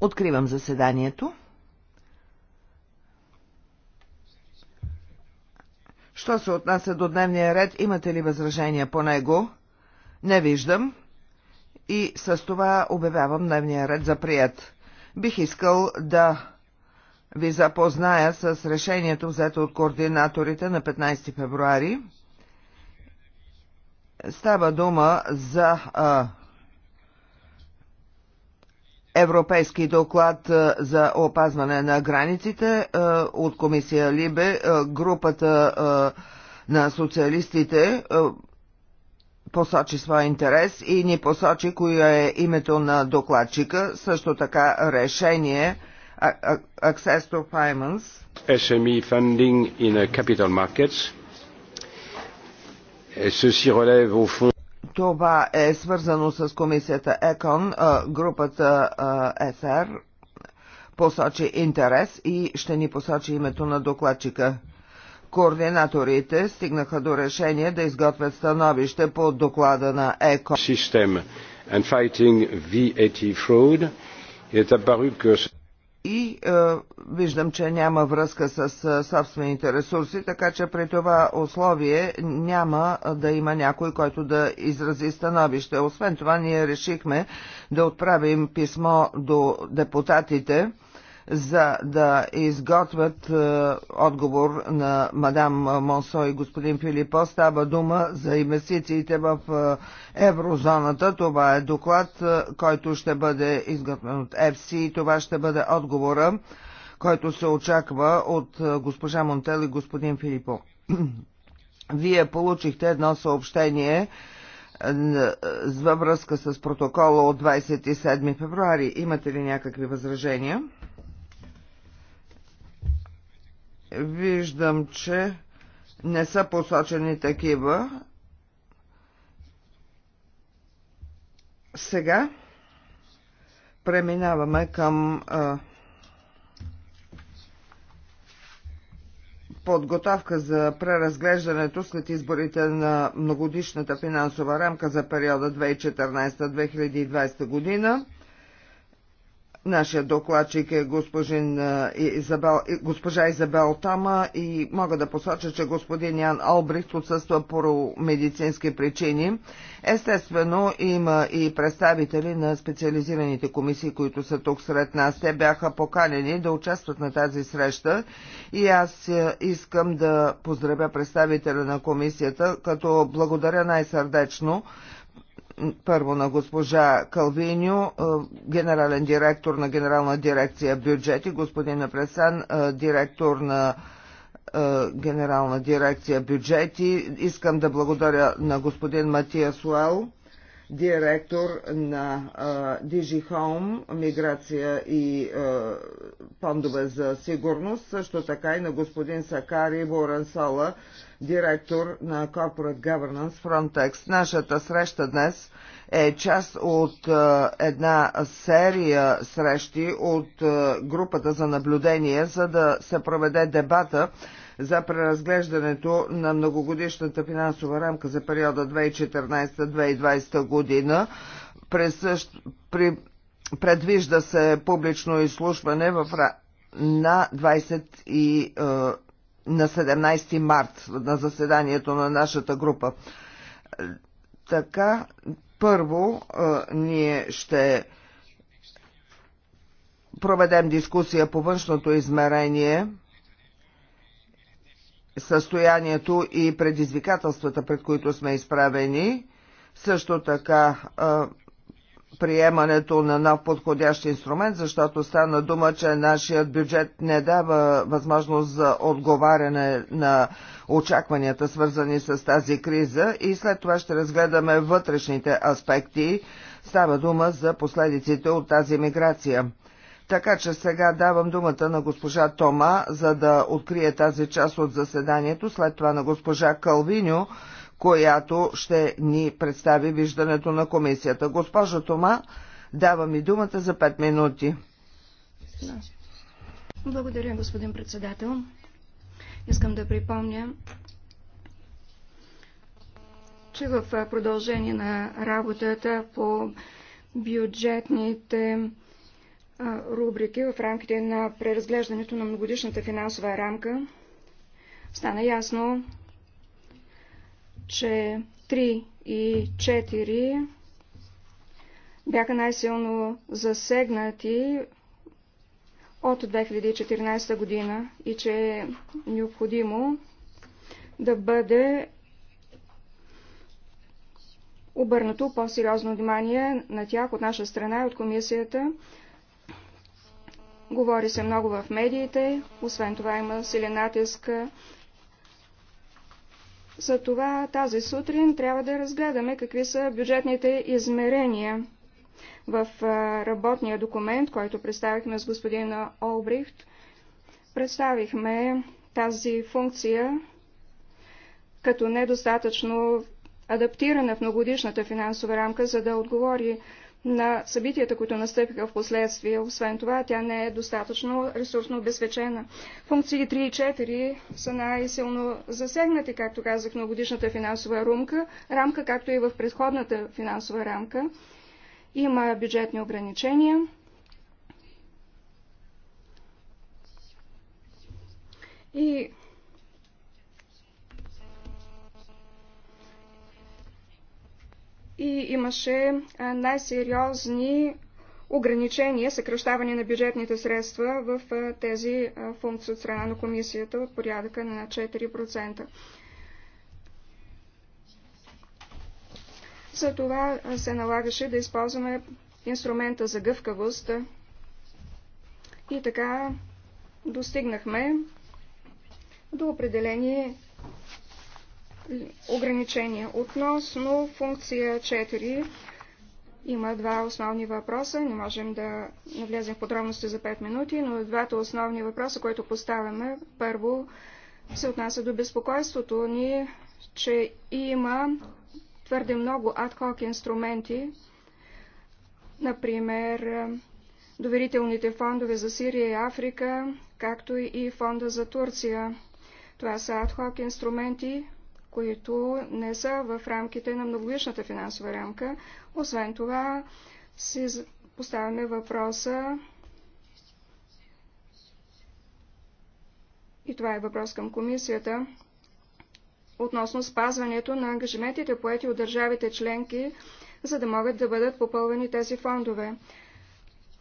Откривам заседанието. Що се отнася до дневния ред, имате ли възражения по него? Не виждам. И с това обявявам дневния ред за прият. Бих искал да ви запозная с решението взето от координаторите на 15 февруари. Става дума за а, Европейски доклад за опазване на границите от комисия Либе, групата на социалистите посочи своя интерес и ни посочи коя е името на докладчика, също така решение Access to Finance. SME funding in capital markets. Ceci relève au fond това е свързано с комисията ЕКОН, групата СР посочи интерес и ще ни посочи името на докладчика. Координаторите стигнаха до решение да изготвят становище по доклада на ЕКОН и е, виждам, че няма връзка с е, собствените ресурси, така че при това условие няма да има някой, който да изрази становище. Освен това, ние решихме да отправим писмо до депутатите за да изготвят е, отговор на мадам Монсо и господин Филипо. Става дума за инвестициите в е, еврозоната. Това е доклад, е, който ще бъде изготвен от ЕФСИ и това ще бъде отговора, който се очаква от е, госпожа Монтел и господин Филипо. Вие получихте едно съобщение е, е, във връзка с протокола от 27 февруари. Имате ли някакви възражения? Виждам, че не са посочени такива. Сега преминаваме към а, подготовка за преразглеждането след изборите на многодишната финансова рамка за периода 2014-2020 година. Нашия докладчик е Изабел, госпожа Изабел Тама и мога да посоча, че господин Ян Албрихт отсъства по медицински причини. Естествено, има и представители на специализираните комисии, които са тук сред нас. Те бяха поканени да участват на тази среща и аз искам да поздравя представителя на комисията, като благодаря най-сърдечно първо на госпожа Калвиню, е, генерален директор на Генерална дирекция бюджет и господин Апресан, е, директор на е, Генерална дирекция бюджети. Искам да благодаря на господин Матия Суал, директор на Digi Home, миграция и фондове за сигурност, също така и на господин Сакари Борансола, директор на Corporate Governance Frontex. Нашата среща днес е част от е, една серия срещи от е, групата за наблюдение, за да се проведе дебата за преразглеждането на многогодишната финансова рамка за периода 2014-2020 година. При същ... при... Предвижда се публично изслушване в... на 20 и е, на 17 март на заседанието на нашата група. Така, първо ние ще проведем дискусия по външното измерение, състоянието и предизвикателствата, пред които сме изправени. Също така приемането на нов подходящ инструмент, защото стана дума, че нашият бюджет не дава възможност за отговаряне на очакванията, свързани с тази криза и след това ще разгледаме вътрешните аспекти. Става дума за последиците от тази миграция. Така че сега давам думата на госпожа Тома, за да открие тази част от заседанието, след това на госпожа Калвиню която ще ни представи виждането на комисията. Госпожо Тома, давам и думата за 5 минути. Благодаря, господин председател. Искам да припомня, че в продължение на работата по бюджетните рубрики в рамките на преразглеждането на многодишната финансова рамка стана ясно, че 3 и 4 бяха най-силно засегнати от 2014 година и че е необходимо да бъде обърнато по-сериозно внимание на тях от наша страна и от комисията. Говори се много в медиите, освен това има силен натиск затова тази сутрин трябва да разгледаме какви са бюджетните измерения в работния документ, който представихме с господин Олбрихт. Представихме тази функция като недостатъчно адаптирана в многодишната финансова рамка, за да отговори на събитията, които настъпиха в последствие. Освен това, тя не е достатъчно ресурсно обезпечена. Функции 3 и 4 са най-силно засегнати, както казах, на годишната финансова румка, рамка, както и в предходната финансова рамка. Има бюджетни ограничения. И и имаше най-сериозни ограничения, съкръщаване на бюджетните средства в тези функции от страна на комисията от порядъка на 4%. За това се налагаше да използваме инструмента за гъвкавост и така достигнахме до определени ограничения. Относно функция 4 има два основни въпроса. Не можем да навлезем в подробности за 5 минути, но двата основни въпроса, които поставяме, първо се отнася до безпокойството ни, че има твърде много адхок инструменти, например доверителните фондове за Сирия и Африка, както и фонда за Турция. Това са адхок инструменти, които не са в рамките на многогодишната финансова рамка. Освен това, си поставяме въпроса и това е въпрос към комисията, относно спазването на ангажиментите поети от държавите членки, за да могат да бъдат попълвани тези фондове.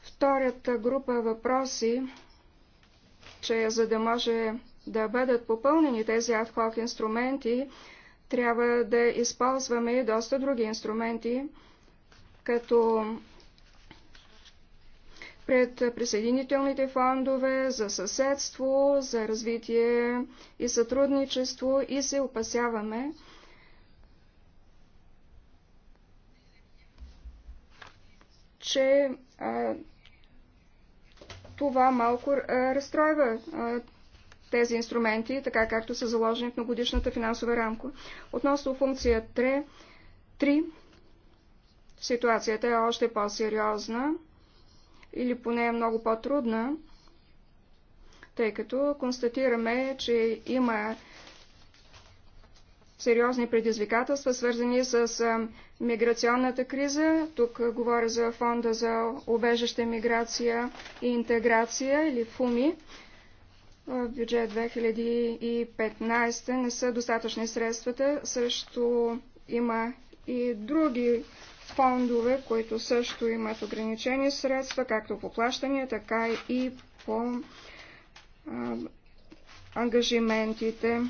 Втората група въпроси, че за да може да бъдат попълнени тези адхок инструменти, трябва да използваме и доста други инструменти, като пред присъединителните фондове за съседство, за развитие и сътрудничество и се опасяваме, че а, това малко а, разстройва а, тези инструменти, така както са заложени в многодишната финансова рамка. Относно функция 3, ситуацията е още по-сериозна или поне е много по-трудна, тъй като констатираме, че има сериозни предизвикателства, свързани с миграционната криза. Тук говоря за фонда за обежаща миграция и интеграция или ФУМИ в бюджет 2015 не са достатъчни средствата. Също има и други фондове, които също имат ограничени средства, както по плащания, така и по а, ангажиментите.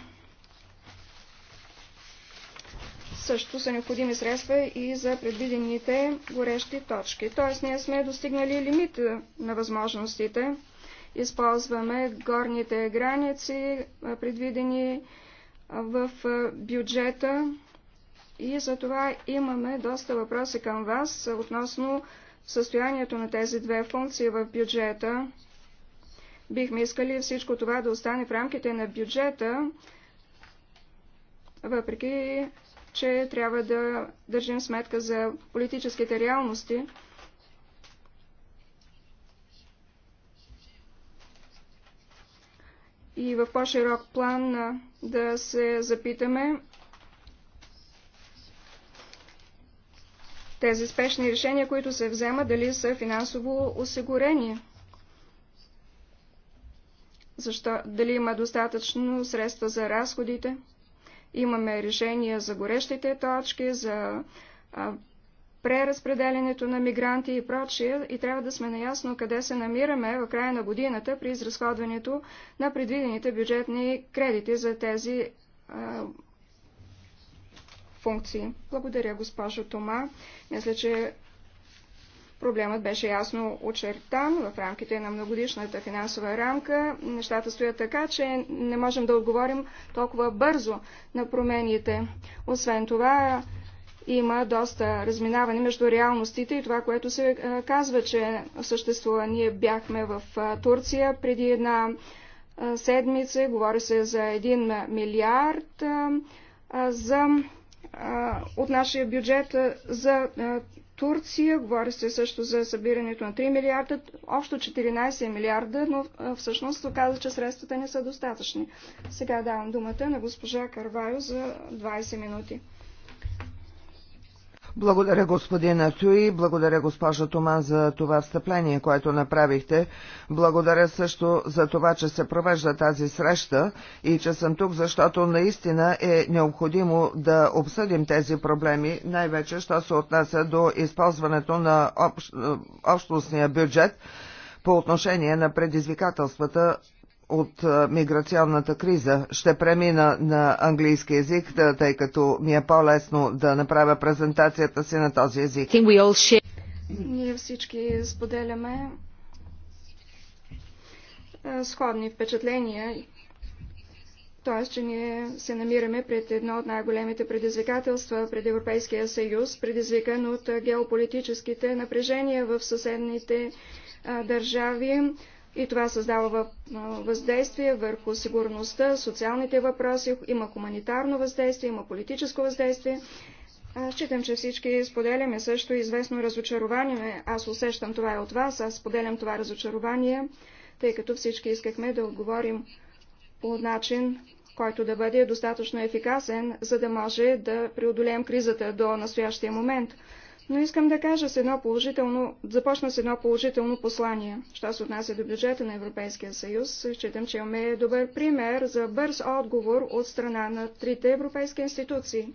Също са необходими средства и за предвидените горещи точки. Тоест, ние сме достигнали лимита на възможностите използваме горните граници, предвидени в бюджета. И за това имаме доста въпроси към вас относно състоянието на тези две функции в бюджета. Бихме искали всичко това да остане в рамките на бюджета, въпреки че трябва да държим сметка за политическите реалности. и в по-широк план да се запитаме тези спешни решения, които се вземат, дали са финансово осигурени. Защо? Дали има достатъчно средства за разходите? Имаме решения за горещите точки, за преразпределянето на мигранти и прочие и трябва да сме наясно къде се намираме в края на годината при изразходването на предвидените бюджетни кредити за тези а, функции. Благодаря, госпожо Тома. Мисля, че проблемът беше ясно очертан в рамките на многодишната финансова рамка. Нещата стоят така, че не можем да отговорим толкова бързо на промените. Освен това, има доста разминаване между реалностите и това, което се казва, че съществува. Ние бяхме в Турция преди една седмица, говори се за 1 милиард за, от нашия бюджет за Турция, говори се също за събирането на 3 милиарда, общо 14 милиарда, но всъщност се оказа, че средствата не са достатъчни. Сега давам думата на госпожа Карвайо за 20 минути. Благодаря господин Атюи, благодаря госпожа Томан за това встъпление, което направихте. Благодаря също за това, че се провежда тази среща и че съм тук, защото наистина е необходимо да обсъдим тези проблеми, най-вече, що се отнася до използването на общ, общностния бюджет по отношение на предизвикателствата от миграционната криза. Ще премина на английски язик, тъй като ми е по-лесно да направя презентацията си на този език. Ние всички споделяме сходни впечатления, т.е. че ние се намираме пред едно от най-големите предизвикателства пред Европейския съюз, предизвикан от геополитическите напрежения в съседните държави, и това създава въздействие върху сигурността, социалните въпроси, има хуманитарно въздействие, има политическо въздействие. Считам, че всички споделяме също известно разочарование. Аз усещам това и от вас, аз споделям това разочарование, тъй като всички искахме да отговорим по начин, който да бъде достатъчно ефикасен, за да може да преодолеем кризата до настоящия момент. Но искам да кажа с едно положително, започна с едно положително послание. Що се отнася до бюджета на Европейския съюз, считам, че имаме добър пример за бърз отговор от страна на трите европейски институции.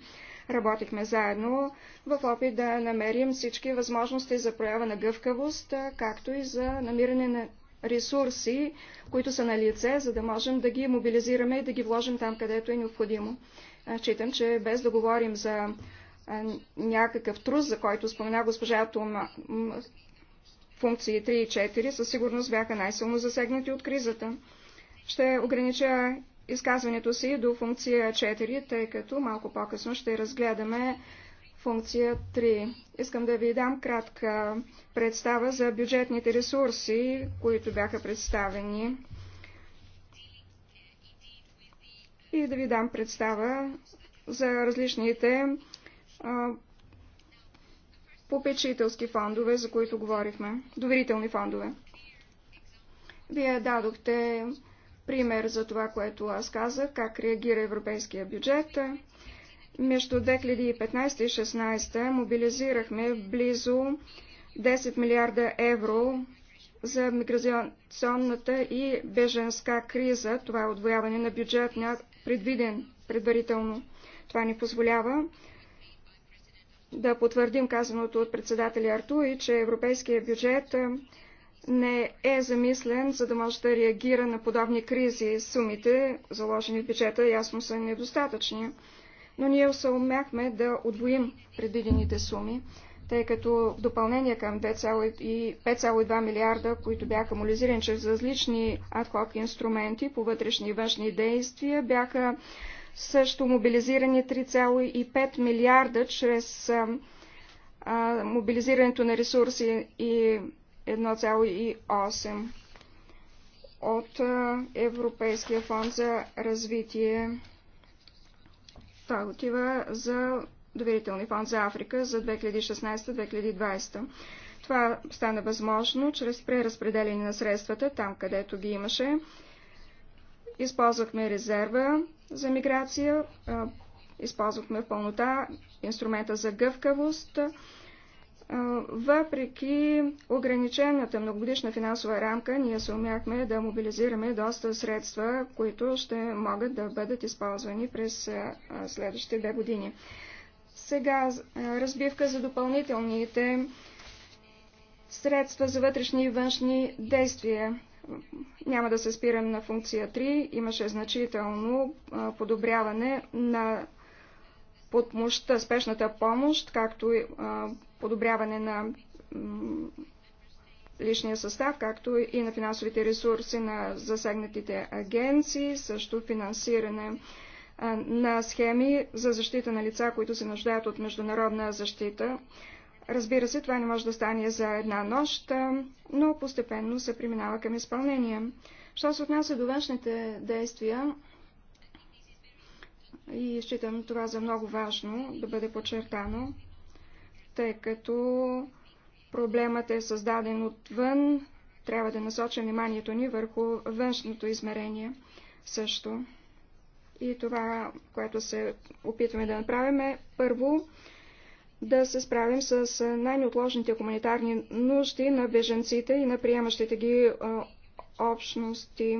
Работихме заедно в опит да намерим всички възможности за проява на гъвкавост, както и за намиране на ресурси, които са на лице, за да можем да ги мобилизираме и да ги вложим там, където е необходимо. Считам, че без да говорим за е, някакъв трус, за който спомена госпожа Тома. Функции 3 и 4 със сигурност бяха най-силно засегнати от кризата. Ще огранича изказването си до функция 4, тъй като малко по-късно ще разгледаме функция 3. Искам да ви дам кратка представа за бюджетните ресурси, които бяха представени. И да ви дам представа за различните попечителски фондове, за които говорихме, доверителни фондове. Вие дадохте пример за това, което аз казах, как реагира европейския бюджет. Между 2015 и 2016 мобилизирахме близо 10 милиарда евро за миграционната и беженска криза. Това е отвояване на бюджет, предвиден предварително. Това ни позволява да потвърдим казаното от председателя Артуи, че европейския бюджет не е замислен, за да може да реагира на подобни кризи. Сумите, заложени в бюджета, ясно са недостатъчни. Но ние се умяхме да отвоим предвидените суми, тъй като в допълнение към 5,2 милиарда, които бяха молизирани чрез различни адхок инструменти по вътрешни и външни действия, бяха също мобилизирани 3,5 милиарда чрез мобилизирането на ресурси и 1,8 от Европейския фонд за развитие. Това отива за доверителни фонд за Африка за 2016-2020. Това стана възможно чрез преразпределение на средствата там, където ги имаше. Използвахме резерва за миграция. Използвахме в пълнота инструмента за гъвкавост. Въпреки ограничената многогодишна финансова рамка, ние се умяхме да мобилизираме доста средства, които ще могат да бъдат използвани през следващите две години. Сега разбивка за допълнителните средства за вътрешни и външни действия. Няма да се спирам на функция 3. Имаше значително подобряване на подмощта, спешната помощ, както и подобряване на личния състав, както и на финансовите ресурси на засегнатите агенции, също финансиране на схеми за защита на лица, които се нуждаят от международна защита. Разбира се, това не може да стане за една нощ, но постепенно се преминава към изпълнение. Що се отнася до външните действия, и считам това за много важно да бъде подчертано, тъй като проблемът е създаден отвън, трябва да насочим вниманието ни върху външното измерение също. И това, което се опитваме да направим е първо да се справим с най-неотложните хуманитарни нужди на беженците и на приемащите ги общности.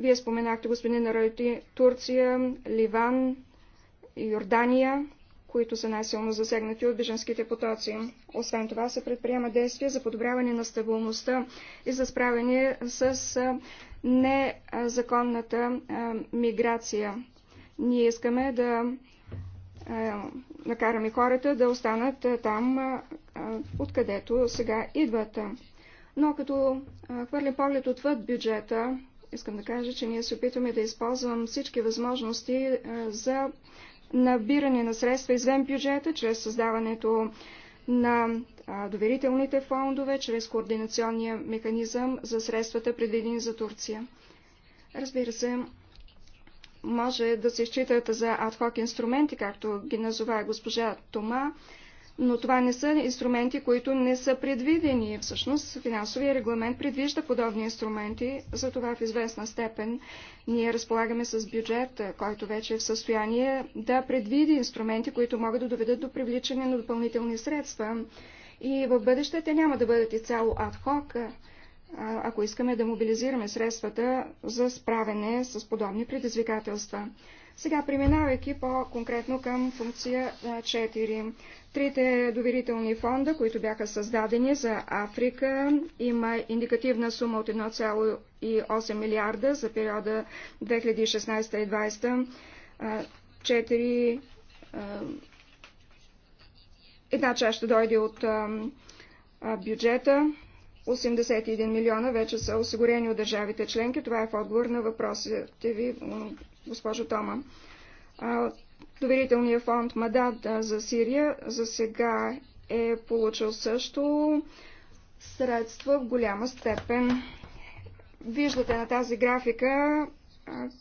Вие споменахте, господин Ройти, Турция, Ливан, Йордания, които са най-силно засегнати от беженските потоци. Освен това се предприема действия за подобряване на стабилността и за справяне с незаконната миграция. Ние искаме да е, накараме хората да останат е, там, е, откъдето сега идват. Но като хвърлим поглед отвъд бюджета, искам да кажа, че ние се опитваме да използвам всички възможности за набиране на средства извън бюджета, чрез създаването на доверителните фондове, чрез координационния механизъм за средствата, предвидени за Турция. Разбира се, може да се считат за адхок инструменти, както ги назова госпожа Тома, но това не са инструменти, които не са предвидени. Всъщност финансовия регламент предвижда подобни инструменти, затова в известна степен ние разполагаме с бюджет, който вече е в състояние да предвиди инструменти, които могат да доведат до привличане на допълнителни средства. И в бъдеще те няма да бъдат и цяло адхок, ако искаме да мобилизираме средствата за справене с подобни предизвикателства. Сега преминавайки по-конкретно към функция 4. Трите доверителни фонда, които бяха създадени за Африка, има индикативна сума от 1,8 милиарда за периода 2016 и 2020. Една част ще дойде от бюджета 81 милиона вече са осигурени от държавите членки. Това е в отговор на въпросите ви, госпожо Тома. Доверителният фонд МАДАД за Сирия за сега е получил също средства в голяма степен. Виждате на тази графика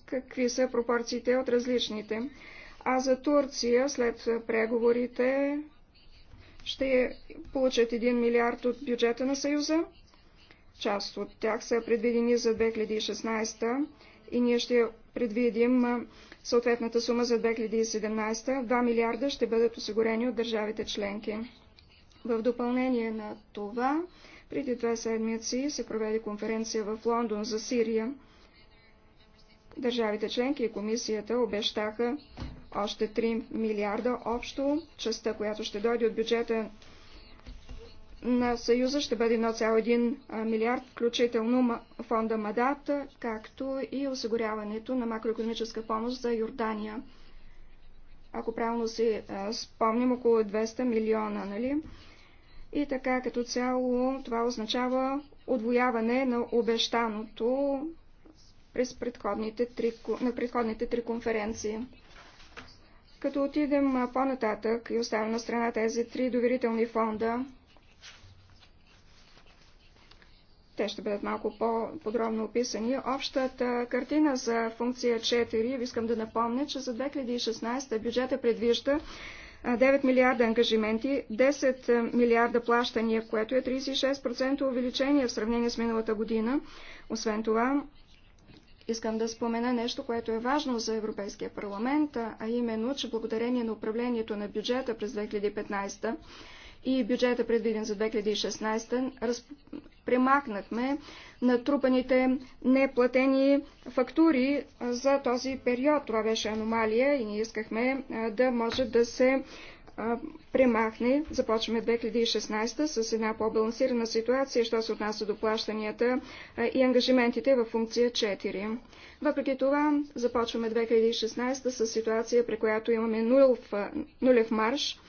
какви са пропорциите от различните. А за Турция, след преговорите, ще получат 1 милиард от бюджета на Съюза. Част от тях са предвидени за 2016 и ние ще предвидим съответната сума за 2017. 2 милиарда ще бъдат осигурени от държавите членки. В допълнение на това, преди две седмици се проведе конференция в Лондон за Сирия. Държавите членки и комисията обещаха още 3 милиарда общо. Частта, която ще дойде от бюджета на Съюза, ще бъде 1,1 милиард, включително фонда Мадата, както и осигуряването на макроекономическа помощ за Йордания. Ако правилно си спомним, около 200 милиона, нали? И така като цяло това означава отвояване на обещаното през предходните три, на предходните три конференции. Като отидем по-нататък и оставим на страна тези три доверителни фонда, те ще бъдат малко по-подробно описани. Общата картина за функция 4, искам да напомня, че за 2016 бюджета предвижда 9 милиарда ангажименти, 10 милиарда плащания, което е 36% увеличение в сравнение с миналата година. Освен това, Искам да спомена нещо, което е важно за Европейския парламент, а именно, че благодарение на управлението на бюджета през 2015 и бюджета предвиден за 2016, разп... премахнахме натрупаните неплатени фактури за този период. Това беше аномалия и ние искахме да може да се премахне. Започваме 2016 с една по-балансирана ситуация, що се отнася до плащанията и ангажиментите в функция 4. Въпреки това, започваме 2016 с ситуация, при която имаме нулев, нулев марш.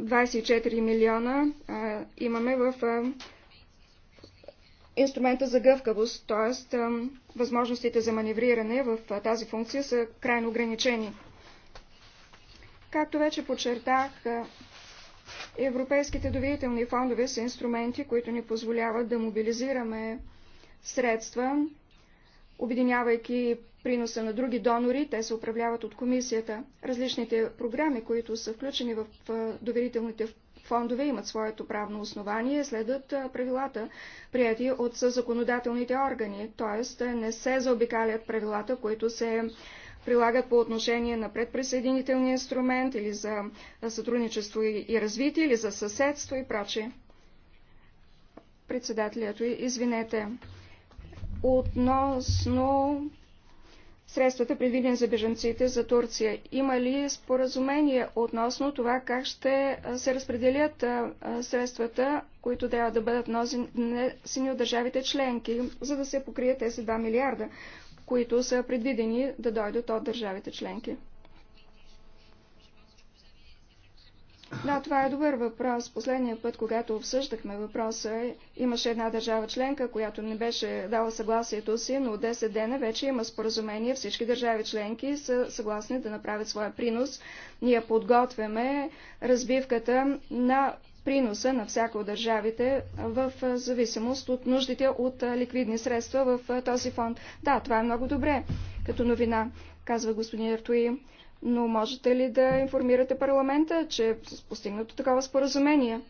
24 милиона а, имаме в а, инструмента за гъвкавост, т.е. възможностите за маневриране в а, тази функция са крайно ограничени. Както вече подчертах, е, европейските доверителни фондове са инструменти, които ни позволяват да мобилизираме средства, обединявайки приноса на други донори, те се управляват от комисията. Различните програми, които са включени в доверителните фондове, имат своето правно основание, следват е, правилата, прияти от законодателните органи, т.е. не се заобикалят правилата, които се прилагат по отношение на предприсъединителния инструмент или за сътрудничество и развитие, или за съседство и прочее. Председателят, извинете. Относно средствата, предвидени за беженците за Турция. Има ли споразумение относно това как ще се разпределят средствата, които трябва да бъдат носени от държавите членки, за да се покрият тези 2 милиарда? които са предвидени да дойдат от държавите членки. Да, това е добър въпрос. Последния път, когато обсъждахме въпроса, имаше една държава членка, която не беше дала съгласието си, но от 10 дена вече има споразумение. Всички държави членки са съгласни да направят своя принос. Ние подготвяме разбивката на приноса на всяка от държавите в зависимост от нуждите от ликвидни средства в този фонд. Да, това е много добре като новина, казва господин Артуи. Но можете ли да информирате парламента, че е постигнато такова споразумение?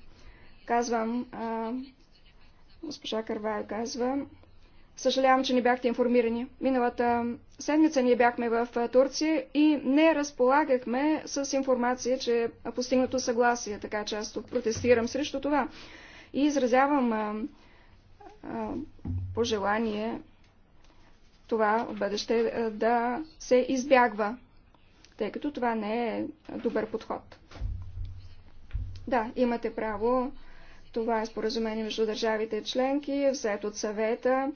Казвам, а, госпожа Карвая казва, Съжалявам, че не бяхте информирани. Миналата седмица ние бяхме в Турция и не разполагахме с информация, че е постигнато съгласие, така че аз протестирам срещу това. И изразявам а, а, пожелание това в бъдеще да се избягва, тъй като това не е добър подход. Да, имате право. Това е споразумение между държавите членки, взето от съвета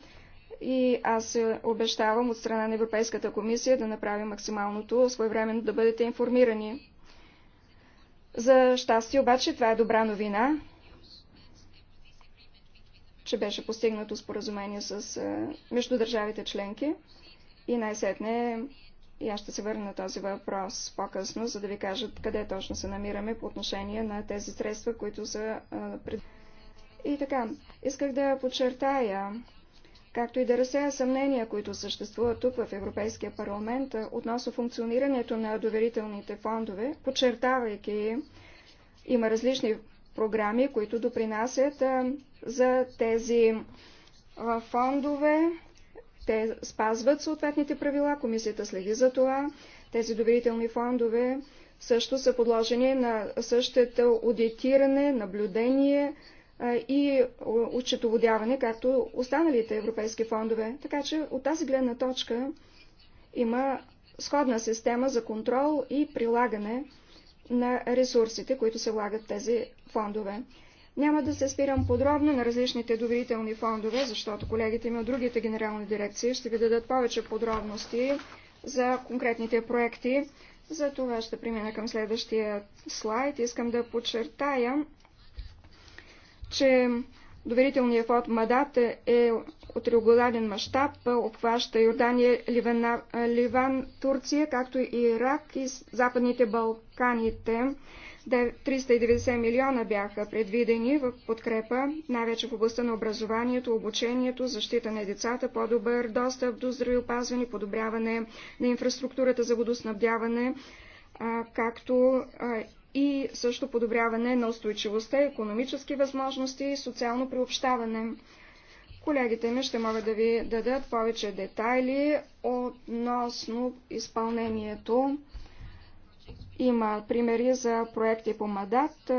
и аз е, обещавам от страна на Европейската комисия да направим максималното своевременно да бъдете информирани. За щастие обаче това е добра новина, че беше постигнато споразумение с, е, между държавите членки и най-сетне и аз ще се върна на този въпрос по-късно, за да ви кажа къде точно се намираме по отношение на тези средства, които са е, пред... И така, исках да подчертая както и да разсея съмнения, които съществуват тук в Европейския парламент относно функционирането на доверителните фондове, подчертавайки има различни програми, които допринасят за тези фондове. Те спазват съответните правила, комисията следи за това. Тези доверителни фондове също са подложени на същото аудитиране, наблюдение, и отчетоводяване, както останалите европейски фондове. Така че от тази гледна точка има сходна система за контрол и прилагане на ресурсите, които се влагат в тези фондове. Няма да се спирам подробно на различните доверителни фондове, защото колегите ми от другите генерални дирекции ще ви дадат повече подробности за конкретните проекти. За това ще премина към следващия слайд. Искам да подчертая, че доверителният фонд Мадат е от регулярен мащаб, обхваща Йордания, Ливана, Ливан, Турция, както и Ирак и Западните Балканите. 390 милиона бяха предвидени в подкрепа, най-вече в областта на образованието, обучението, защита на децата, по-добър достъп до здравеопазване, подобряване на инфраструктурата за водоснабдяване, както и също подобряване на устойчивостта, економически възможности и социално приобщаване. Колегите ми ще могат да ви дадат повече детайли относно изпълнението. Има примери за проекти по МАДАТ.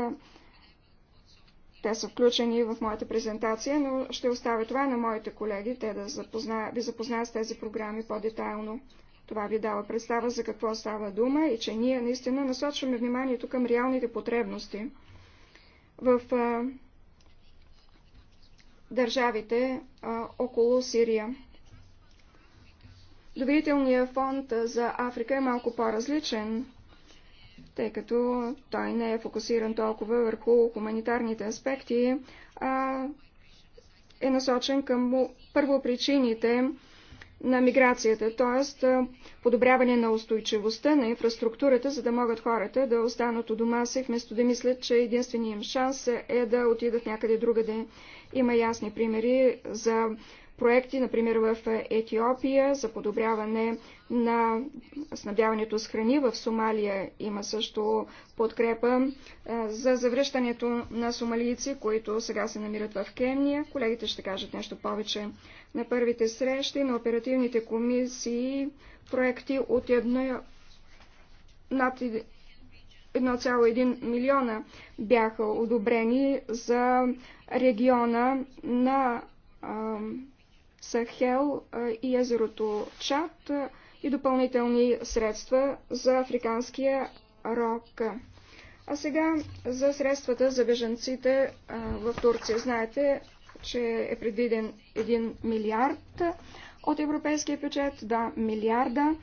Те са включени в моята презентация, но ще оставя това на моите колеги, те да запозна... ви запознаят с тези програми по-детайлно. Това ви дава представа за какво става дума и че ние наистина насочваме вниманието към реалните потребности. В а, държавите а, около Сирия. Доверителният фонд за Африка е малко по-различен, тъй като той не е фокусиран толкова върху хуманитарните аспекти, а е насочен към първопричините причините на миграцията, т.е. подобряване на устойчивостта на инфраструктурата, за да могат хората да останат у дома си, вместо да мислят, че единственият им шанс е да отидат някъде другаде. Има ясни примери за проекти, например в Етиопия, за подобряване на снабдяването с храни. В Сомалия има също подкрепа е, за завръщането на сомалийци, които сега се намират в Кения. Колегите ще кажат нещо повече. На първите срещи на оперативните комисии проекти от едно, над 1,1 милиона бяха одобрени за региона на Сахел е, и езерото Чад, и допълнителни средства за африканския рок. А сега за средствата за беженците в Турция. Знаете, че е предвиден 1 милиард от европейския бюджет, 2 милиарда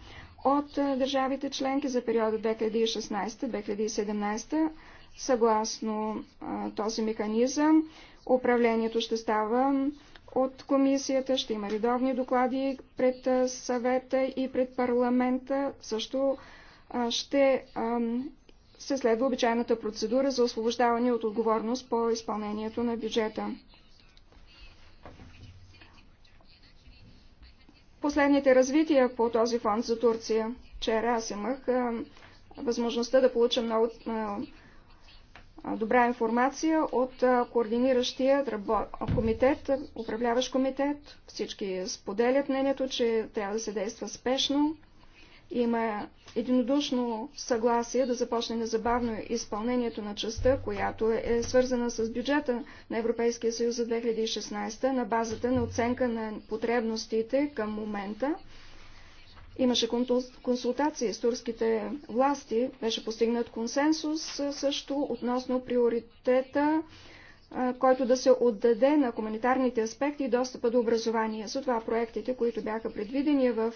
от държавите членки за периода 2016-2017. Съгласно този механизъм, управлението ще става от комисията, ще има редовни доклади пред съвета и пред парламента. Също ще се следва обичайната процедура за освобождаване от отговорност по изпълнението на бюджета. Последните развития по този фонд за Турция. Вчера аз имах възможността да получа много добра информация от координиращия комитет, управляващ комитет. Всички споделят мнението, че трябва да се действа спешно. Има единодушно съгласие да започне незабавно изпълнението на частта, която е свързана с бюджета на Европейския съюз за 2016 на базата на оценка на потребностите към момента Имаше консултации с турските власти, беше постигнат консенсус също относно приоритета, който да се отдаде на хуманитарните аспекти и достъпа до образование. Затова проектите, които бяха предвидени в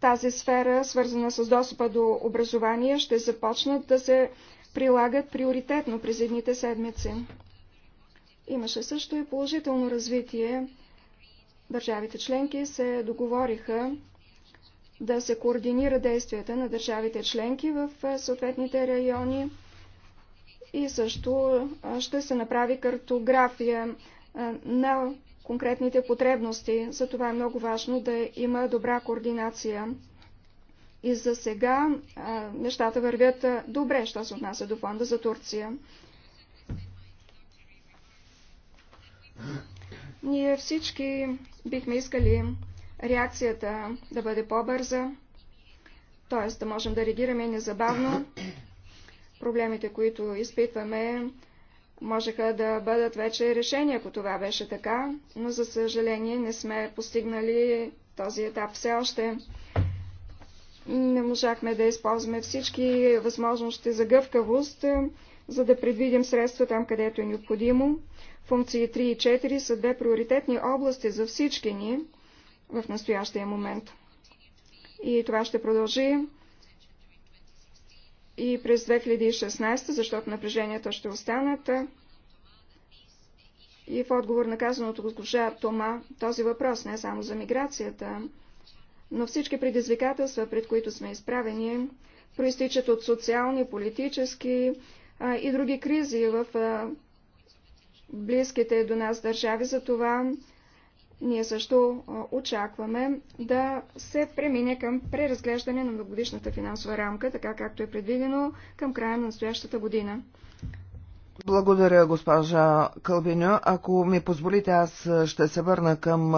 тази сфера, свързана с достъпа до образование, ще започнат да се прилагат приоритетно през едните седмици. Имаше също и положително развитие Държавите членки се договориха да се координира действията на държавите членки в съответните райони и също ще се направи картография на конкретните потребности. За това е много важно да има добра координация. И за сега нещата вървят добре, що се отнася до фонда за Турция. Ние всички бихме искали реакцията да бъде по-бърза, т.е. да можем да реагираме незабавно. Проблемите, които изпитваме, можеха да бъдат вече решени, ако това беше така, но за съжаление не сме постигнали този етап все още. Не можахме да използваме всички възможности за гъвкавост, за да предвидим средства там, където е необходимо. Функции 3 и 4 са две приоритетни области за всички ни в настоящия момент. И това ще продължи и през 2016, защото напреженията ще останат. И в отговор на казаното госпожа Тома, този въпрос не е само за миграцията, но всички предизвикателства, пред които сме изправени, проистичат от социални, политически а, и други кризи в а, близките до нас държави. за това ние също очакваме да се премине към преразглеждане на многогодишната финансова рамка, така както е предвидено към края на настоящата година. Благодаря, госпожа Калбиньо. Ако ми позволите, аз ще се върна към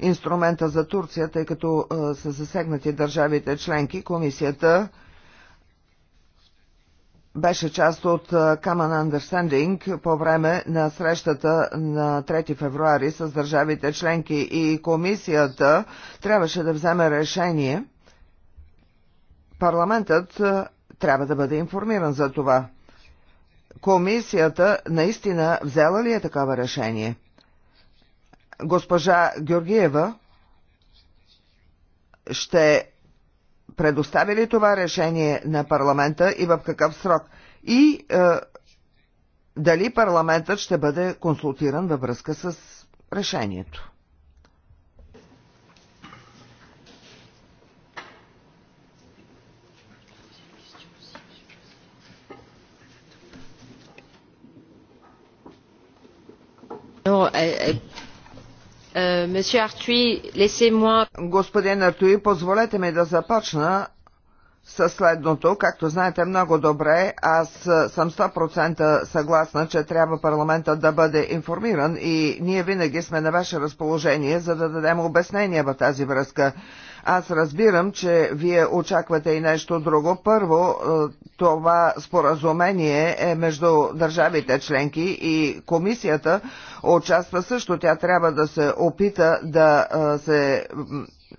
инструмента за Турция, тъй като са засегнати държавите членки. Комисията беше част от Common Understanding по време на срещата на 3 февруари с държавите членки и комисията трябваше да вземе решение. Парламентът трябва да бъде информиран за това. Комисията наистина взела ли е такова решение? Госпожа Георгиева ще предостави ли това решение на парламента и в какъв срок? И е, дали парламентът ще бъде консултиран във връзка с решението? No, I, I Euh, Господин Артуи, позволете ми да започна със следното. Както знаете много добре, аз съм 100% съгласна, че трябва парламента да бъде информиран и ние винаги сме на ваше разположение, за да дадем обяснение в тази връзка. Аз разбирам, че вие очаквате и нещо друго. Първо, е, това споразумение е между държавите членки и комисията участва също. Тя трябва да се опита да е, се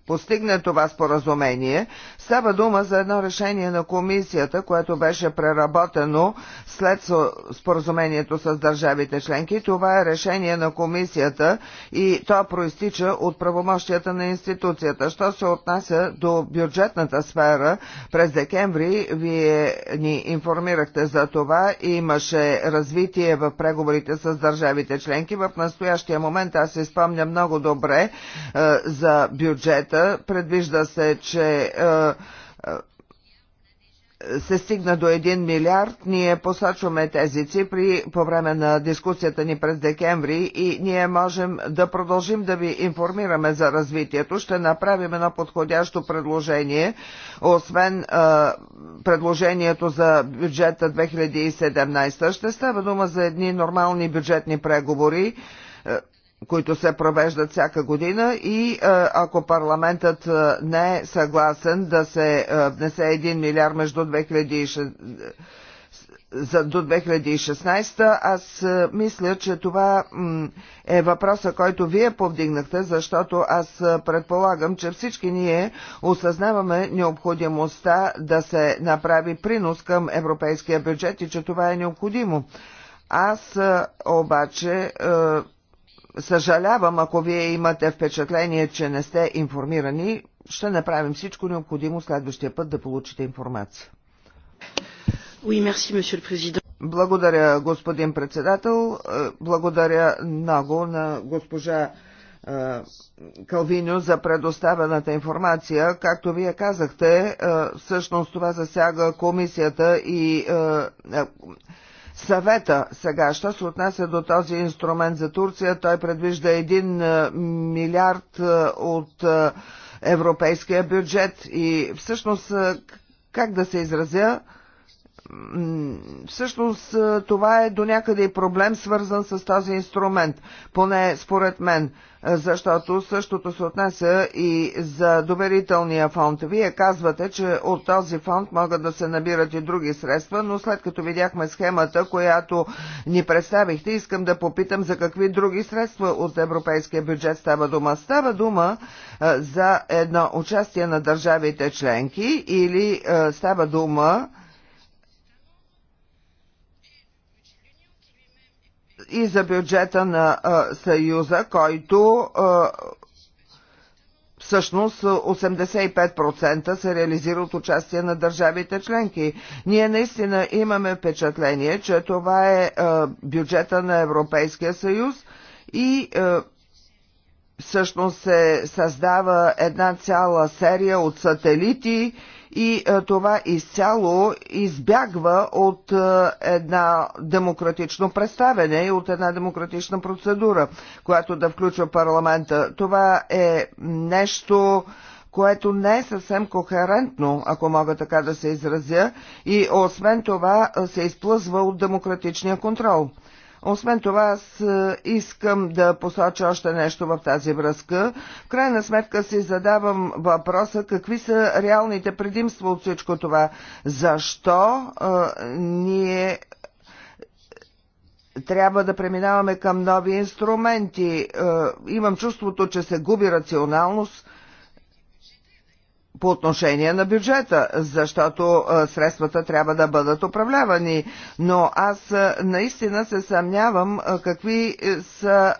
постигне това споразумение. Става дума за едно решение на комисията, което беше преработено след споразумението с държавите членки. Това е решение на комисията и то проистича от правомощията на институцията. Що се отнася до бюджетната сфера, през декември вие ни информирахте за това и имаше развитие в преговорите с държавите членки. В настоящия момент аз се спомня много добре е, за бюджета. Предвижда се, че е, се стигна до 1 милиард. Ние посочваме тези цифри по време на дискусията ни през декември и ние можем да продължим да ви информираме за развитието. Ще направим едно подходящо предложение, освен а, предложението за бюджета 2017. Ще става дума за едни нормални бюджетни преговори които се провеждат всяка година и е, ако парламентът е, не е съгласен да се е, внесе 1 милиард между 2016, за до 2016, аз мисля, че това е въпроса, който вие повдигнахте, защото аз предполагам, че всички ние осъзнаваме необходимостта да се направи принос към европейския бюджет и че това е необходимо. Аз обаче Съжалявам, ако вие имате впечатление, че не сте информирани, ще направим всичко необходимо следващия път да получите информация. Oui, merci, Благодаря, господин председател. Е, благодаря много на госпожа е, Калвиньо за предоставената информация. Както вие казахте, е, всъщност това засяга комисията и съвета сега, що се отнася до този инструмент за Турция, той предвижда 1 е, милиард е, от е, европейския бюджет и всъщност как да се изразя, всъщност това е до някъде и проблем свързан с този инструмент, поне според мен, защото същото се отнася и за доверителния фонд. Вие казвате, че от този фонд могат да се набират и други средства, но след като видяхме схемата, която ни представихте, искам да попитам за какви други средства от европейския бюджет става дума. Става дума за едно участие на държавите членки или става дума и за бюджета на Съюза, който Всъщност 85% се реализира от участие на държавите членки. Ние наистина имаме впечатление, че това е бюджета на Европейския съюз и всъщност се създава една цяла серия от сателити, и е, това изцяло избягва от е, една демократично представене и от една демократична процедура, която да включва парламента. Това е нещо, което не е съвсем кохерентно, ако мога така да се изразя, и освен това се изплъзва от демократичния контрол. Освен това, аз е, искам да посоча още нещо в тази връзка. В крайна сметка си задавам въпроса какви са реалните предимства от всичко това. Защо а, е, ние е, трябва да преминаваме към нови инструменти. Имам чувството, че се губи рационалност по отношение на бюджета, защото средствата трябва да бъдат управлявани. Но аз наистина се съмнявам какви е, са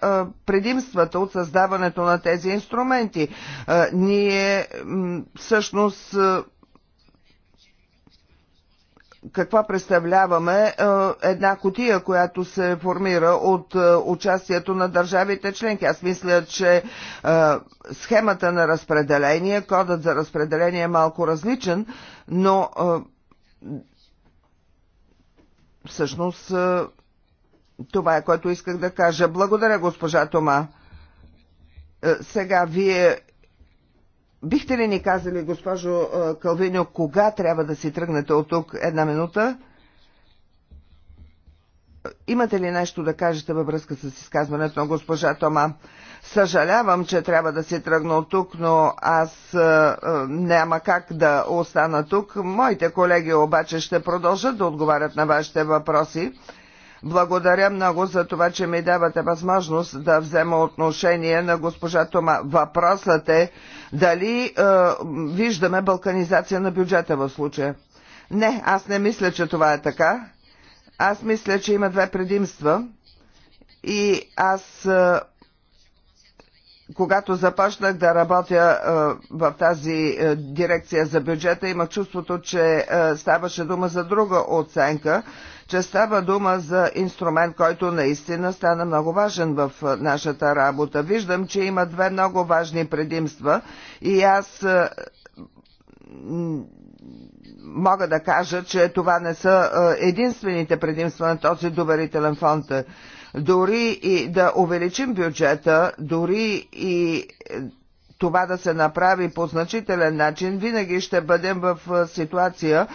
предимствата от създаването на тези инструменти. Ние всъщност каква представляваме е, една котия, която се формира от е, участието на държавите членки. Аз мисля, че е, схемата на разпределение, кодът за разпределение е малко различен, но всъщност това е което исках да кажа. Благодаря, госпожа Тома. Сега вие Бихте ли ни казали, госпожо Калвиньо, кога трябва да си тръгнете от тук една минута? Имате ли нещо да кажете във връзка с изказването на госпожа Тома? Съжалявам, че трябва да си тръгна от тук, но аз е, няма как да остана тук. Моите колеги обаче ще продължат да отговарят на вашите въпроси. Благодаря много за това, че ми давате възможност да взема отношение на госпожа Тома. Въпросът е дали е, виждаме балканизация на бюджета в случая. Не, аз не мисля, че това е така. Аз мисля, че има две предимства. И аз, е, когато започнах да работя е, в тази е, дирекция за бюджета, имах чувството, че е, ставаше дума за друга оценка че става дума за инструмент, който наистина стана много важен в нашата работа. Виждам, че има две много важни предимства и аз мога да кажа, че това не са единствените предимства на този доверителен фонд. Дори и да увеличим бюджета, дори и е, това да се направи по значителен начин, винаги ще бъдем в ситуация,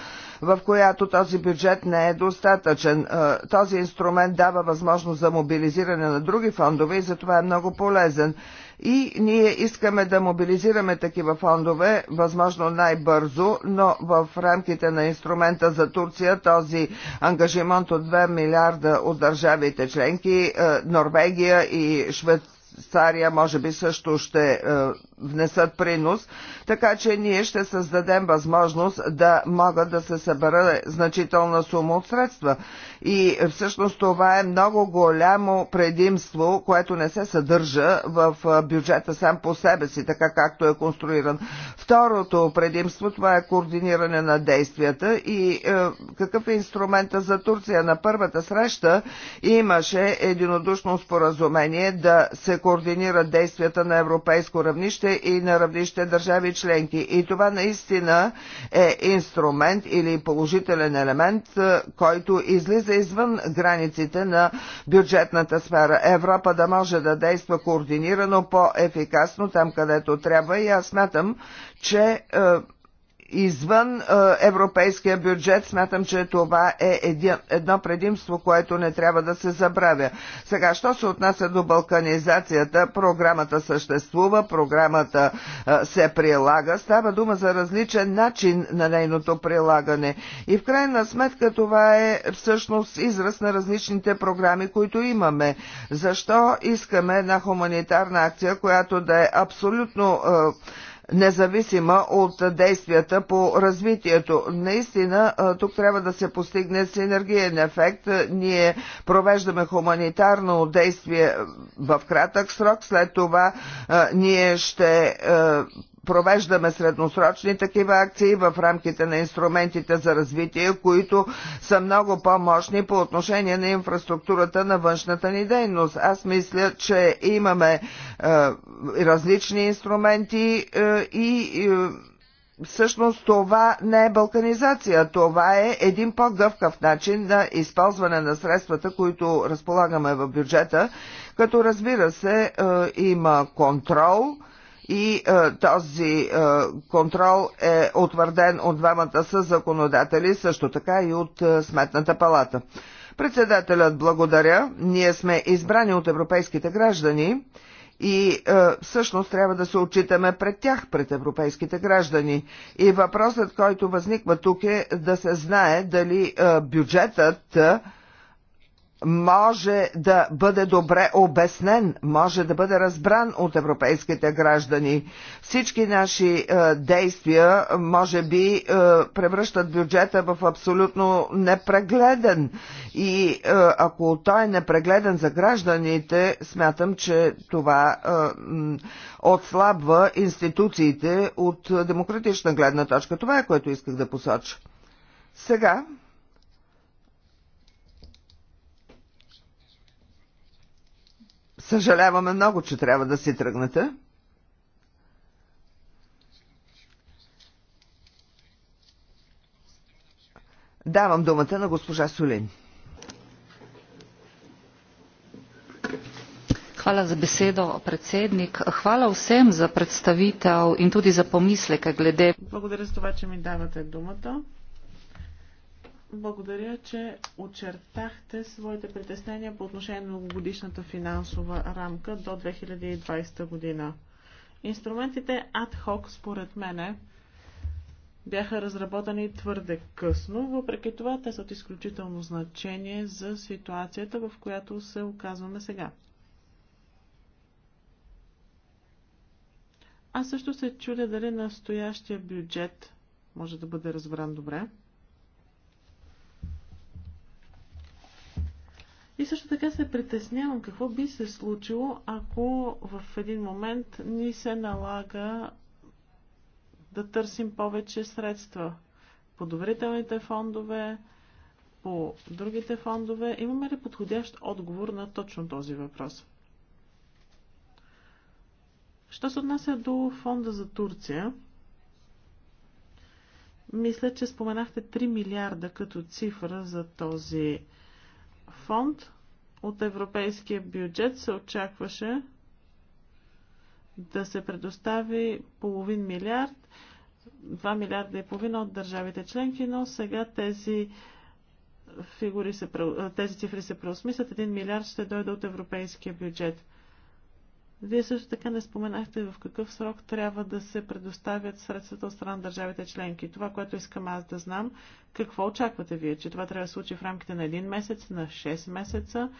в която този бюджет не е достатъчен. Е, този инструмент дава възможност за мобилизиране на други фондове и затова е много полезен. И ние искаме да мобилизираме такива фондове, възможно най-бързо, но в рамките на инструмента за Турция този ангажимент от 2 милиарда от държавите членки, е, Норвегия и Швеция Швейцария може би също ще е, внесат принос, така че ние ще създадем възможност да могат да се събере значителна сума от средства. И всъщност това е много голямо предимство, което не се съдържа в бюджета сам по себе си, така както е конструиран. Второто предимство това е координиране на действията и е, какъв е инструмента за Турция. На първата среща имаше единодушно споразумение да се координират действията на европейско равнище равнище и на равнище държави членки. И това наистина е инструмент или положителен елемент, е, който излиза извън границите на бюджетната сфера. Европа да може да действа координирано, по-ефикасно там, където трябва и аз смятам, че е, извън е, европейския бюджет, смятам, че това е едно предимство, което не трябва да се забравя. Сега, що се отнася до балканизацията, програмата съществува, програмата е, се прилага, става дума за различен начин на нейното прилагане. И в крайна сметка това е всъщност израз на различните програми, които имаме. Защо искаме една хуманитарна акция, която да е абсолютно е, независима от действията по развитието. Наистина, тук трябва да се постигне синергиен ефект. Ние провеждаме хуманитарно действие в кратък срок, след това ние ще провеждаме средносрочни такива акции в рамките на инструментите за развитие, които са много по-мощни по отношение на инфраструктурата на външната ни дейност. Аз мисля, че имаме е, различни инструменти е, и е, всъщност това не е балканизация, това е един по-гъвкав начин на използване на средствата, които разполагаме в бюджета, като разбира се е, има контрол – и е, този е, контрол е утвърден от двамата са законодатели, също така и от е, Сметната палата. Председателят благодаря. Ние сме избрани от европейските граждани и е, всъщност трябва да се отчитаме пред тях, пред европейските граждани. И въпросът, който възниква тук е да се знае дали е, бюджетът е, може да бъде добре обяснен, може да бъде разбран от европейските граждани. Всички наши е, действия, може би, е, превръщат бюджета в абсолютно непрегледен. И е, ако той е непрегледен за гражданите, смятам, че това е, отслабва институциите от демократична гледна точка. Това е което исках да посоча. Сега Съжаляваме много, че трябва да си тръгнете. Давам думата на госпожа Солин. Hvala za besedo, predsednik. Hvala vsem za predstavitev in tudi za pomisleke glede. Hvala za to, че mi давате domato. Благодаря, че очертахте своите притеснения по отношение на годишната финансова рамка до 2020 година. Инструментите ad hoc, според мене, бяха разработени твърде късно, въпреки това те са от изключително значение за ситуацията, в която се оказваме сега. Аз също се чудя дали настоящия бюджет може да бъде разбран добре. И също така се притеснявам какво би се случило, ако в един момент ни се налага да търсим повече средства по доверителните фондове, по другите фондове. Имаме ли подходящ отговор на точно този въпрос? Що се отнася до фонда за Турция, мисля, че споменахте 3 милиарда като цифра за този фонд фонд от европейския бюджет се очакваше да се предостави половин милиард, 2 милиарда и половина от държавите членки, но сега тези фигури се, тези цифри се преосмислят. 1 милиард ще дойде от европейския бюджет. Вие също така не споменахте в какъв срок трябва да се предоставят средствата от страна на държавите членки. Това, което искам аз да знам, какво очаквате вие, че това трябва да случи в рамките на един месец, на 6 месеца?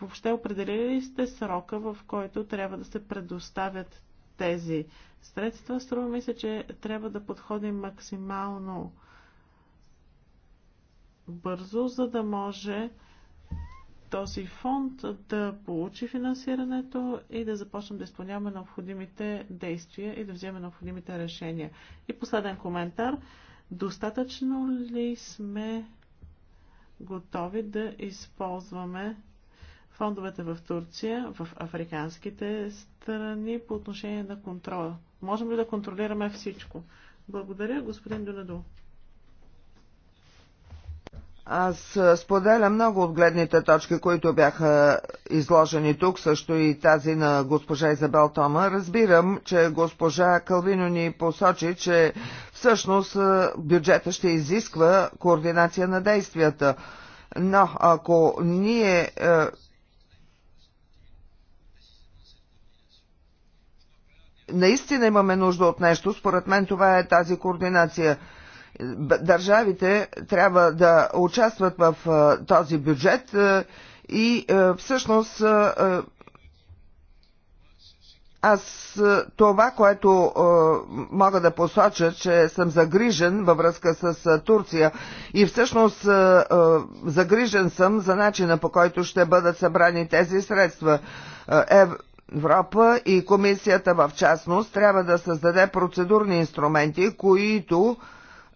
Въобще определили ли сте срока, в който трябва да се предоставят тези средства? Струва ми се, че трябва да подходим максимално бързо, за да може този фонд да получи финансирането и да започнем да изпълняваме необходимите действия и да вземем необходимите решения. И последен коментар. Достатъчно ли сме готови да използваме фондовете в Турция, в африканските страни по отношение на контрола? Можем ли да контролираме всичко? Благодаря, господин Дунаду. Аз споделя много от гледните точки, които бяха изложени тук, също и тази на госпожа Изабел Тома. Разбирам, че госпожа Калвино ни посочи, че всъщност бюджета ще изисква координация на действията. Но ако ние наистина имаме нужда от нещо, според мен това е тази координация – държавите трябва да участват в този бюджет и всъщност аз това, което мога да посоча, че съм загрижен във връзка с Турция и всъщност загрижен съм за начина по който ще бъдат събрани тези средства. Е, Европа и комисията в частност трябва да създаде процедурни инструменти, които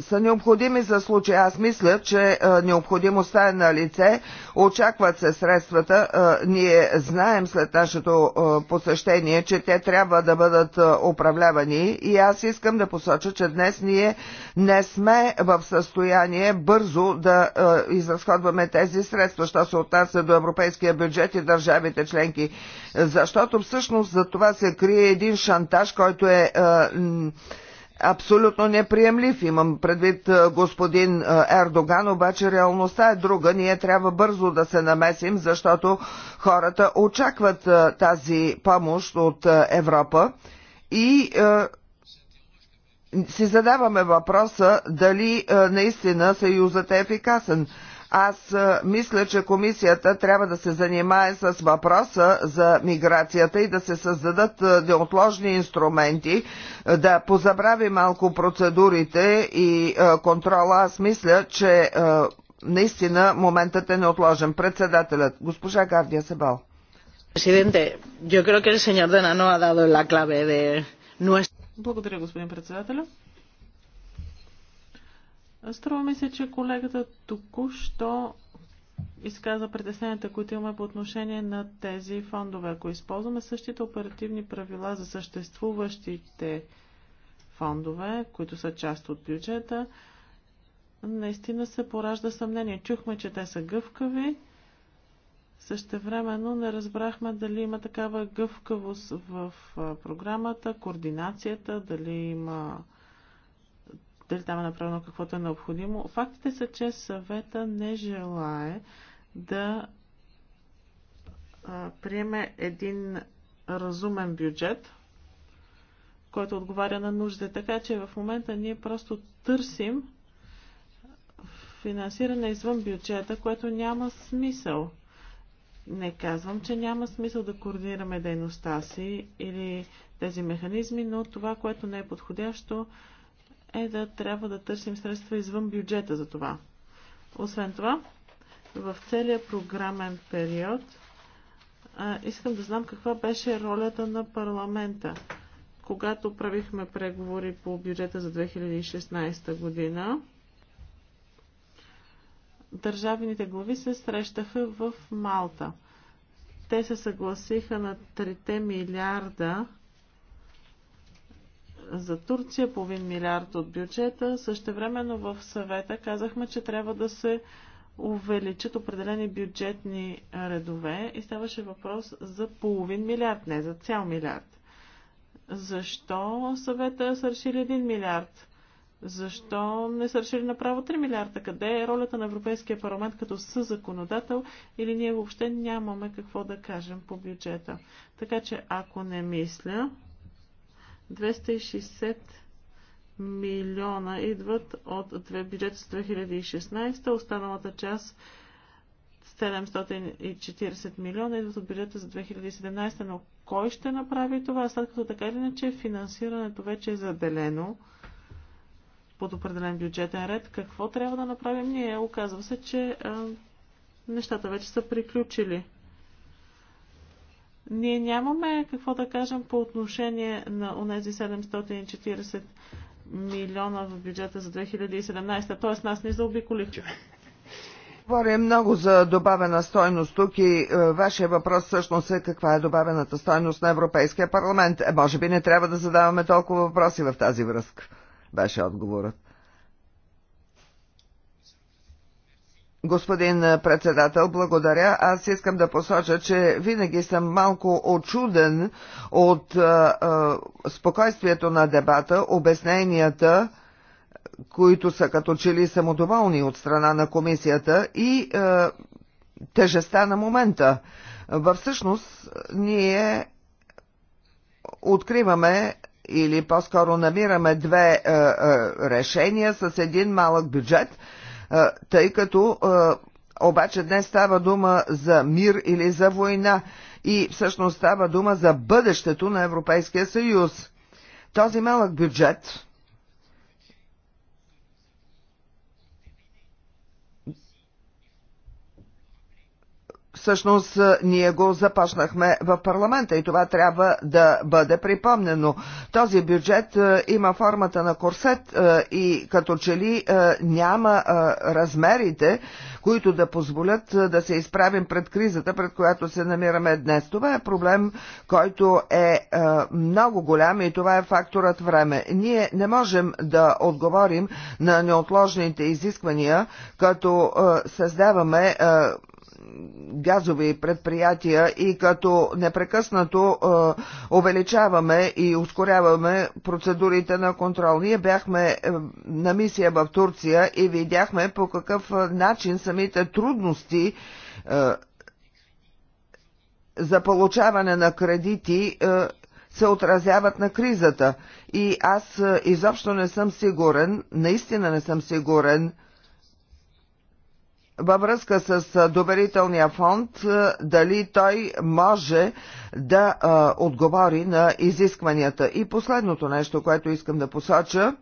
са необходими за случая. Аз мисля, че необходимостта е на лице. Очакват се средствата. ние знаем след нашето посещение, че те трябва да бъдат управлявани. И аз искам да посоча, че днес ние не сме в състояние бързо да изразходваме тези средства, що се отнася до европейския бюджет и държавите членки. Защото всъщност за това се крие един шантаж, който е абсолютно неприемлив. Имам предвид е, господин е, Ердоган, обаче реалността е друга. Ние трябва бързо да се намесим, защото хората очакват е, тази помощ от Европа и си задаваме въпроса дали наистина съюзът е ефикасен. Аз мисля, че комисията трябва да се занимае с въпроса за миграцията и да се създадат неотложни инструменти, да позабрави малко процедурите и контрола. Аз мисля, че наистина моментът е неотложен. Председателят, госпожа Гардия Себал. creo que el señor ha dado la clave de Благодаря, господин председател. Струва ми се, че колегата току-що изказа притесненията, които имаме по отношение на тези фондове. Ако използваме същите оперативни правила за съществуващите фондове, които са част от бюджета, наистина се поражда съмнение. Чухме, че те са гъвкави. Същевременно не разбрахме дали има такава гъвкавост в програмата, координацията, дали има дали там е направено каквото е необходимо. Фактите са, че съвета не желае да приеме един разумен бюджет, който отговаря на нуждите. Така че в момента ние просто търсим финансиране извън бюджета, което няма смисъл. Не казвам, че няма смисъл да координираме дейността си или тези механизми, но това, което не е подходящо, е да трябва да търсим средства извън бюджета за това. Освен това, в целия програмен период а, искам да знам каква беше ролята на парламента. Когато правихме преговори по бюджета за 2016 година, държавните глави се срещаха в Малта. Те се съгласиха на 3 милиарда за Турция, половин милиард от бюджета. Същевременно в съвета казахме, че трябва да се увеличат определени бюджетни редове и ставаше въпрос за половин милиард, не за цял милиард. Защо съвета са решили 1 милиард? Защо не са решили направо 3 милиарда? Къде е ролята на Европейския парламент като съзаконодател или ние въобще нямаме какво да кажем по бюджета? Така че ако не мисля, 260 милиона идват от две бюджета с 2016, останалата част 740 милиона идват от бюджета за 2017, но кой ще направи това, след като така или иначе финансирането вече е заделено под определен бюджетен ред, какво трябва да направим ние? Оказва се, че а, нещата вече са приключили. Ние нямаме какво да кажем по отношение на онези 740 милиона в бюджета за 2017, т.е. нас не заобиколиха. Говорим много за добавена стойност тук и е, вашия въпрос всъщност е каква е добавената стойност на Европейския парламент. Е, може би не трябва да задаваме толкова въпроси в тази връзка, беше отговорът. Господин председател, благодаря. Аз искам да посоча, че винаги съм малко очуден от а, а, спокойствието на дебата, обясненията, които са като че ли самодоволни от страна на комисията и а, тежеста на момента. Във всъщност ние откриваме или по-скоро намираме две а, а, решения с един малък бюджет – тъй като обаче днес става дума за мир или за война и всъщност става дума за бъдещето на Европейския съюз. Този малък бюджет всъщност ние го започнахме в парламента и това трябва да бъде припомнено. Този бюджет има формата на корсет и като че ли няма размерите, които да позволят да се изправим пред кризата, пред която се намираме днес. Това е проблем, който е много голям и това е факторът време. Ние не можем да отговорим на неотложните изисквания, като създаваме газови предприятия и като непрекъснато е, увеличаваме и ускоряваме процедурите на контрол. Ние бяхме е, на мисия в Турция и видяхме по какъв начин самите трудности е, за получаване на кредити се отразяват на кризата. И аз изобщо не съм сигурен, наистина не съм сигурен, във връзка с доверителния фонд, дали той може да а, отговори на изискванията. И последното нещо, което искам да посоча,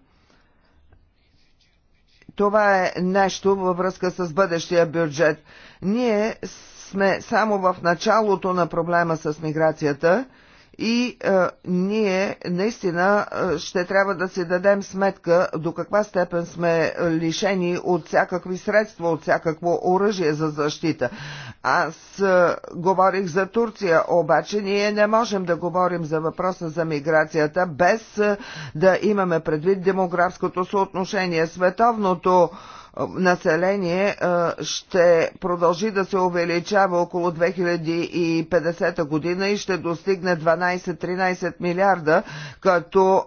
това е нещо във връзка с бъдещия бюджет. Ние сме само в началото на проблема с миграцията и а, е, ние наистина е, ще трябва да си дадем сметка до каква степен сме лишени от всякакви средства, от всякакво оръжие за защита. Аз а, е, говорих за Турция, обаче ние не можем да говорим за въпроса за миграцията без а, да имаме предвид демографското съотношение. Световното а, население ще продължи да се увеличава около 2050 година и ще достигне 12-13 милиарда, като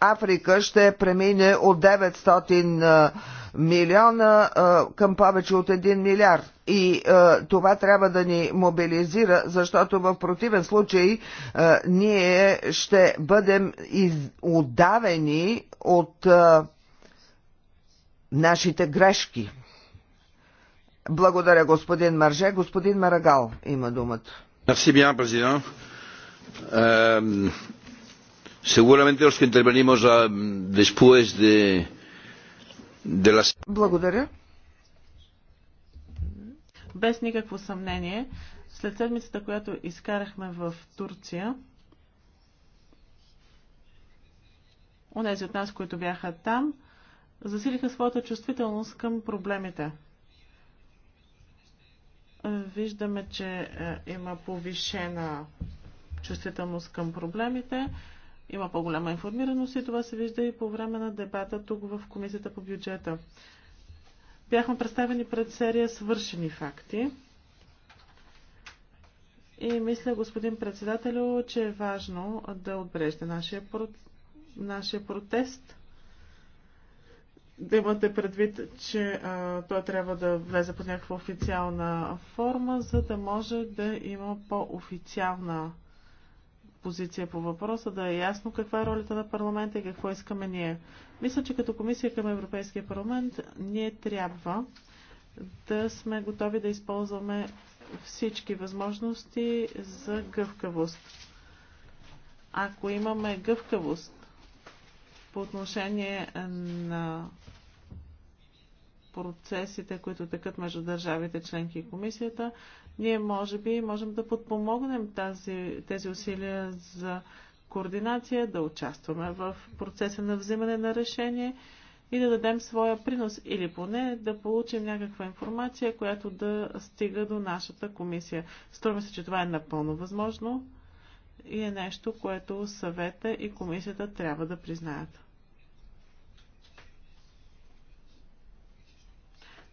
Африка ще премине от 900 милиона към повече от 1 милиард. И това трябва да ни мобилизира, защото в противен случай ние ще бъдем удавени от нашите грешки. Благодаря, господин Марже. Господин Марагал има думата. Merci bien, президент. Сигурно los que ah, después de, de las... Благодаря. Без никакво съмнение, след седмицата, която изкарахме в Турция, онези от нас, които бяха там, засилиха своята чувствителност към проблемите. Виждаме, че е, има повишена чувствителност към проблемите. Има по-голяма информираност и това се вижда и по време на дебата тук в Комисията по бюджета. Бяхме представени пред серия свършени факти. И мисля, господин председател, че е важно да отбрежда нашия, про... нашия протест. Да имате предвид, че а, той трябва да влезе под някаква официална форма, за да може да има по-официална позиция по въпроса, да е ясно каква е ролята на парламента и какво искаме ние. Мисля, че като комисия към Европейския парламент ние трябва да сме готови да използваме всички възможности за гъвкавост. Ако имаме гъвкавост по отношение на процесите, които текат между държавите членки и комисията, ние може би можем да подпомогнем тази, тези усилия за координация, да участваме в процеса на взимане на решение и да дадем своя принос или поне да получим някаква информация, която да стига до нашата комисия. Струва се, че това е напълно възможно и е нещо, което съвета и комисията трябва да признаят.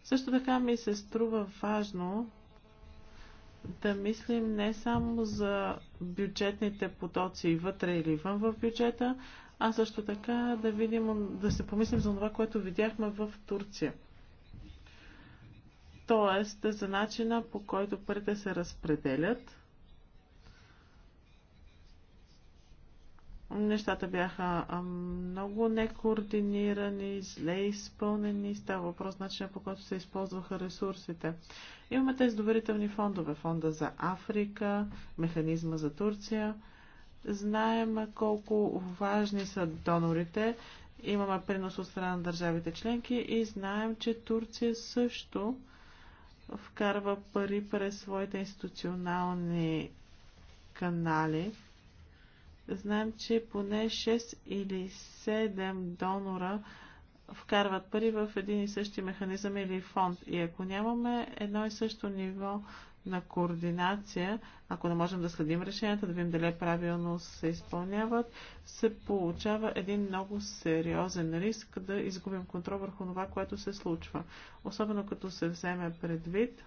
Също така ми се струва важно да мислим не само за бюджетните потоци вътре или вън в бюджета, а също така да видим, да се помислим за това, което видяхме в Турция. Тоест за начина по който парите се разпределят Нещата бяха много некоординирани, зле изпълнени. Става въпрос начина по който се използваха ресурсите. Имаме тези доверителни фондове. Фонда за Африка, механизма за Турция. Знаем колко важни са донорите. Имаме принос от страна на държавите членки и знаем, че Турция също вкарва пари през своите институционални канали Знаем, че поне 6 или 7 донора вкарват пари в един и същи механизъм или фонд. И ако нямаме едно и също ниво на координация, ако не можем да следим решенията, да видим дали е правилно се изпълняват, се получава един много сериозен риск да изгубим контрол върху това, което се случва. Особено като се вземе предвид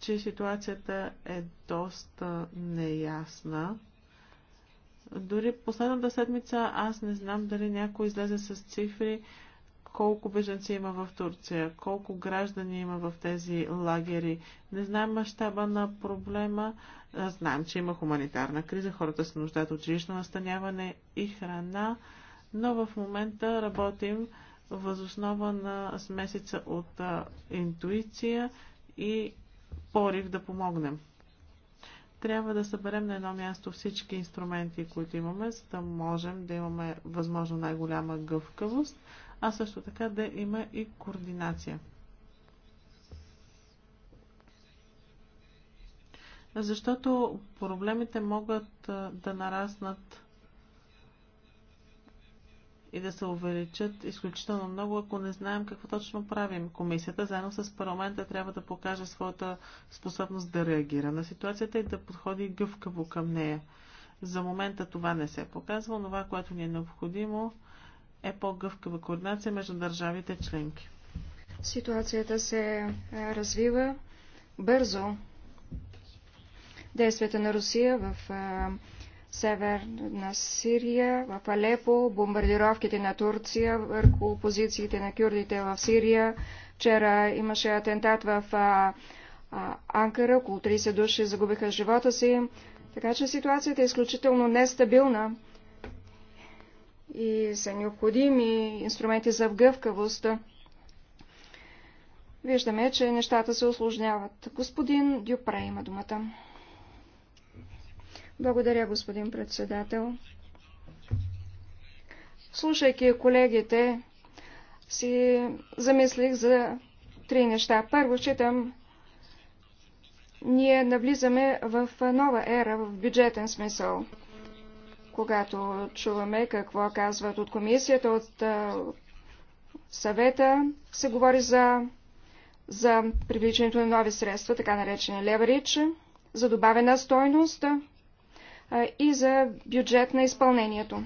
че ситуацията е доста неясна. Дори последната седмица аз не знам дали някой излезе с цифри колко беженци има в Турция, колко граждани има в тези лагери. Не знаем мащаба на проблема. Знам, че има хуманитарна криза, хората се нуждаят от жилищно настаняване и храна, но в момента работим възоснова на смесица от интуиция и порив да помогнем. Трябва да съберем на едно място всички инструменти, които имаме, за да можем да имаме възможно най-голяма гъвкавост, а също така да има и координация. Защото проблемите могат да нараснат и да се увеличат изключително много, ако не знаем какво точно правим. Комисията заедно с парламента трябва да покаже своята способност да реагира на ситуацията и да подходи гъвкаво към нея. За момента това не се е показва. Това, което ни е необходимо, е по-гъвкава координация между държавите членки. Ситуацията се е, развива бързо. Действията на Русия в е, Северна Сирия, в Алепо, бомбардировките на Турция върху позициите на кюрдите в Сирия. Вчера имаше атентат в а, а, Анкара, около 30 души загубиха живота си. Така че ситуацията е изключително нестабилна и са необходими инструменти за вгъвкавост. Виждаме, че нещата се осложняват. Господин Дюпре има думата. Благодаря, господин председател. Слушайки колегите, си замислих за три неща. Първо, считам, ние навлизаме в нова ера в бюджетен смисъл. Когато чуваме какво казват от комисията, от съвета, се говори за, за привличането на нови средства, така наречени леверидж, за добавена стойност, и за бюджет на изпълнението.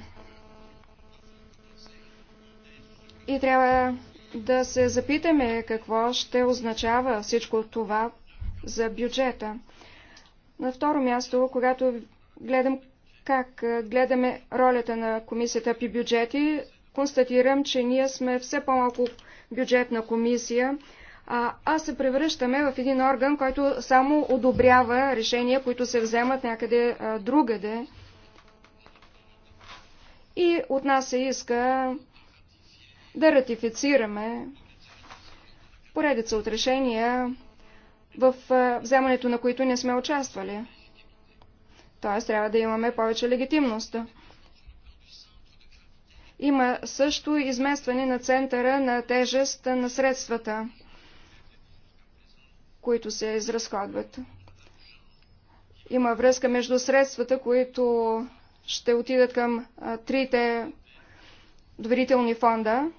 И трябва да се запитаме какво ще означава всичко това за бюджета. На второ място, когато гледам как гледаме ролята на комисията при бюджети, констатирам, че ние сме все по-малко бюджетна комисия, а се превръщаме в един орган, който само одобрява решения, които се вземат някъде другаде. И от нас се иска да ратифицираме поредица от решения, в вземането на които не сме участвали. Тоест трябва да имаме повече легитимност. Има също изместване на центъра на тежест на средствата които се изразходват. Има връзка между средствата, които ще отидат към а, трите доверителни фонда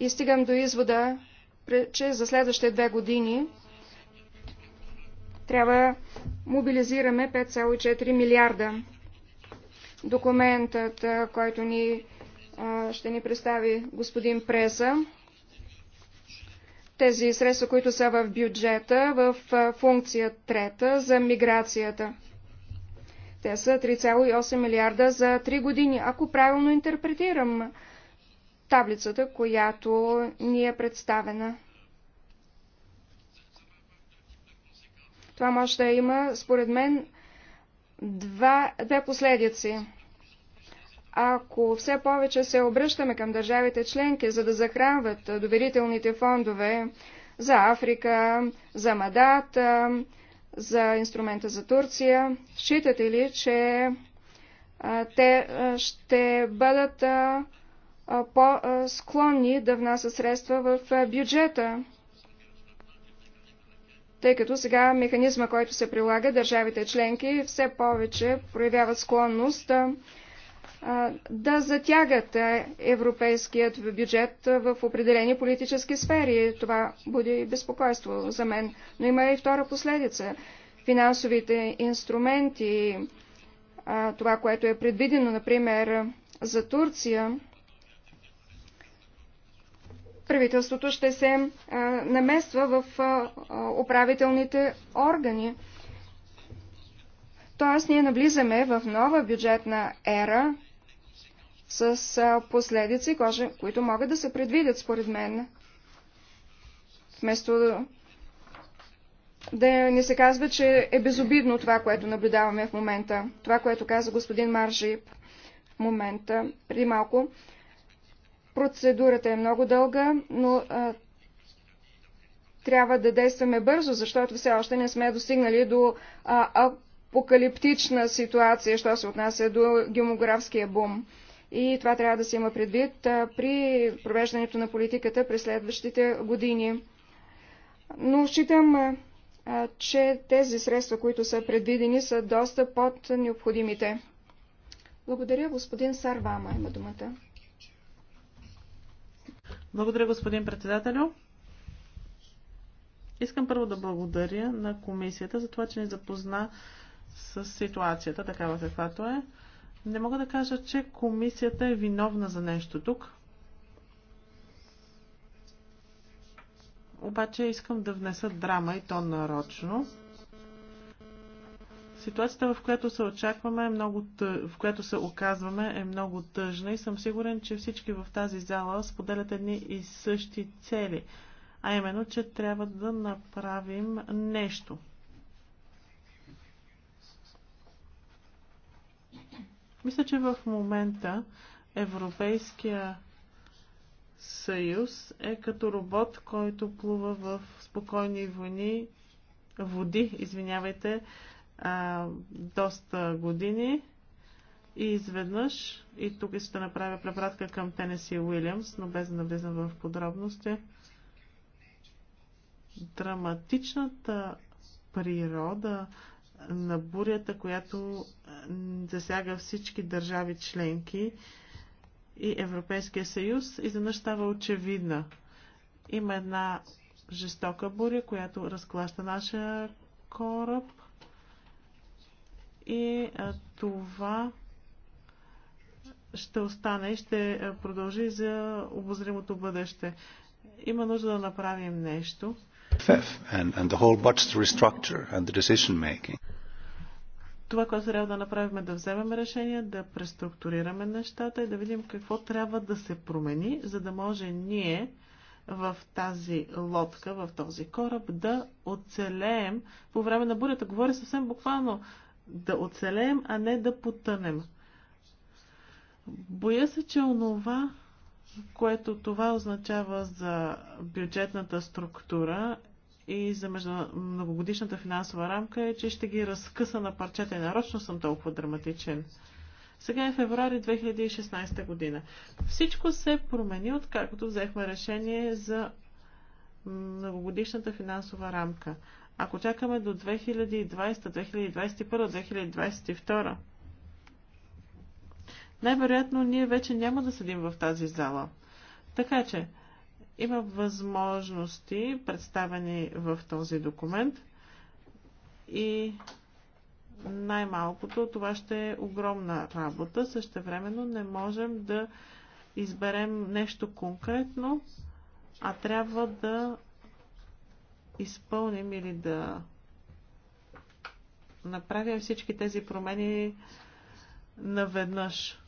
и стигам до извода, че за следващите две години трябва мобилизираме 5,4 милиарда. Документът, който ни, ще ни представи господин Преса, тези средства, които са в бюджета, в функция трета за миграцията. Те са 3,8 милиарда за 3 години, ако правилно интерпретирам таблицата, която ни е представена. Това може да има, според мен, два, две последици ако все повече се обръщаме към държавите членки, за да захранват доверителните фондове за Африка, за Мадат, за инструмента за Турция, считате ли, че те ще бъдат по-склонни да внасят средства в бюджета? тъй като сега механизма, който се прилага, държавите членки все повече проявяват склонност да затягат европейският бюджет в определени политически сфери. Това буди безпокойство за мен. Но има и втора последица. Финансовите инструменти, това, което е предвидено, например, за Турция, правителството ще се намества в управителните органи. Тоест, ние навлизаме в нова бюджетна ера, с последици, които могат да се предвидят, според мен. Вместо да не се казва, че е безобидно това, което наблюдаваме в момента. Това, което каза господин Маржип в момента, преди малко. Процедурата е много дълга, но а, трябва да действаме бързо, защото все още не сме достигнали до а, апокалиптична ситуация, що се отнася до гемографския бум. И това трябва да се има предвид при провеждането на политиката през следващите години. Но считам, че тези средства, които са предвидени, са доста под необходимите. Благодаря, господин Сарвама има думата. Благодаря, господин председателю. Искам първо да благодаря на комисията за това, че ни запозна с ситуацията, такава каквато е. Не мога да кажа, че комисията е виновна за нещо тук. Обаче искам да внеса драма и то нарочно. Ситуацията, в която се очакваме, е много тъ... в която се оказваме, е много тъжна и съм сигурен, че всички в тази зала споделят едни и същи цели, а именно, че трябва да направим нещо – Мисля, че в момента Европейския съюз е като робот, който плува в спокойни войни, води, извинявайте, а, доста години. И изведнъж, и тук ще направя препратка към Тенеси Уилямс, но без да навлизам в подробности, драматичната природа на бурята, която засяга всички държави членки и Европейския съюз, и изведнъж става очевидна. Има една жестока буря, която разклаща нашия кораб и това ще остане и ще продължи за обозримото бъдеще. Има нужда да направим нещо. And, and the whole budgetary structure and the decision making това, което трябва да направим е да вземем решение, да преструктурираме нещата и да видим какво трябва да се промени, за да може ние в тази лодка, в този кораб, да оцелеем по време на бурята. Говоря съвсем буквално да оцелеем, а не да потънем. Боя се, че онова, което това означава за бюджетната структура, и за многогодишната финансова рамка е, че ще ги разкъса на парчета и нарочно съм толкова драматичен. Сега е феврари 2016 година. Всичко се промени, откакто взехме решение за многогодишната финансова рамка. Ако чакаме до 2020, 2021, 2022, най-вероятно ние вече няма да седим в тази зала. Така че, има възможности, представени в този документ и най-малкото това ще е огромна работа. Същевременно не можем да изберем нещо конкретно, а трябва да изпълним или да направим всички тези промени наведнъж.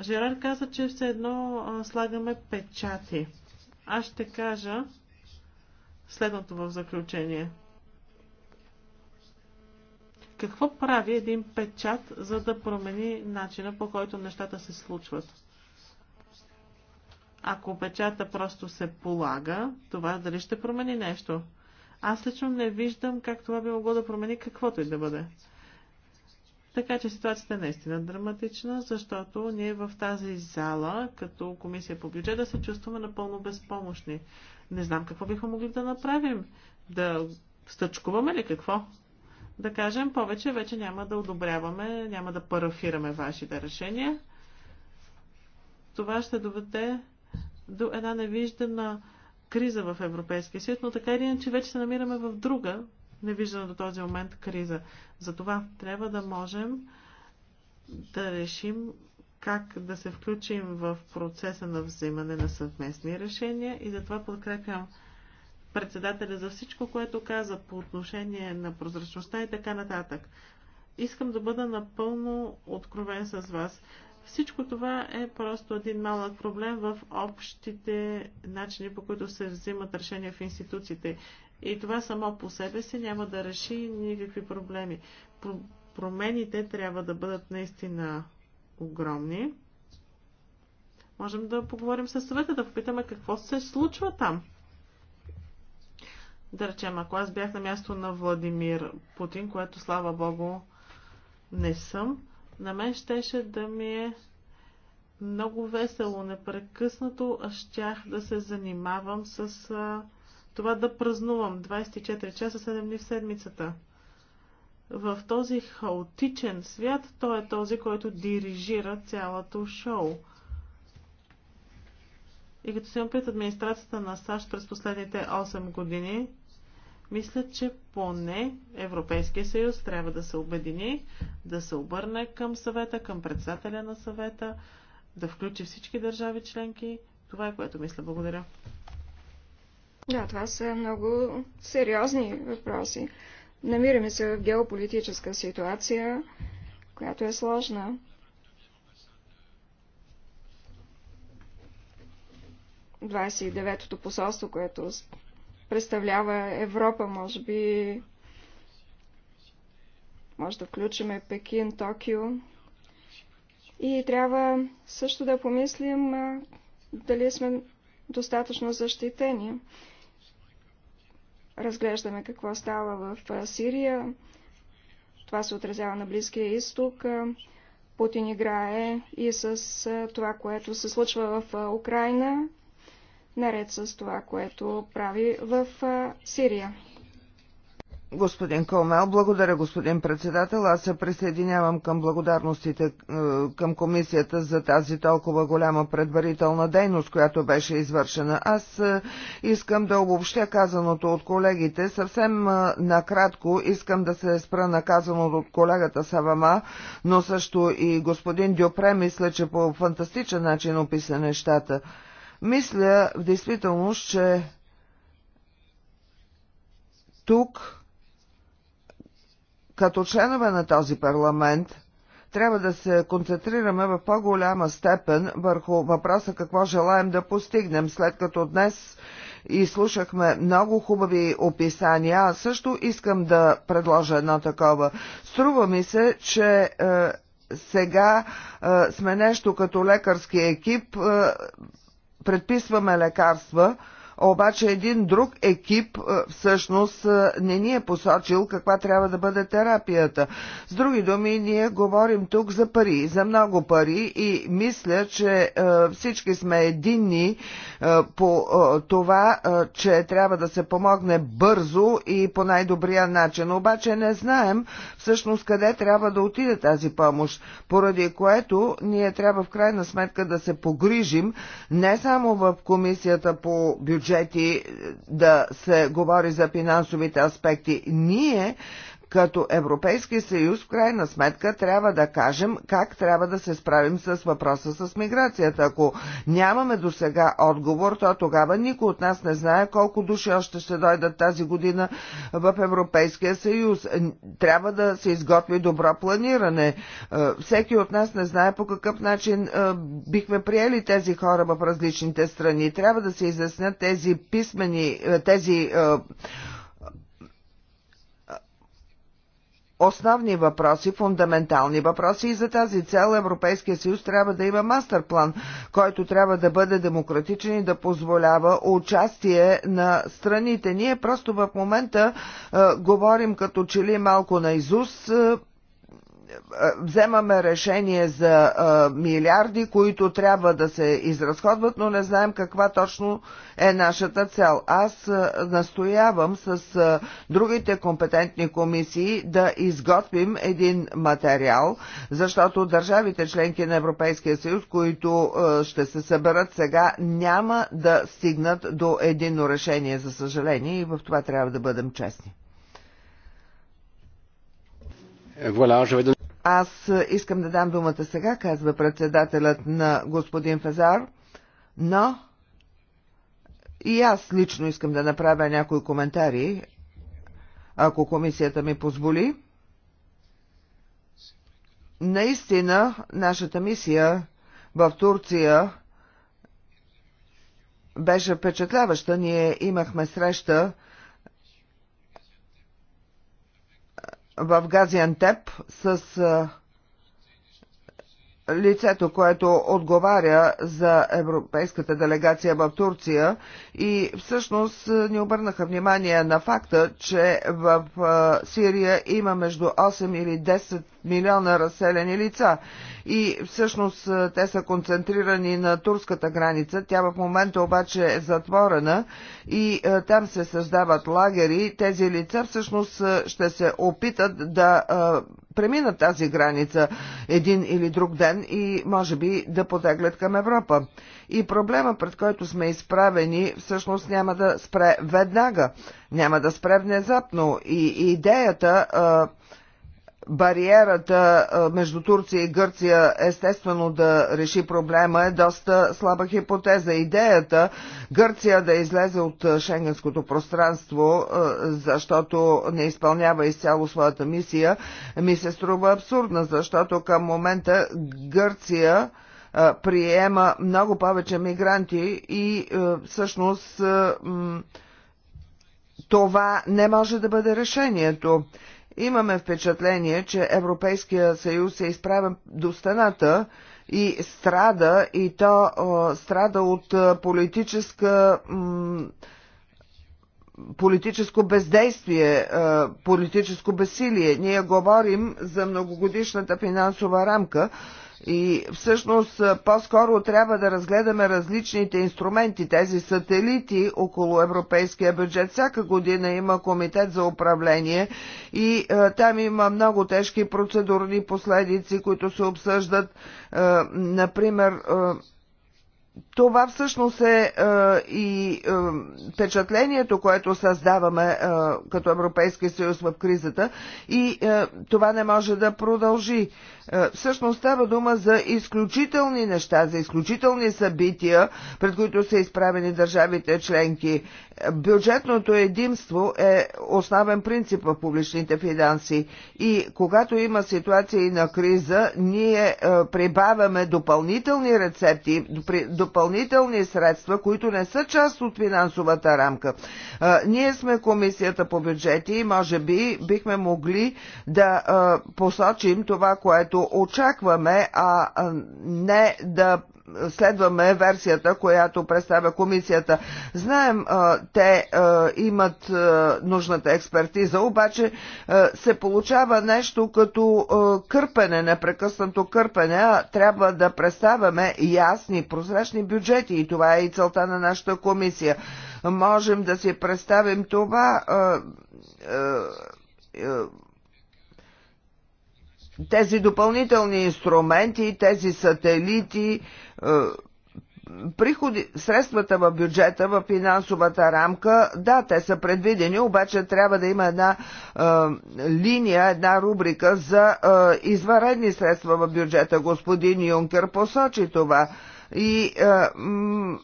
Жерар каза, че все едно слагаме печати. Аз ще кажа следното в заключение. Какво прави един печат, за да промени начина по който нещата се случват? Ако печата просто се полага, това дали ще промени нещо? Аз лично не виждам как това би могло да промени каквото и да бъде. Така че ситуацията е наистина драматична, защото ние в тази зала, като комисия по бюджета, се чувстваме напълно безпомощни. Не знам какво бихме могли да направим. Да стъчкуваме ли какво? Да кажем, повече вече няма да одобряваме, няма да парафираме вашите решения. Това ще доведе до една невиждана криза в Европейския съюз, но така или иначе вече се намираме в друга, не виждам до този момент криза. Затова трябва да можем да решим как да се включим в процеса на взимане на съвместни решения и затова подкрепям председателя за всичко, което каза по отношение на прозрачността и така нататък. Искам да бъда напълно откровен с вас. Всичко това е просто един малък проблем в общите начини, по които се взимат решения в институциите. И това само по себе си няма да реши никакви проблеми. Про промените трябва да бъдат наистина огромни. Можем да поговорим с съвета, да попитаме какво се случва там. Да речем, ако аз бях на място на Владимир Путин, което слава богу не съм, на мен щеше да ми е много весело, непрекъснато, аз щях да се занимавам с това да празнувам 24 часа 7 дни в седмицата. В този хаотичен свят той е този, който дирижира цялото шоу. И като се имам пред администрацията на САЩ през последните 8 години, мисля, че поне Европейския съюз трябва да се обедини, да се обърне към съвета, към председателя на съвета, да включи всички държави членки. Това е което мисля. Благодаря. Да, това са много сериозни въпроси. Намираме се в геополитическа ситуация, която е сложна. Двадесет и посолство, което представлява Европа, може би може да включиме Пекин, Токио. И трябва също да помислим дали сме достатъчно защитени разглеждаме какво става в Сирия. Това се отразява на Близкия изток. Путин играе и с това, което се случва в Украина, наред с това, което прави в Сирия. Господин Колмел, благодаря господин председател. Аз се присъединявам към благодарностите е, към комисията за тази толкова голяма предварителна дейност, която беше извършена. Аз е, искам да обобщя казаното от колегите. Съвсем е, накратко искам да се спра на казаното от колегата Савама, но също и господин Дюпре мисля, че по фантастичен начин описа нещата. Мисля в действителност, че тук като членове на този парламент, трябва да се концентрираме в по-голяма степен върху въпроса какво желаем да постигнем, след като днес и слушахме много хубави описания. Аз също искам да предложа едно такова. Струва ми се, че е, сега е, сме нещо като лекарски екип, е, предписваме лекарства, е, обаче един друг екип е, всъщност е, не ни е посочил каква трябва да бъде терапията. С други думи, ние говорим тук за пари, за много пари и мисля, че е, всички сме единни по това, че трябва да се помогне бързо и по най-добрия начин. Обаче не знаем всъщност къде трябва да отиде тази помощ, поради което ние трябва в крайна сметка да се погрижим не само в комисията по бюджет, бюджети е, да се говори за финансовите аспекти. Ние като Европейски съюз, в крайна сметка, трябва да кажем как трябва да се справим с въпроса с миграцията. Ако нямаме до сега отговор, то тогава никой от нас не знае колко души още ще дойдат тази година в Европейския съюз. Трябва да се изготви добро планиране. Е, всеки от нас не знае по какъв начин е, бихме приели тези хора в различните страни. Трябва да се изяснят тези писмени, е, тези основни въпроси, фундаментални въпроси и за тази цел Европейския съюз трябва да има мастер план, който трябва да бъде демократичен и да позволява участие на страните. Ние просто в момента е, говорим като че ли малко на изус, е, вземаме решение за а, милиарди, които трябва да се изразходват, но не знаем каква точно е нашата цел. Аз а, настоявам с а, другите компетентни комисии да изготвим един материал, защото държавите членки на Европейския съюз, които а, ще се съберат сега, няма да стигнат до едино решение, за съжаление, и в това трябва да бъдем честни. Аз искам да дам думата сега, казва председателят на господин Фазар, но и аз лично искам да направя някои коментари, ако комисията ми позволи. Наистина, нашата мисия в Турция беше впечатляваща. Ние имахме среща в Газиантеп с лицето, което отговаря за европейската делегация в Турция и всъщност е, ни обърнаха внимание на факта, че в е, Сирия има между 8 или 10 милиона разселени лица и всъщност е, те са концентрирани на турската граница. Тя в момента обаче е затворена и там се създават лагери. Тези лица всъщност ще се опитат да преминат тази граница един или друг ден и може би да потеглят към Европа. И проблема, пред който сме изправени, всъщност няма да спре веднага, няма да спре внезапно. И идеята бариерата между Турция и Гърция естествено да реши проблема е доста слаба хипотеза. Идеята Гърция да излезе от шенгенското пространство, защото не изпълнява изцяло своята мисия, ми се струва абсурдна, защото към момента Гърция приема много повече мигранти и всъщност това не може да бъде решението имаме впечатление, че Европейския съюз е изправен до стената и страда, и то а, страда от политическа, м- политическо бездействие, политическо безсилие. Ние говорим за многогодишната финансова рамка, и всъщност по-скоро трябва да разгледаме различните инструменти, тези сателити около европейския бюджет. Всяка година има комитет за управление и е, там има много тежки процедурни последици, които се обсъждат. Е, например, е, това всъщност е, е и е, впечатлението, което създаваме е, като Европейски съюз в кризата и е, това не може да продължи. Е, всъщност става дума за изключителни неща, за изключителни събития, пред които са изправени държавите членки. Бюджетното единство е основен принцип в публичните финанси и когато има ситуации на криза, ние е, прибавяме допълнителни рецепти, допълнителни средства, които не са част от финансовата рамка. Е, ние сме комисията по бюджети и може би бихме могли да е, посочим това, което очакваме, а не да следваме версията, която представя комисията. Знаем, те имат нужната експертиза, обаче се получава нещо като кърпене, непрекъснато кърпене, а трябва да представяме ясни, прозрачни бюджети и това е и целта на нашата комисия. Можем да си представим това тези допълнителни инструменти, тези сателити, е, приходи, средствата в бюджета, в финансовата рамка, да, те са предвидени, обаче трябва да има една е, линия, една рубрика за е, изваредни средства в бюджета. Господин Юнкер посочи това. Е, и а, е,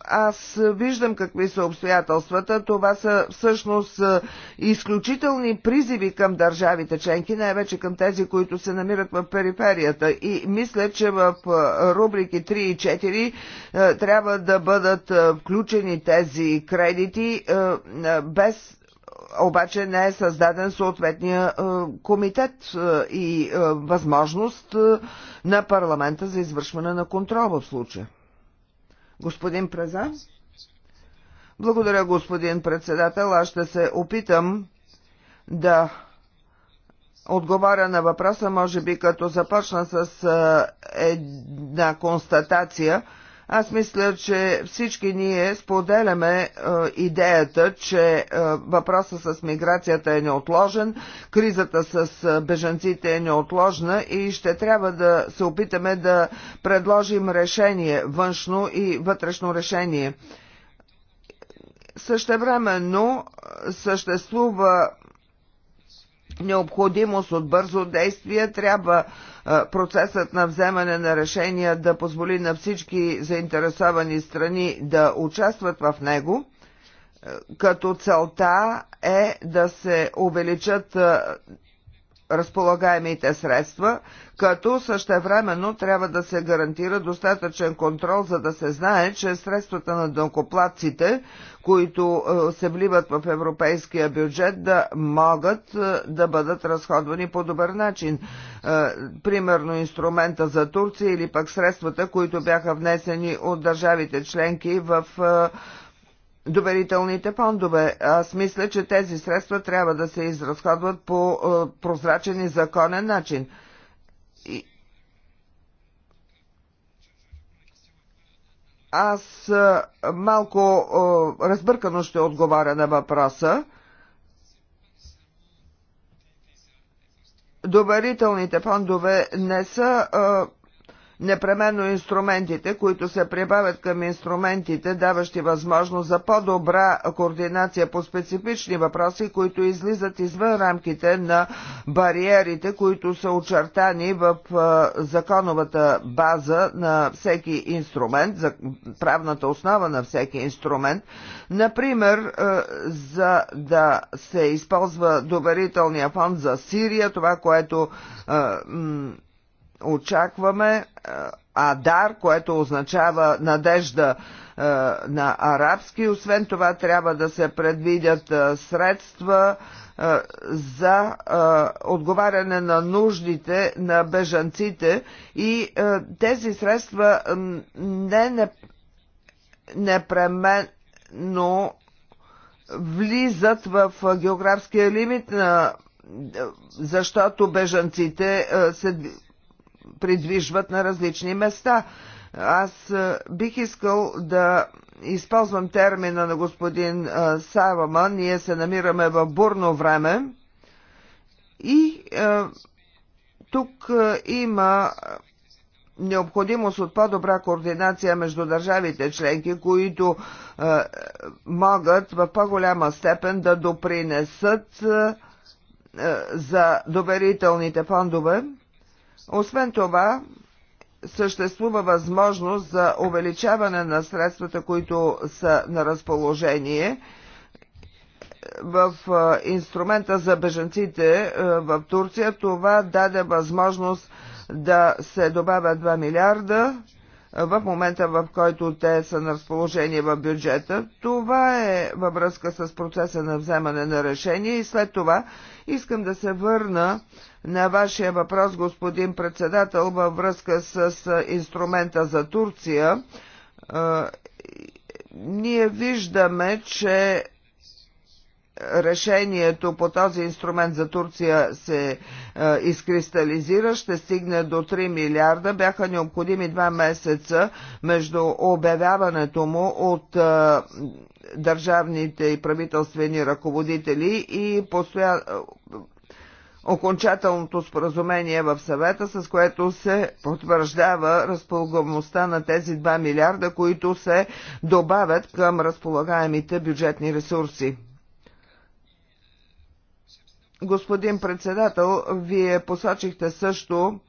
аз виждам какви са обстоятелствата. Това са всъщност е, изключителни призиви към държавите членки, най-вече към тези, които се намират в периферията. И мисля, че в е, рубрики 3 и 4 а, трябва да бъдат включени тези кредити а, без обаче не е създаден съответния комитет и възможност на парламента за извършване на контрол в случая. Господин Преза? Благодаря, господин председател. Аз ще се опитам да отговаря на въпроса, може би като започна с една констатация – аз мисля, че всички ние споделяме е, идеята, че е, въпросът с миграцията е неотложен, кризата с е, бежанците е неотложна и ще трябва да се опитаме да предложим решение, външно и вътрешно решение. Същевременно е, съществува необходимост от бързо действие, трябва е, процесът на вземане на решения да позволи на всички заинтересовани страни да участват в него, е, като целта е да се увеличат е, разполагаемите средства, като същевременно трябва да се гарантира достатъчен контрол, за да се знае, че средствата на дънкоплатците, които е, се вливат в европейския бюджет, да могат е, да бъдат разходвани по добър начин. Е, примерно инструмента за Турция или пък средствата, които бяха внесени от държавите членки в доверителните фондове. Аз мисля, че тези средства трябва да се изразходват по е, прозрачен и законен начин. И... Аз е, малко е, разбъркано ще отговаря на въпроса. Доверителните фондове не са непременно инструментите, които се прибавят към инструментите, даващи възможност за по-добра координация по специфични въпроси, които излизат извън рамките на бариерите, които са очертани в законовата база на всеки инструмент, за правната основа на всеки инструмент. Например, за да се използва доверителния фонд за Сирия, това, което очакваме е, Адар, което означава надежда е, на арабски. Освен това трябва да се предвидят е, средства за отговаряне на нуждите на бежанците и тези средства не непременно влизат в географския лимит на защото бежанците се придвижват на различни места. Аз бих искал да използвам термина на господин Савама. Ние се намираме в бурно време и тук има необходимост от по-добра координация между държавите членки, които е, могат в по-голяма степен да допринесат е, за доверителните фондове. Освен това, съществува възможност за увеличаване на средствата, които са на разположение е, в е, инструмента за беженците е, в Турция. Това даде възможност да се добавят 2 милиарда в момента, в който те са на разположение в бюджета. Това е във връзка с процеса на вземане на решение и след това искам да се върна на вашия въпрос, господин председател, във връзка с инструмента за Турция, ние виждаме, че решението по този инструмент за Турция се изкристализира, ще стигне до 3 милиарда. Бяха необходими два месеца между обявяването му от държавните и правителствени ръководители и постоя окончателното споразумение в съвета, с което се потвърждава разполагаемостта на тези 2 милиарда, които се добавят към разполагаемите бюджетни ресурси. Господин председател, вие посочихте също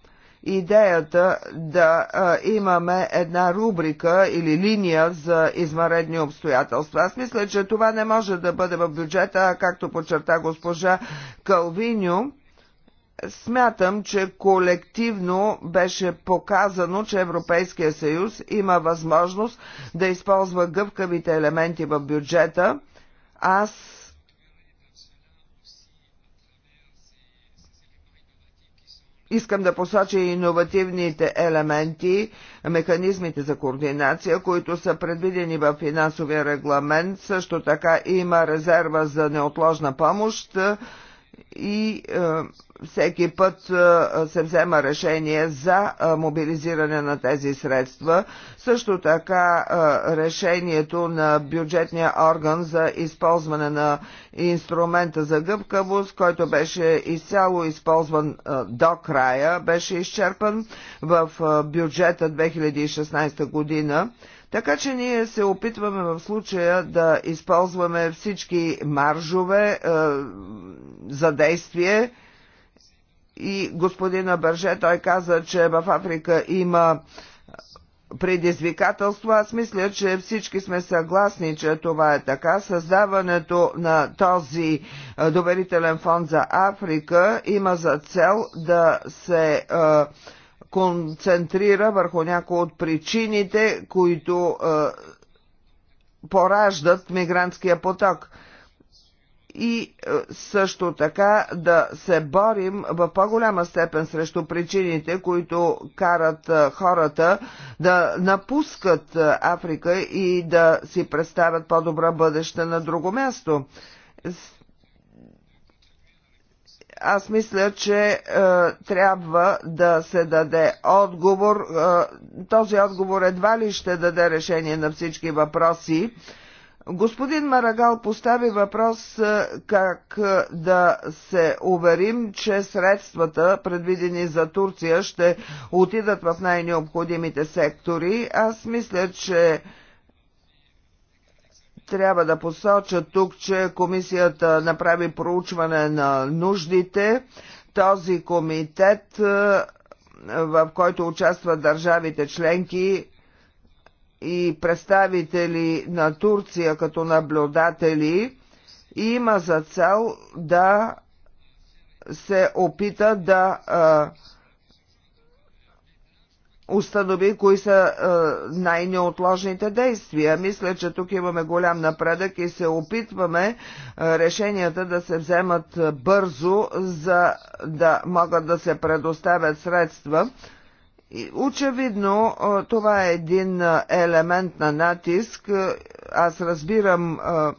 идеята да а, имаме една рубрика или линия за измаредни обстоятелства. Аз мисля, че това не може да бъде в бюджета, а както подчерта госпожа Калвиню. Смятам, че колективно беше показано, че Европейския съюз има възможност да използва гъвкавите елементи в бюджета. Аз Искам да посоча и иновативните елементи, механизмите за координация, които са предвидени в финансовия регламент. Също така има резерва за неотложна помощ и е, всеки път е, се взема решение за е, мобилизиране на тези средства. Също така решението на бюджетния орган за използване на инструмента за гъвкавост, който беше изцяло използван до края, беше изчерпан в бюджета 2016 година. Така че ние се опитваме в случая да използваме всички маржове е, за действие. И господина Бърже той каза, че в Африка има предизвикателство. Аз мисля, че всички сме съгласни, че това е така. Създаването на този е, доверителен фонд за Африка има за цел да се е, концентрира върху някои от причините, които е, пораждат мигрантския поток и е, също така да се борим в по-голяма степен срещу причините, които карат е, хората да напускат Африка и да си представят по добра бъдеще на друго място аз мисля, че е, трябва да се даде отговор. Е, този отговор едва ли ще даде решение на всички въпроси. Господин Марагал постави въпрос е, как е, да се уверим, че средствата, предвидени за Турция, ще отидат в най-необходимите сектори. Аз мисля, че трябва да посоча тук, че комисията направи проучване на нуждите. Този комитет, е, в който участват държавите членки и представители на Турция като наблюдатели, има за цел да се опита да е, установи кои са е, най-неотложните действия. Мисля, че тук имаме голям напредък и се опитваме е, решенията да се вземат е, бързо, за да могат да се предоставят средства. И, очевидно, е, това е един е, елемент на натиск. Е, аз разбирам. Е,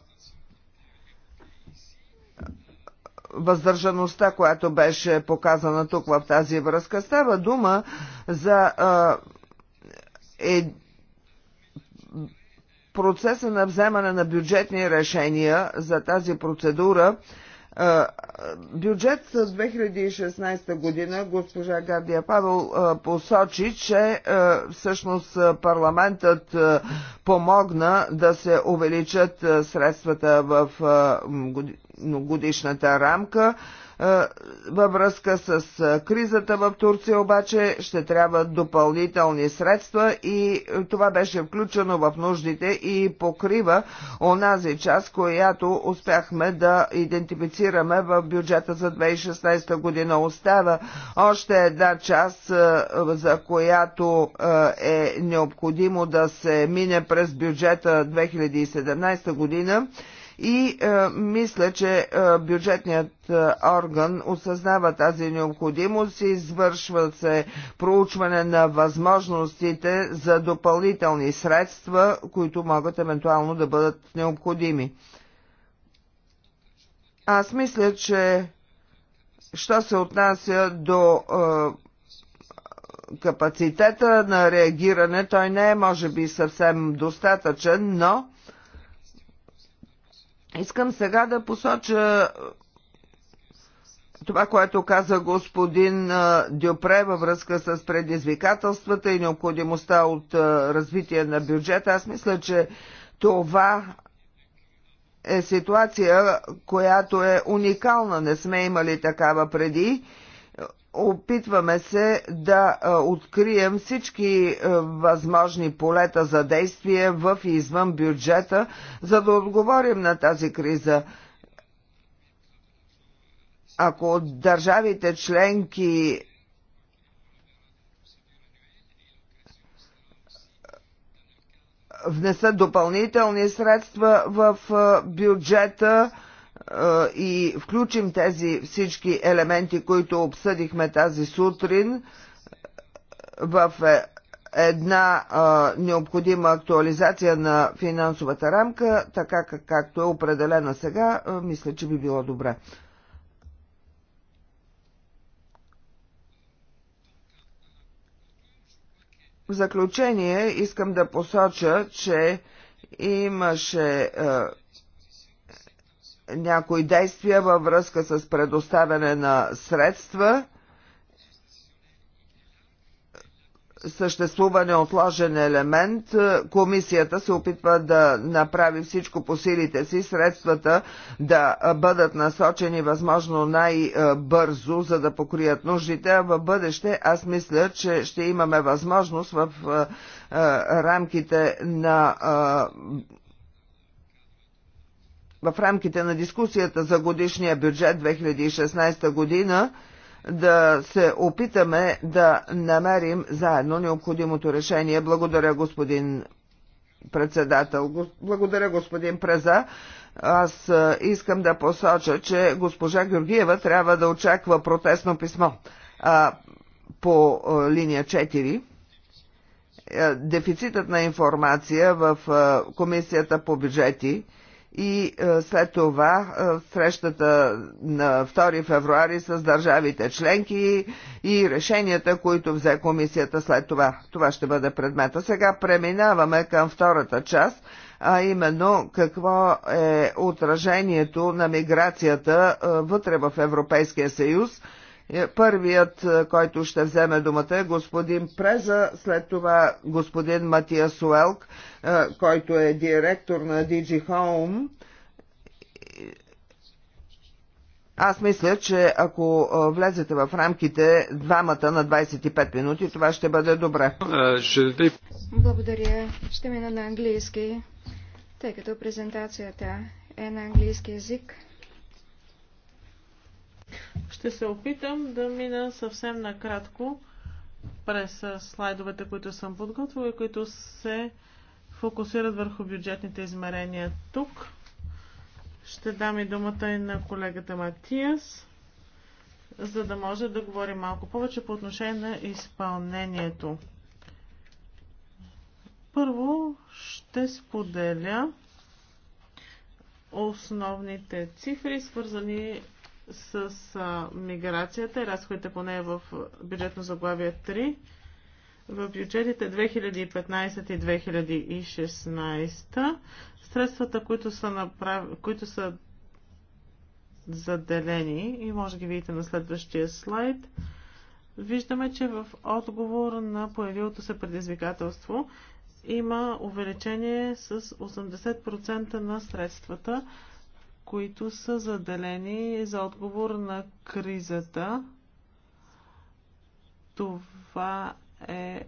въздържаността, която беше показана тук в тази връзка. Става дума за а, е, процеса на вземане на бюджетни решения за тази процедура, Бюджет с 2016 година госпожа Гардия Павел посочи, че всъщност парламентът помогна да се увеличат средствата в годишната рамка. Във връзка с кризата в Турция обаче ще трябва допълнителни средства и това беше включено в нуждите и покрива онази част, която успяхме да идентифицираме в бюджета за 2016 година. Остава още една част, за която е необходимо да се мине през бюджета 2017 година. И е, мисля, че е, бюджетният е, орган осъзнава тази необходимост и извършва се проучване на възможностите за допълнителни средства, които могат евентуално да бъдат необходими. Аз мисля, че що се отнася до е, капацитета на реагиране, той не е, може би, съвсем достатъчен, но Искам сега да посоча е, това, което каза господин е, Дюпре във връзка с предизвикателствата и необходимостта от е, развитие на бюджета. Аз мисля, че това е ситуация, която е уникална. Не сме имали такава преди Опитваме се да е, открием всички е, възможни полета за действие в и извън бюджета, за да отговорим на тази криза ако държавите членки е, внесат допълнителни средства в бюджета, и включим тези всички елементи, които обсъдихме тази сутрин в е, една необходима актуализация на финансовата рамка, така както е определена сега, мисля, че би било добре. В заключение искам да посоча, че имаше някои действия във връзка с предоставяне на средства, съществува неотложен елемент. Комисията се опитва да направи всичко по силите си, средствата да бъдат насочени възможно най-бързо, за да покрият нуждите. А в бъдеще аз мисля, че ще имаме възможност в рамките на в рамките на дискусията за годишния бюджет 2016 година да се опитаме да намерим заедно необходимото решение. Благодаря, господин председател. Благодаря, господин Преза. Аз искам да посоча, че госпожа Георгиева трябва да очаква протестно писмо а, по линия 4 е, дефицитът на информация в Комисията по бюджети и е, след това е, срещата на 2 февруари с държавите членки и решенията, които взе комисията след това. Това ще бъде предмета. Сега преминаваме към втората част, а именно какво е отражението на миграцията е, вътре в Европейския съюз – е, първият, е, който ще вземе думата е господин Преза, след това господин Матия Суелк, е, който е директор на Digi Home. Аз мисля, че ако влезете в рамките двамата на 25 минути, това ще бъде добре. Благодаря. Ще мина на английски, тъй като презентацията е на английски язик. Ще се опитам да мина съвсем накратко през слайдовете, които съм подготвила и които се фокусират върху бюджетните измерения тук. Ще дам и думата и на колегата Матиас, за да може да говори малко повече по отношение на изпълнението. Първо ще споделя основните цифри, свързани с а, миграцията и разходите по нея в бюджетно заглавие 3. В бюджетите 2015 и 2016 средствата, които са, направ... които са заделени и може да ги видите на следващия слайд, виждаме, че в отговор на появилото се предизвикателство има увеличение с 80% на средствата които са заделени за отговор на кризата. Това е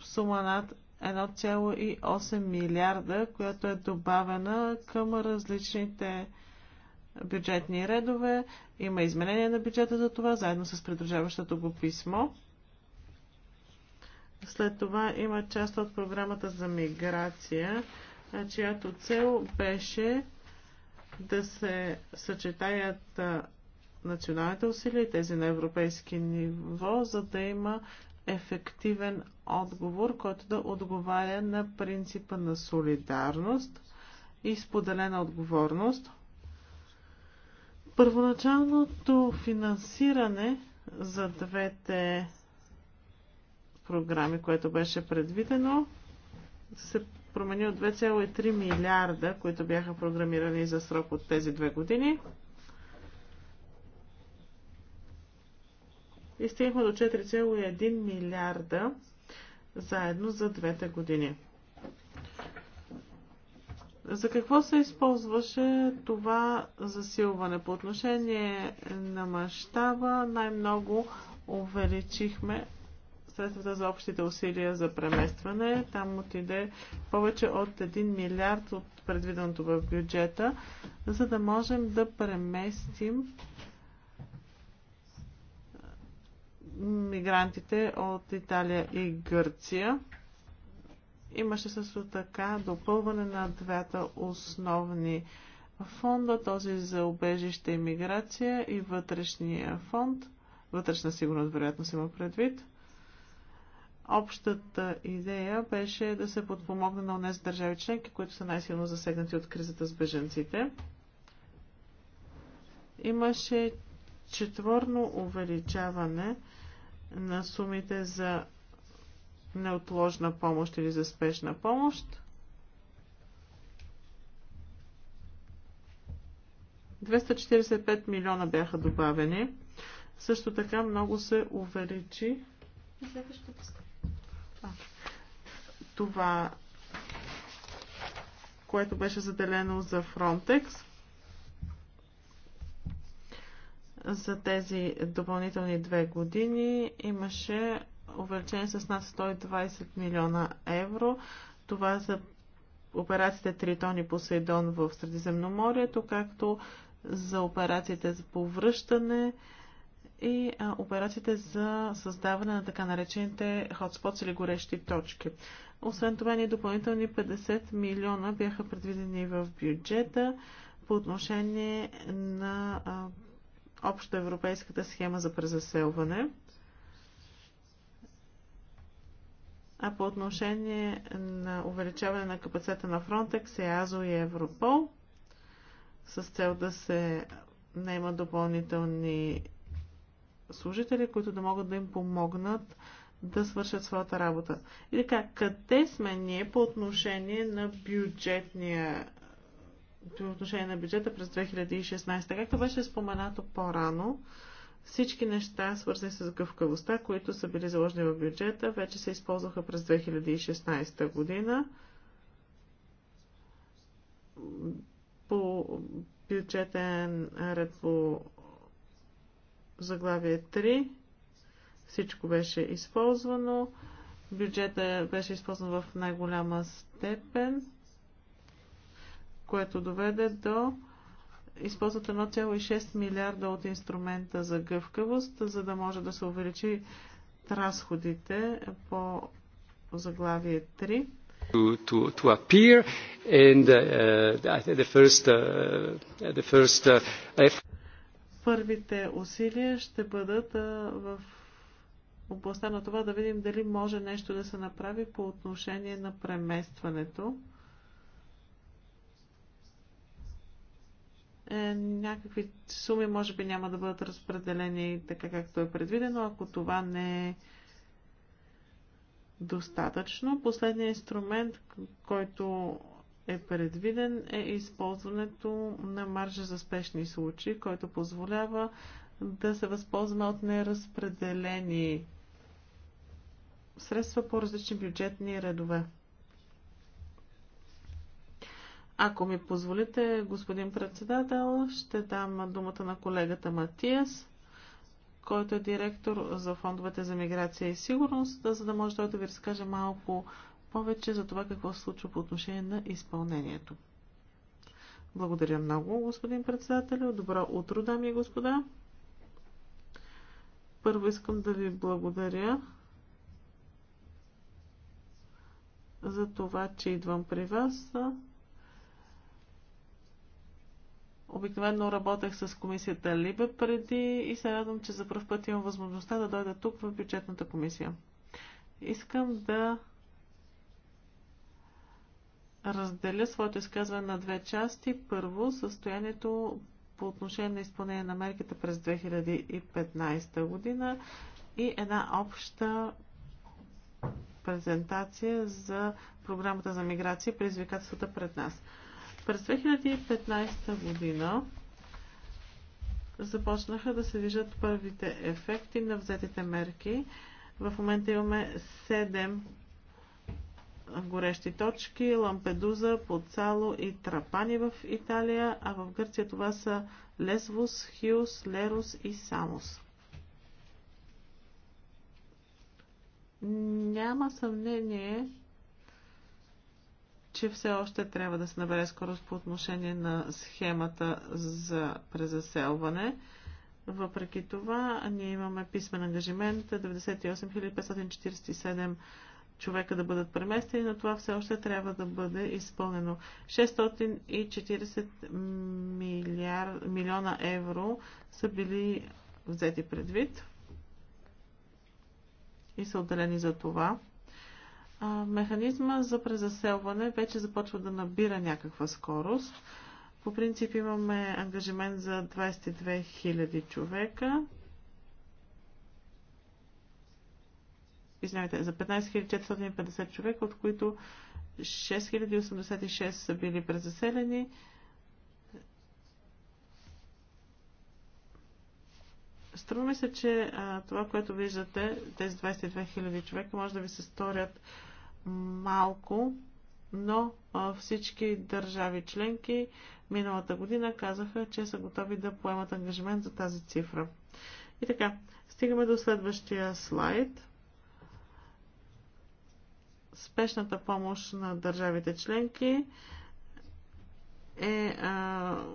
сума над 1,8 милиарда, която е добавена към различните бюджетни редове. Има изменение на бюджета за това, заедно с придружаващото го писмо. След това има част от програмата за миграция, чиято цел беше да се съчетаят националните усилия и тези на европейски ниво, за да има ефективен отговор, който да отговаря на принципа на солидарност и споделена отговорност. Първоначалното финансиране за двете програми, което беше предвидено, се промени от 2,3 милиарда, които бяха програмирани за срок от тези две години. И стигнахме до 4,1 милиарда заедно за двете години. За какво се използваше това засилване? По отношение на мащаба най-много увеличихме средствата за общите усилия за преместване. Там отиде повече от 1 милиард от предвиденото в бюджета, за да можем да преместим мигрантите от Италия и Гърция. Имаше също така допълване на двата основни фонда, този за обежище и миграция и вътрешния фонд. Вътрешна сигурност, вероятно, си има предвид. Общата идея беше да се подпомогне на онези държави членки, които са най-силно засегнати от кризата с беженците. Имаше четворно увеличаване на сумите за неотложна помощ или за спешна помощ. 245 милиона бяха добавени. Също така много се увеличи. Следващата това, което беше заделено за Frontex, за тези допълнителни две години имаше увеличение с над 120 милиона евро. Това за операциите Тритон и Посейдон в Средиземноморието, както за операциите за повръщане и операциите за създаване на така наречените хотспотс или горещи точки. Освен това, ни допълнителни 50 милиона бяха предвидени в бюджета по отношение на обща европейската схема за презаселване. А по отношение на увеличаване на капацитета на Frontex, ЕАЗО и Европол, с цел да се наемат допълнителни служители, които да могат да им помогнат да свършат своята работа. И така, къде сме ние по отношение на бюджетния по отношение на бюджета през 2016. Както беше споменато по-рано, всички неща, свързани с гъвкавостта, които са били заложени в бюджета, вече се използваха през 2016 година. По бюджетен ред по заглавие 3 всичко беше използвано. Бюджета беше използван в най-голяма степен, което доведе до използват 1,6 милиарда от инструмента за гъвкавост, за да може да се увеличи разходите по заглавие 3. To, to, to appear and uh, the first, uh, the first, uh, Първите усилия ще бъдат uh, в областта на това да видим дали може нещо да се направи по отношение на преместването. Е, някакви суми може би няма да бъдат разпределени така както е предвидено, ако това не е достатъчно. Последният инструмент, който е предвиден е използването на маржа за спешни случаи, който позволява да се възползваме от неразпределени средства по различни бюджетни редове. Ако ми позволите, господин председател, ще дам думата на колегата Матиас, който е директор за фондовете за миграция и сигурност, за да може той да ви разкаже малко повече за това какво се случва по отношение на изпълнението. Благодаря много, господин председател. Добро утро, дами и господа. Първо искам да ви благодаря за това, че идвам при вас. Обикновено работех с комисията Либе преди и се радвам, че за първ път имам възможността да дойда тук в бюджетната комисия. Искам да разделя своето изказване на две части. Първо, състоянието по отношение на изпълнение на мерките през 2015 година и една обща презентация за програмата за миграция и предизвикателствата пред нас. През 2015 година започнаха да се виждат първите ефекти на взетите мерки. В момента имаме 7 горещи точки, Лампедуза, Поцало и Трапани в Италия, а в Гърция това са Лесвус, Хиус, Лерус и Самос. Няма съмнение, че все още трябва да се набере скорост по отношение на схемата за презаселване. Въпреки това, ние имаме писмен ангажимент 98 547 човека да бъдат преместени, но това все още трябва да бъде изпълнено. 640 милиар, милиона евро са били взети предвид и са отделени за това. А, механизма за презаселване вече започва да набира някаква скорост. По принцип имаме ангажимент за 22 000 човека. Извинявайте, за 15 450 човека, от които 6086 са били презаселени, Струва ми се, че а, това, което виждате, тези 22 000 човека, може да ви се сторят малко, но а, всички държави членки миналата година казаха, че са готови да поемат ангажимент за тази цифра. И така, стигаме до следващия слайд. Спешната помощ на държавите членки е а,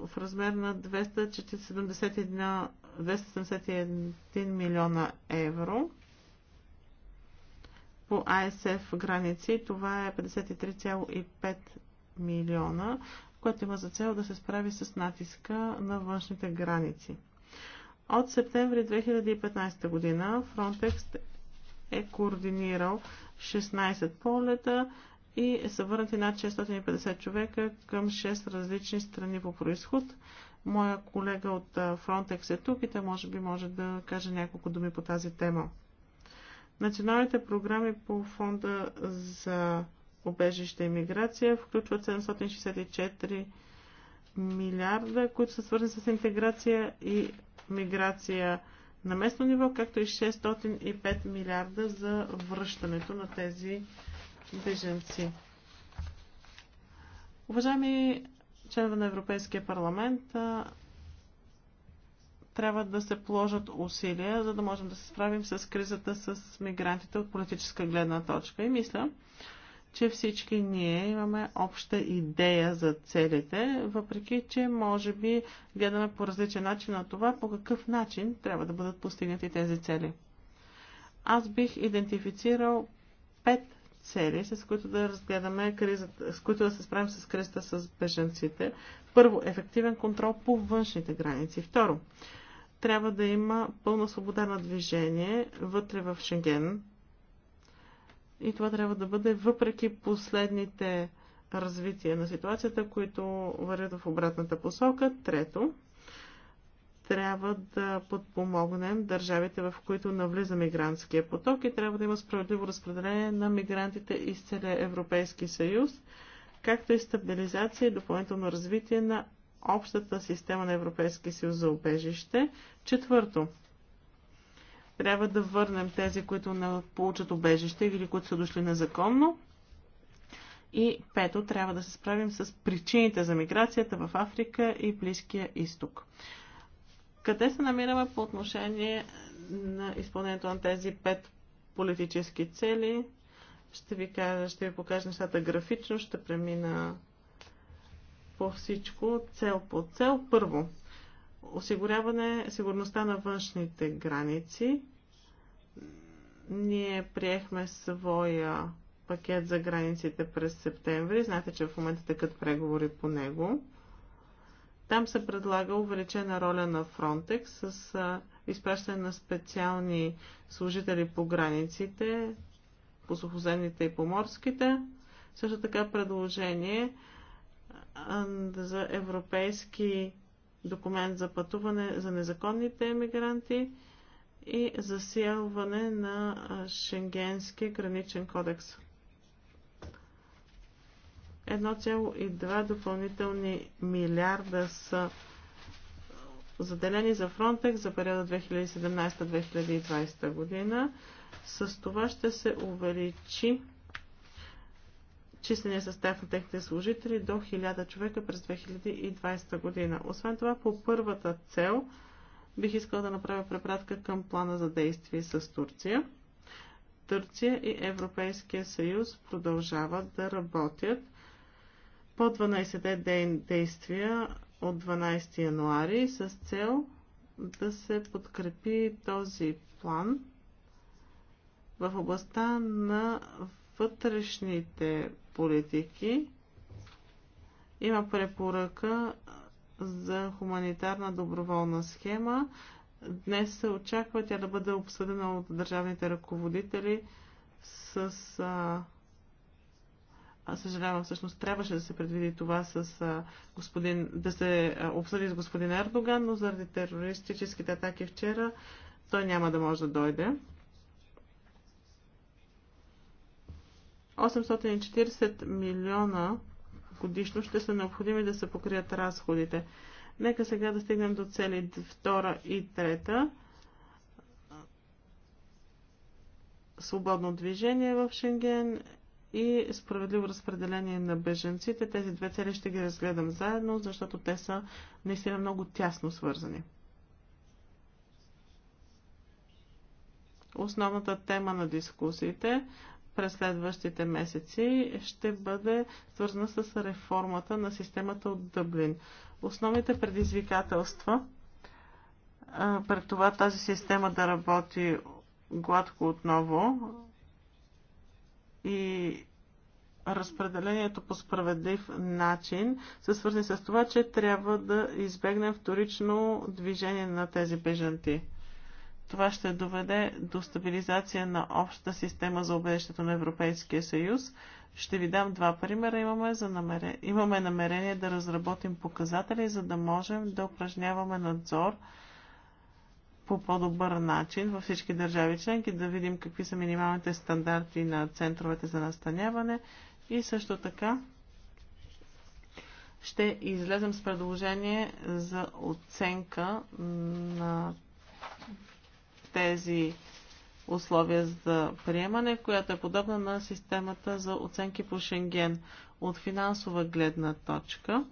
в размер на 271 271 милиона евро по АСФ граници. Това е 53,5 милиона, което има за цел да се справи с натиска на външните граници. От септември 2015 година Frontex е координирал 16 полета и са върнати над 650 човека към 6 различни страни по происход. Моя колега от Frontex е тук и те може би може да каже няколко думи по тази тема. Националните програми по фонда за обежище и миграция включват 764 милиарда, които са свързани с интеграция и миграция на местно ниво, както и 605 милиарда за връщането на тези беженци. Уважаеми членове на Европейския парламент трябва да се положат усилия, за да можем да се справим с кризата с мигрантите от политическа гледна точка. И мисля, че всички ние имаме обща идея за целите, въпреки че може би гледаме по различен начин на това, по какъв начин трябва да бъдат постигнати тези цели. Аз бих идентифицирал пет цели, с които да разгледаме кризата, с които да се справим с кризата с беженците. Първо, ефективен контрол по външните граници. Второ, трябва да има пълна свобода на движение вътре в Шенген. И това трябва да бъде въпреки последните развития на ситуацията, които вървят в обратната посока. Трето, трябва да подпомогнем държавите, в които навлиза мигрантския поток и трябва да има справедливо разпределение на мигрантите из целия Европейски съюз, както и стабилизация и допълнително развитие на общата система на Европейския съюз за убежище. Четвърто, трябва да върнем тези, които не получат убежище или които са дошли незаконно. И пето, трябва да се справим с причините за миграцията в Африка и Близкия изток. Къде се намираме по отношение на изпълнението на тези пет политически цели? Ще ви, кажа, ще ви покажа нещата графично, ще премина по всичко, цел по цел. Първо, осигуряване сигурността на външните граници. Ние приехме своя пакет за границите през септември. Знаете, че в момента текат преговори по него. Там се предлага увеличена роля на Frontex с а, изпращане на специални служители по границите, по сухоземните и по морските. Също така предложение а, за европейски документ за пътуване за незаконните емигранти и засилване на Шенгенския граничен кодекс. 1,2 допълнителни милиарда са заделени за Frontex за периода 2017-2020 година. С това ще се увеличи числения състав на техните служители до 1000 човека през 2020 година. Освен това, по първата цел бих искал да направя препратка към плана за действие с Турция. Турция и Европейския съюз продължават да работят – по 12-те ден действия от 12 януари с цел да се подкрепи този план в областта на вътрешните политики. Има препоръка за хуманитарна доброволна схема. Днес се очаква тя да бъде обсъдена от държавните ръководители с а, съжалявам, всъщност трябваше да се предвиди това с а, господин, да се обсъди с господин Ердоган, но заради терористическите атаки вчера той няма да може да дойде. 840 милиона годишно ще са необходими да се покрият разходите. Нека сега да стигнем до цели 2 и 3. Свободно движение в Шенген и справедливо разпределение на беженците. Тези две цели ще ги разгледам заедно, защото те са наистина много тясно свързани. Основната тема на дискусиите през следващите месеци ще бъде свързана с реформата на системата от Дъблин. Основните предизвикателства пред това тази система да работи гладко отново и разпределението по справедлив начин са свързани с това, че трябва да избегнем вторично движение на тези бежанти. Това ще доведе до стабилизация на общата система за убежището на Европейския съюз. Ще ви дам два примера. Имаме, за намерение, имаме намерение да разработим показатели, за да можем да упражняваме надзор по по-добър начин във всички държави членки, да видим какви са минималните стандарти на центровете за настаняване и също така ще излезем с предложение за оценка на тези условия за приемане, която е подобна на системата за оценки по Шенген. От финансова гледна точка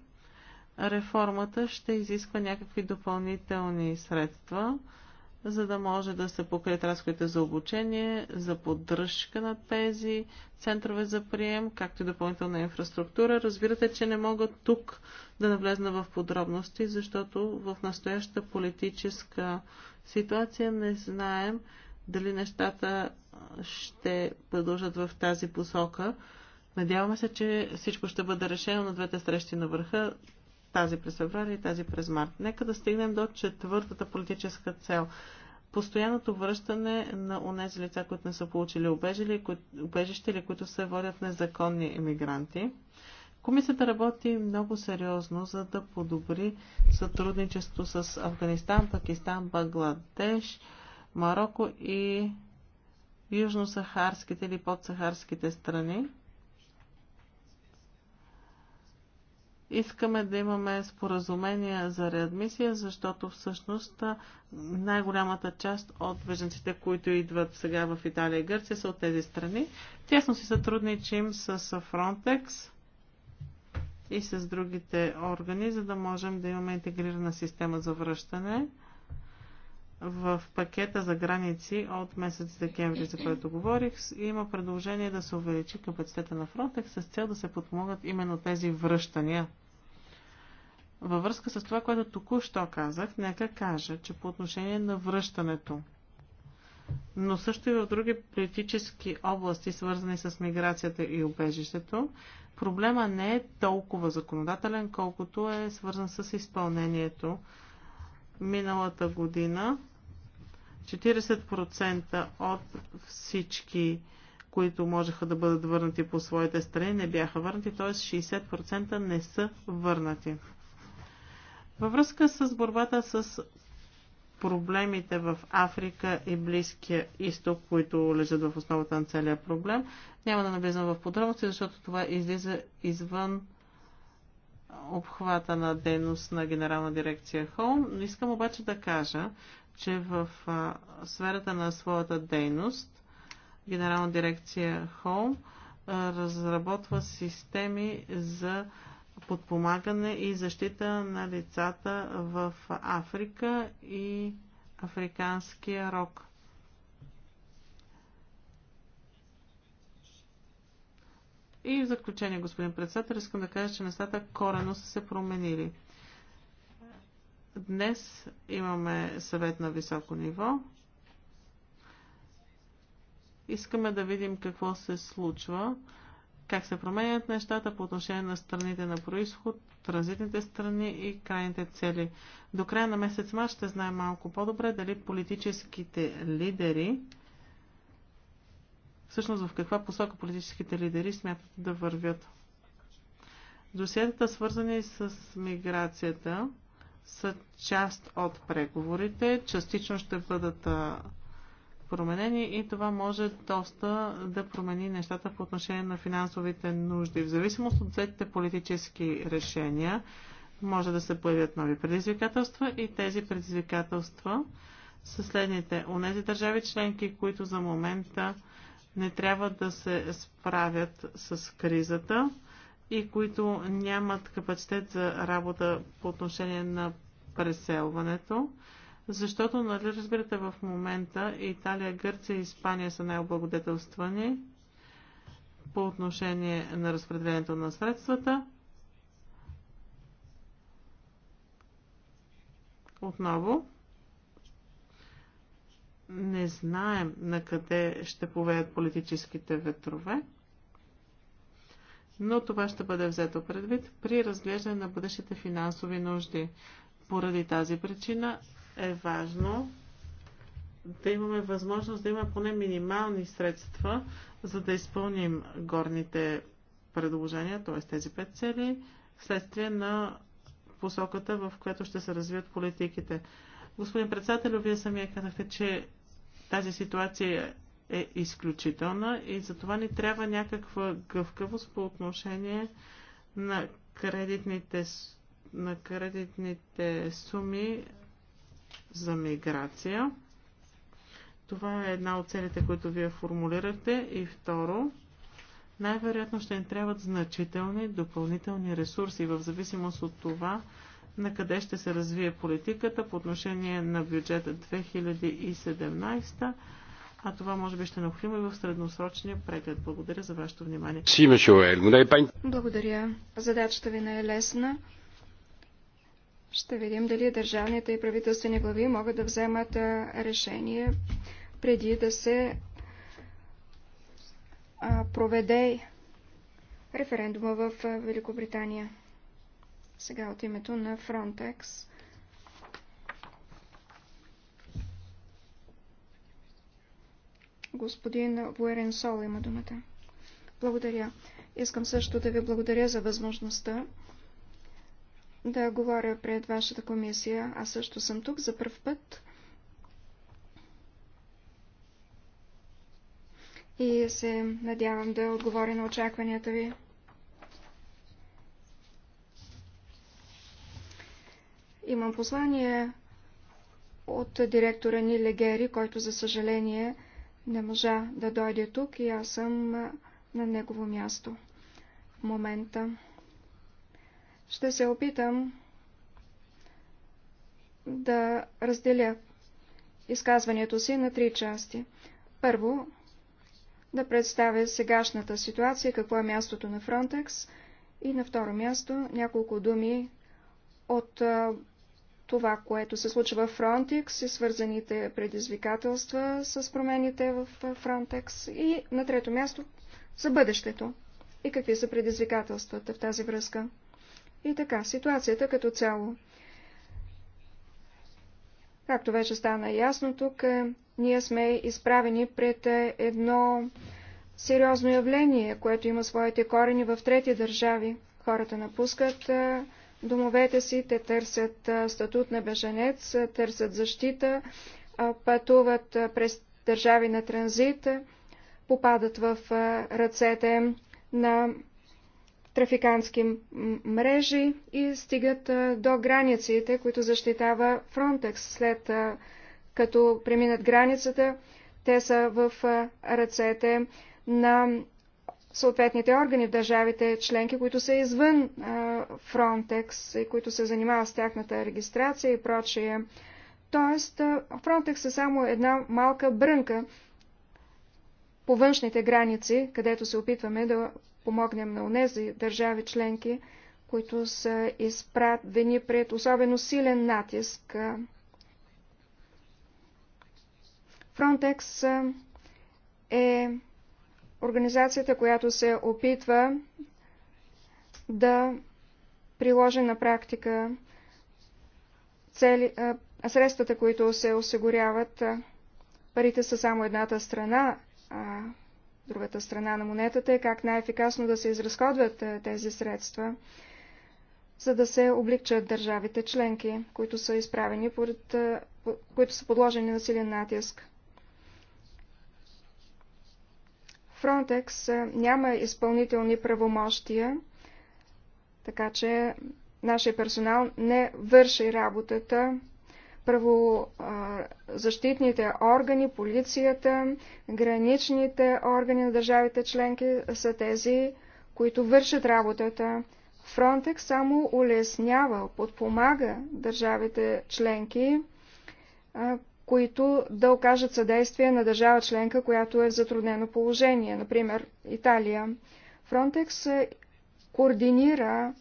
реформата ще изисква някакви допълнителни средства за да може да се покрият разходите за обучение, за поддръжка на тези центрове за прием, както и допълнителна инфраструктура. Разбирате, че не мога тук да навлезна в подробности, защото в настоящата политическа ситуация не знаем дали нещата ще продължат в тази посока. Надяваме се, че всичко ще бъде решено на двете срещи на върха тази през феврари и тази през март. Нека да стигнем до четвъртата политическа цел. Постоянното връщане на онези лица, които не са получили убежище или които се водят незаконни иммигранти. Комисията работи много сериозно, за да подобри сътрудничество с Афганистан, Пакистан, Бангладеш, Марокко и южно-сахарските или подсахарските страни. Искаме да имаме споразумения за реадмисия, защото всъщност най-голямата част от беженците, които идват сега в Италия и Гърция, са от тези страни. Тясно си сътрудничим с Frontex и с другите органи, за да можем да имаме интегрирана система за връщане в пакета за граници от месец декември, за който говорих, има предложение да се увеличи капацитета на Frontex с цел да се подпомогнат именно тези връщания. Във връзка с това, което току-що казах, нека кажа, че по отношение на връщането, но също и в други политически области, свързани с миграцията и убежището, проблема не е толкова законодателен, колкото е свързан с изпълнението миналата година 40% от всички, които можеха да бъдат върнати по своите страни, не бяха върнати, т.е. 60% не са върнати. Във връзка с борбата с проблемите в Африка и Близкия изток, които лежат в основата на целия проблем. Няма да навлизам в подробности, защото това излиза извън обхвата на дейност на генерална дирекция Холм. Искам обаче да кажа, че в а, сферата на своята дейност Генерална дирекция Home разработва системи за подпомагане и защита на лицата в Африка и африканския рок. И в заключение, господин председател, искам да кажа, че нещата корено са се променили. Днес имаме съвет на високо ниво. Искаме да видим какво се случва, как се променят нещата по отношение на страните на происход, транзитните страни и крайните цели. До края на месец март ще знаем малко по-добре дали политическите лидери, всъщност в каква посока политическите лидери смятат да вървят. Досиетата, свързани с миграцията, са част от преговорите, частично ще бъдат променени и това може доста да промени нещата по отношение на финансовите нужди. В зависимост от взетите политически решения може да се появят нови предизвикателства и тези предизвикателства са следните. нези държави членки, които за момента не трябва да се справят с кризата, и които нямат капацитет за работа по отношение на преселването. Защото, нали разбирате, в момента Италия, Гърция и Испания са най-облагодетелствани по отношение на разпределението на средствата. Отново, не знаем на къде ще повеят политическите ветрове но това ще бъде взето предвид при разглеждане на бъдещите финансови нужди. Поради тази причина е важно да имаме възможност да има поне минимални средства, за да изпълним горните предложения, т.е. тези пет цели, вследствие на посоката, в която ще се развият политиките. Господин председател, вие самия казахте, че тази ситуация е изключителна и затова ни трябва някаква гъвкавост по отношение на кредитните, на кредитните суми за миграция. Това е една от целите, които вие формулирате. И второ, най-вероятно ще ни трябват значителни допълнителни ресурси в зависимост от това на къде ще се развие политиката по отношение на бюджета 2017 а това може би ще е необходимо и в средносрочния преглед. Благодаря за вашето внимание. Е Благодаря. Задачата ви не е лесна. Ще видим дали държавните и правителствени глави могат да вземат решение преди да се проведе референдума в Великобритания. Сега от името на Frontex. Господин Буерен Сол има думата. Благодаря. Искам също да ви благодаря за възможността да говоря пред вашата комисия. Аз също съм тук за първ път. И се надявам да отговоря на очакванията ви. Имам послание от директора ни Легери, който за съжаление не можа да дойде тук и аз съм на негово място в момента. Ще се опитам да разделя изказването си на три части. Първо, да представя сегашната ситуация, какво е мястото на Фронтекс и на второ място няколко думи от това, което се случва в Frontex и свързаните предизвикателства с промените в Frontex и на трето място за бъдещето и какви са предизвикателствата в тази връзка. И така, ситуацията като цяло. Както вече стана ясно тук, е, ние сме изправени пред е, едно сериозно явление, което има своите корени в трети държави. Хората напускат е, домовете си, те търсят статут на беженец, търсят защита, пътуват през държави на транзит, попадат в ръцете на трафикански мрежи и стигат до границите, които защитава Фронтекс. След като преминат границата, те са в ръцете на съответните органи в държавите членки, които са извън Frontex и които се занимават с тяхната регистрация и прочее. Тоест, Frontex е само една малка брънка по външните граници, където се опитваме да помогнем на унези държави членки, които са изправени пред особено силен натиск. Frontex е организацията, която се опитва да приложи на практика цели, а, средствата, които се осигуряват. Парите са само едната страна, а другата страна на монетата е как най-ефикасно да се изразходват тези средства, за да се облегчат държавите членки, които са изправени, поред, които са подложени на силен натиск. Фронтекс няма изпълнителни правомощия, така че нашия персонал не върши работата. Правозащитните органи, полицията, граничните органи на държавите членки са тези, които вършат работата. Фронтекс само улеснява, подпомага държавите членки които да окажат съдействие на държава членка, която е в затруднено положение, например Италия. Фронтекс координира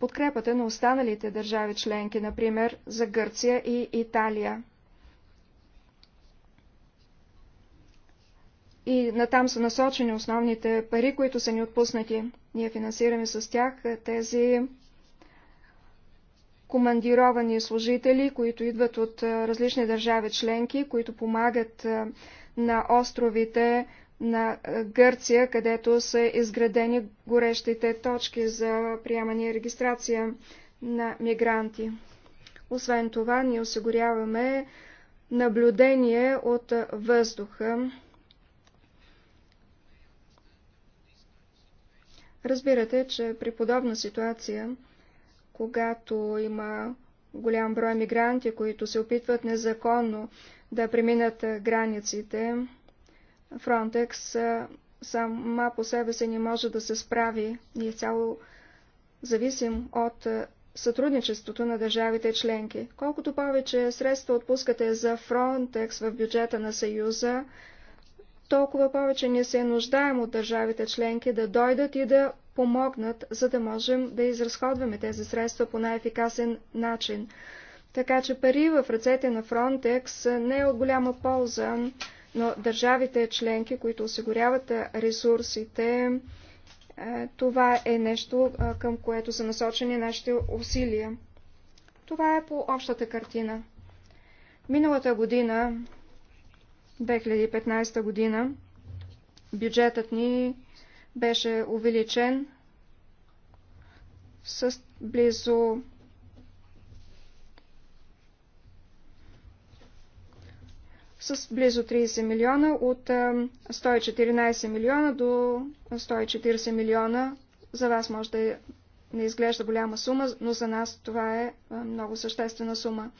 подкрепата на останалите държави членки, например за Гърция и Италия. И натам са насочени основните пари, които са ни отпуснати. Ние финансираме с тях тези командировани служители, които идват от различни държави членки, които помагат на островите на Гърция, където са изградени горещите точки за приемане и регистрация на мигранти. Освен това, ние осигуряваме наблюдение от въздуха. Разбирате, че при подобна ситуация когато има голям брой мигранти, които се опитват незаконно да преминат границите, Фронтекс сама по себе си не може да се справи. И е цяло зависим от сътрудничеството на държавите членки. Колкото повече средства отпускате за Фронтекс в бюджета на Съюза, толкова повече не се нуждаем от държавите членки да дойдат и да помогнат, за да можем да изразходваме тези средства по най-ефикасен начин. Така че пари в ръцете на Фронтекс не е от голяма полза, но държавите членки, които осигуряват ресурсите, е, това е нещо, е, към което са насочени нашите усилия. Това е по общата картина. Миналата година 2015 година бюджетът ни беше увеличен с близо с близо 30 милиона от 114 милиона до 140 милиона. За вас може да е, не изглежда голяма сума, но за нас това е много съществена сума.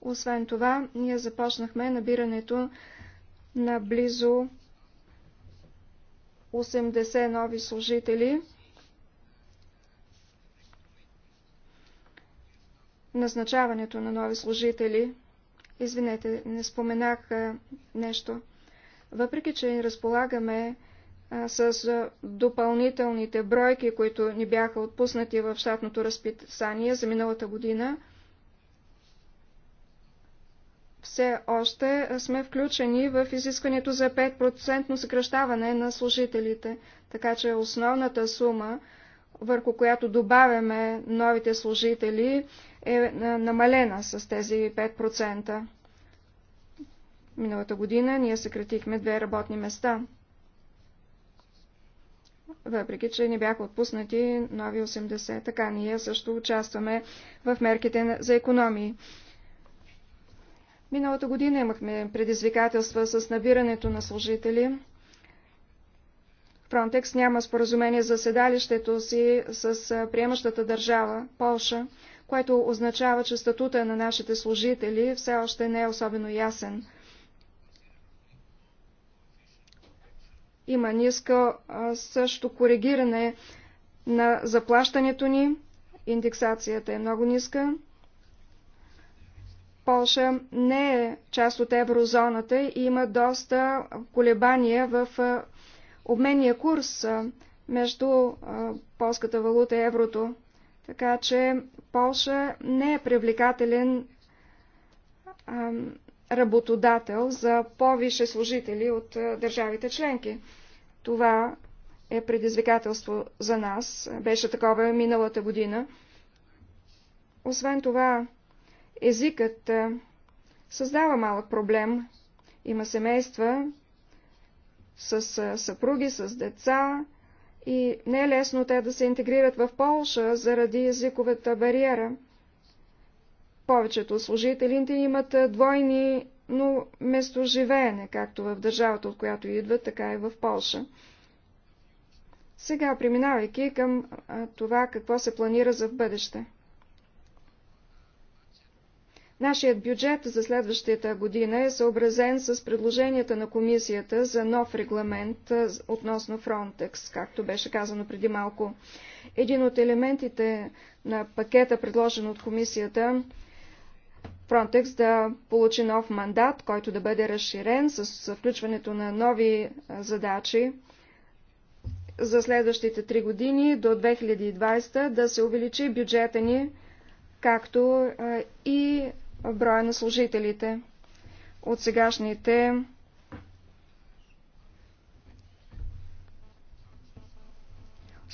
Освен това, ние започнахме набирането на близо 80 нови служители. Назначаването на нови служители. Извинете, не споменах нещо. Въпреки, че не разполагаме с допълнителните бройки, които ни бяха отпуснати в щатното разписание за миналата година, все още сме включени в изискването за 5% съкръщаване на служителите, така че основната сума, върху която добавяме новите служители, е, е намалена с тези 5%. Миналата година ние съкратихме две работни места, въпреки че не бяха отпуснати нови 80. Така ние също участваме в мерките за економии. Миналата година имахме предизвикателства с набирането на служители. Фронтекс няма споразумение за седалището си с приемащата държава, Полша, което означава, че статута на нашите служители все още не е особено ясен. Има ниска също коригиране на заплащането ни. Индексацията е много ниска. Полша не е част от еврозоната и има доста колебания в обменния курс между полската валута и еврото. Така че Полша не е привлекателен работодател за повише служители от държавите членки. Това е предизвикателство за нас. Беше такова миналата година. Освен това, Езикът създава малък проблем. Има семейства с съпруги, с деца и не е лесно те да се интегрират в Полша заради езиковата бариера. Повечето от служителите имат двойни, но местоживеене, както в държавата, от която идват, така и в Полша. Сега, преминавайки към това, какво се планира за в бъдеще – Нашият бюджет за следващата година е съобразен с предложенията на комисията за нов регламент относно Frontex, както беше казано преди малко. Един от елементите на пакета, предложен от комисията, Frontex да получи нов мандат, който да бъде разширен с включването на нови задачи за следващите три години до 2020 да се увеличи бюджета ни както и в броя на служителите от сегашните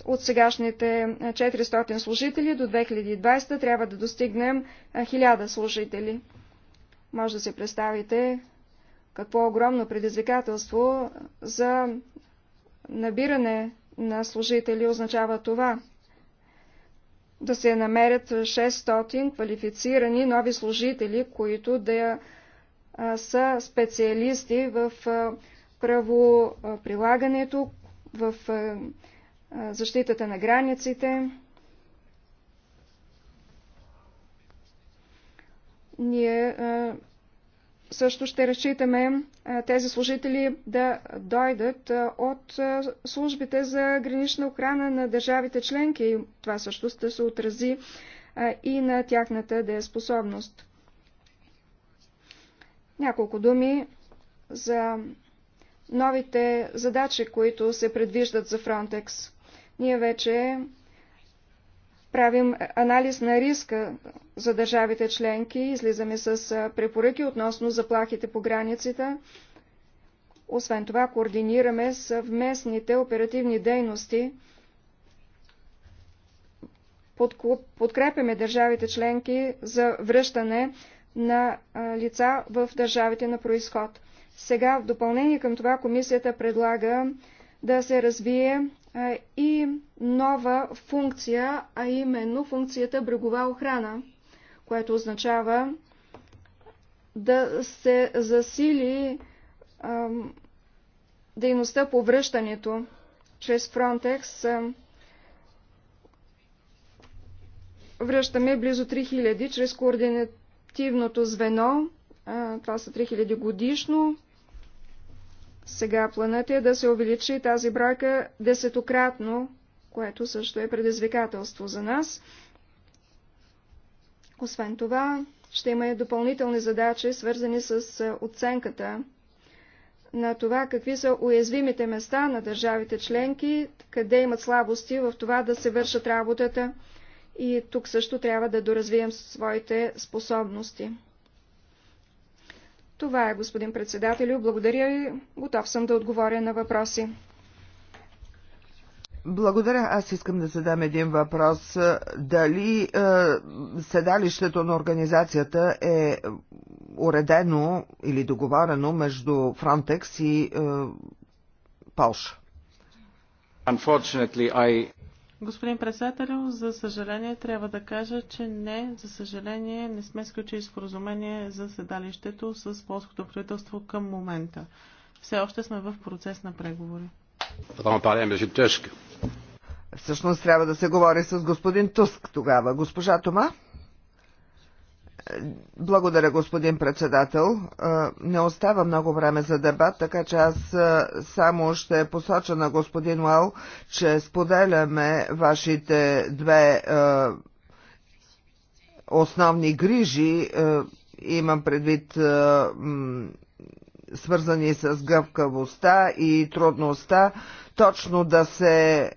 от сегашните 400 служители до 2020 трябва да достигнем 1000 служители. Може да се представите какво огромно предизвикателство за набиране на служители означава това да се намерят 600 квалифицирани нови служители, които да са специалисти в правоприлагането, в защитата на границите. Ние също ще разчитаме е, тези служители да дойдат е, от е, службите за гранична охрана на държавите членки. Това също ще се отрази и на тяхната дееспособност. Няколко думи за новите задачи, които се предвиждат за Фронтекс. Ние вече правим анализ на риска за държавите членки, излизаме с препоръки относно заплахите по границата. Освен това, координираме съвместните оперативни дейности, подкрепяме държавите членки за връщане на лица в държавите на происход. Сега, в допълнение към това, комисията предлага да се развие и нова функция, а именно функцията брегова охрана, което означава да се засили дейността по връщането чрез Frontex. връщаме близо 3000 чрез координативното звено. това са 3000 годишно. Сега планът е да се увеличи тази бройка десетократно, което също е предизвикателство за нас. Освен това, ще има и допълнителни задачи, свързани с оценката на това какви са уязвимите места на държавите членки, къде имат слабости в това да се вършат работата. И тук също трябва да доразвием своите способности. Това е, господин председателю. Благодаря и готов съм да отговоря на въпроси. Благодаря. Аз искам да задам един въпрос. Дали е, седалището на организацията е уредено или договорено между Фронтекс и е, Полша? I... Господин председател, за съжаление трябва да кажа, че не, за съжаление не сме сключили споразумение за седалището с полското правителство към момента. Все още сме в процес на преговори. Всъщност трябва да се говори с господин Туск тогава. Госпожа Тома? Благодаря, господин председател. Не остава много време за дебат, така че аз само ще посоча на господин Уал, че споделяме вашите две основни грижи, имам предвид свързани с гъвкавостта и трудността, точно да се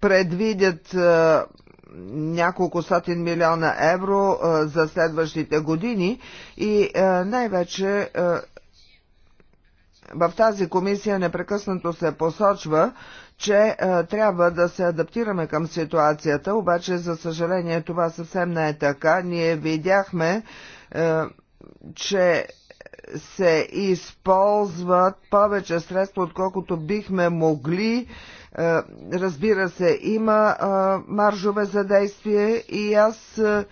предвидят няколко сотен милиона евро а, за следващите години и най-вече в тази комисия непрекъснато се посочва, че а, трябва да се адаптираме към ситуацията, обаче за съжаление това съвсем не е така. Ние видяхме, а, че се използват повече средства, отколкото бихме могли. Е, разбира се, има е, маржове за действие и аз е,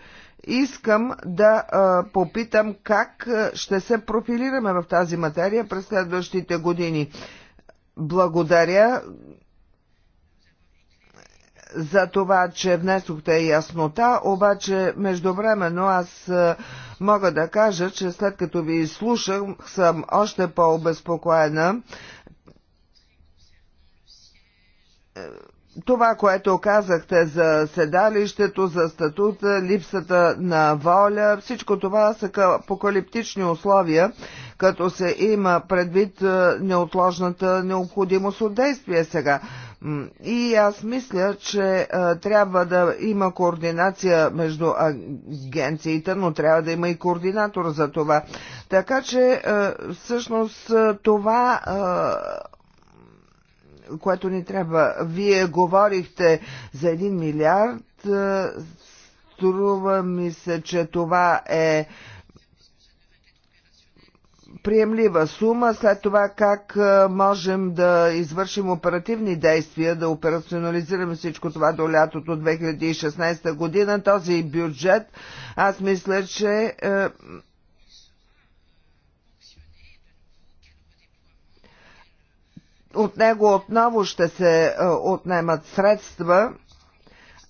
искам да попитам как ще се профилираме в тази материя през следващите години. Благодаря, за това, че внесохте яснота, обаче междувременно аз е, мога да кажа, че след като ви изслушах, съм още по-обезпокоена. Е, това, което казахте за седалището, за статута, липсата на воля, всичко това са апокалиптични условия, като се има предвид е, неотложната необходимост от действие сега. И аз мисля, че а, трябва да има координация между агенциите, но трябва да има и координатор за това. Така че, а, всъщност, това. А, което ни трябва. Вие говорихте за един милиард. Струва ми се, че това е а, приемлива сума, след това как можем да извършим оперативни действия, да операционализираме всичко това до лятото 2016 година. Този бюджет, аз мисля, че е, от него отново ще се е, отнемат средства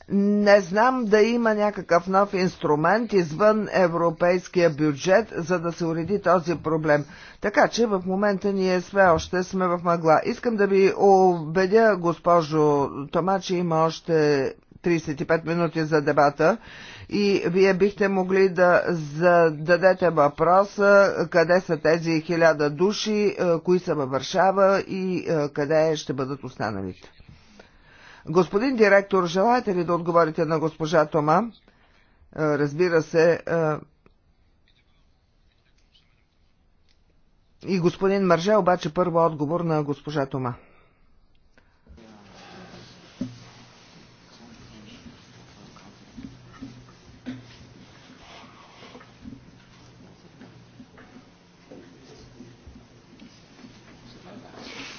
не знам да има някакъв нов инструмент извън европейския бюджет, за да се уреди този проблем. Така че в момента ние сме още сме в мъгла. Искам да ви убедя, госпожо Тома, че има още 35 минути за дебата и вие бихте могли да зададете въпроса къде са тези хиляда души, кои са във Варшава и е, къде ще бъдат останалите. Господин директор, желаете ли да отговорите на госпожа Тома? Е, разбира се, е, и господин Марже, обаче първо отговор на госпожа Тома.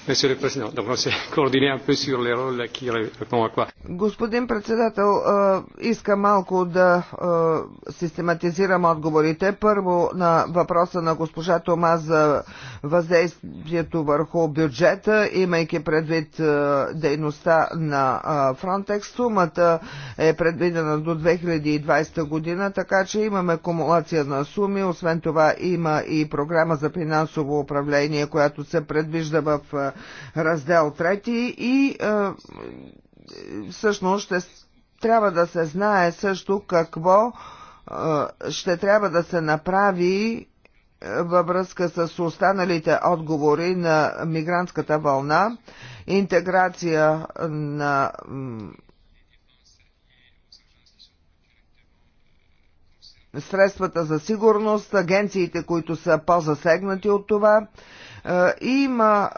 Monsieur le Président, donc on s'est coordonné un peu sur les rôles qui répondent à quoi. Господин председател, иска малко да систематизирам отговорите. Първо на въпроса на госпожа Тома за въздействието върху бюджета, имайки предвид дейността на Frontex. Сумата е предвидена до 2020 година, така че имаме кумулация на суми. Освен това има и програма за финансово управление, която се предвижда в раздел 3 и всъщност ще трябва да се знае също какво ще трябва да се направи във връзка с останалите отговори на мигрантската вълна, интеграция на средствата за сигурност, агенциите, които са по-засегнати от това, е, има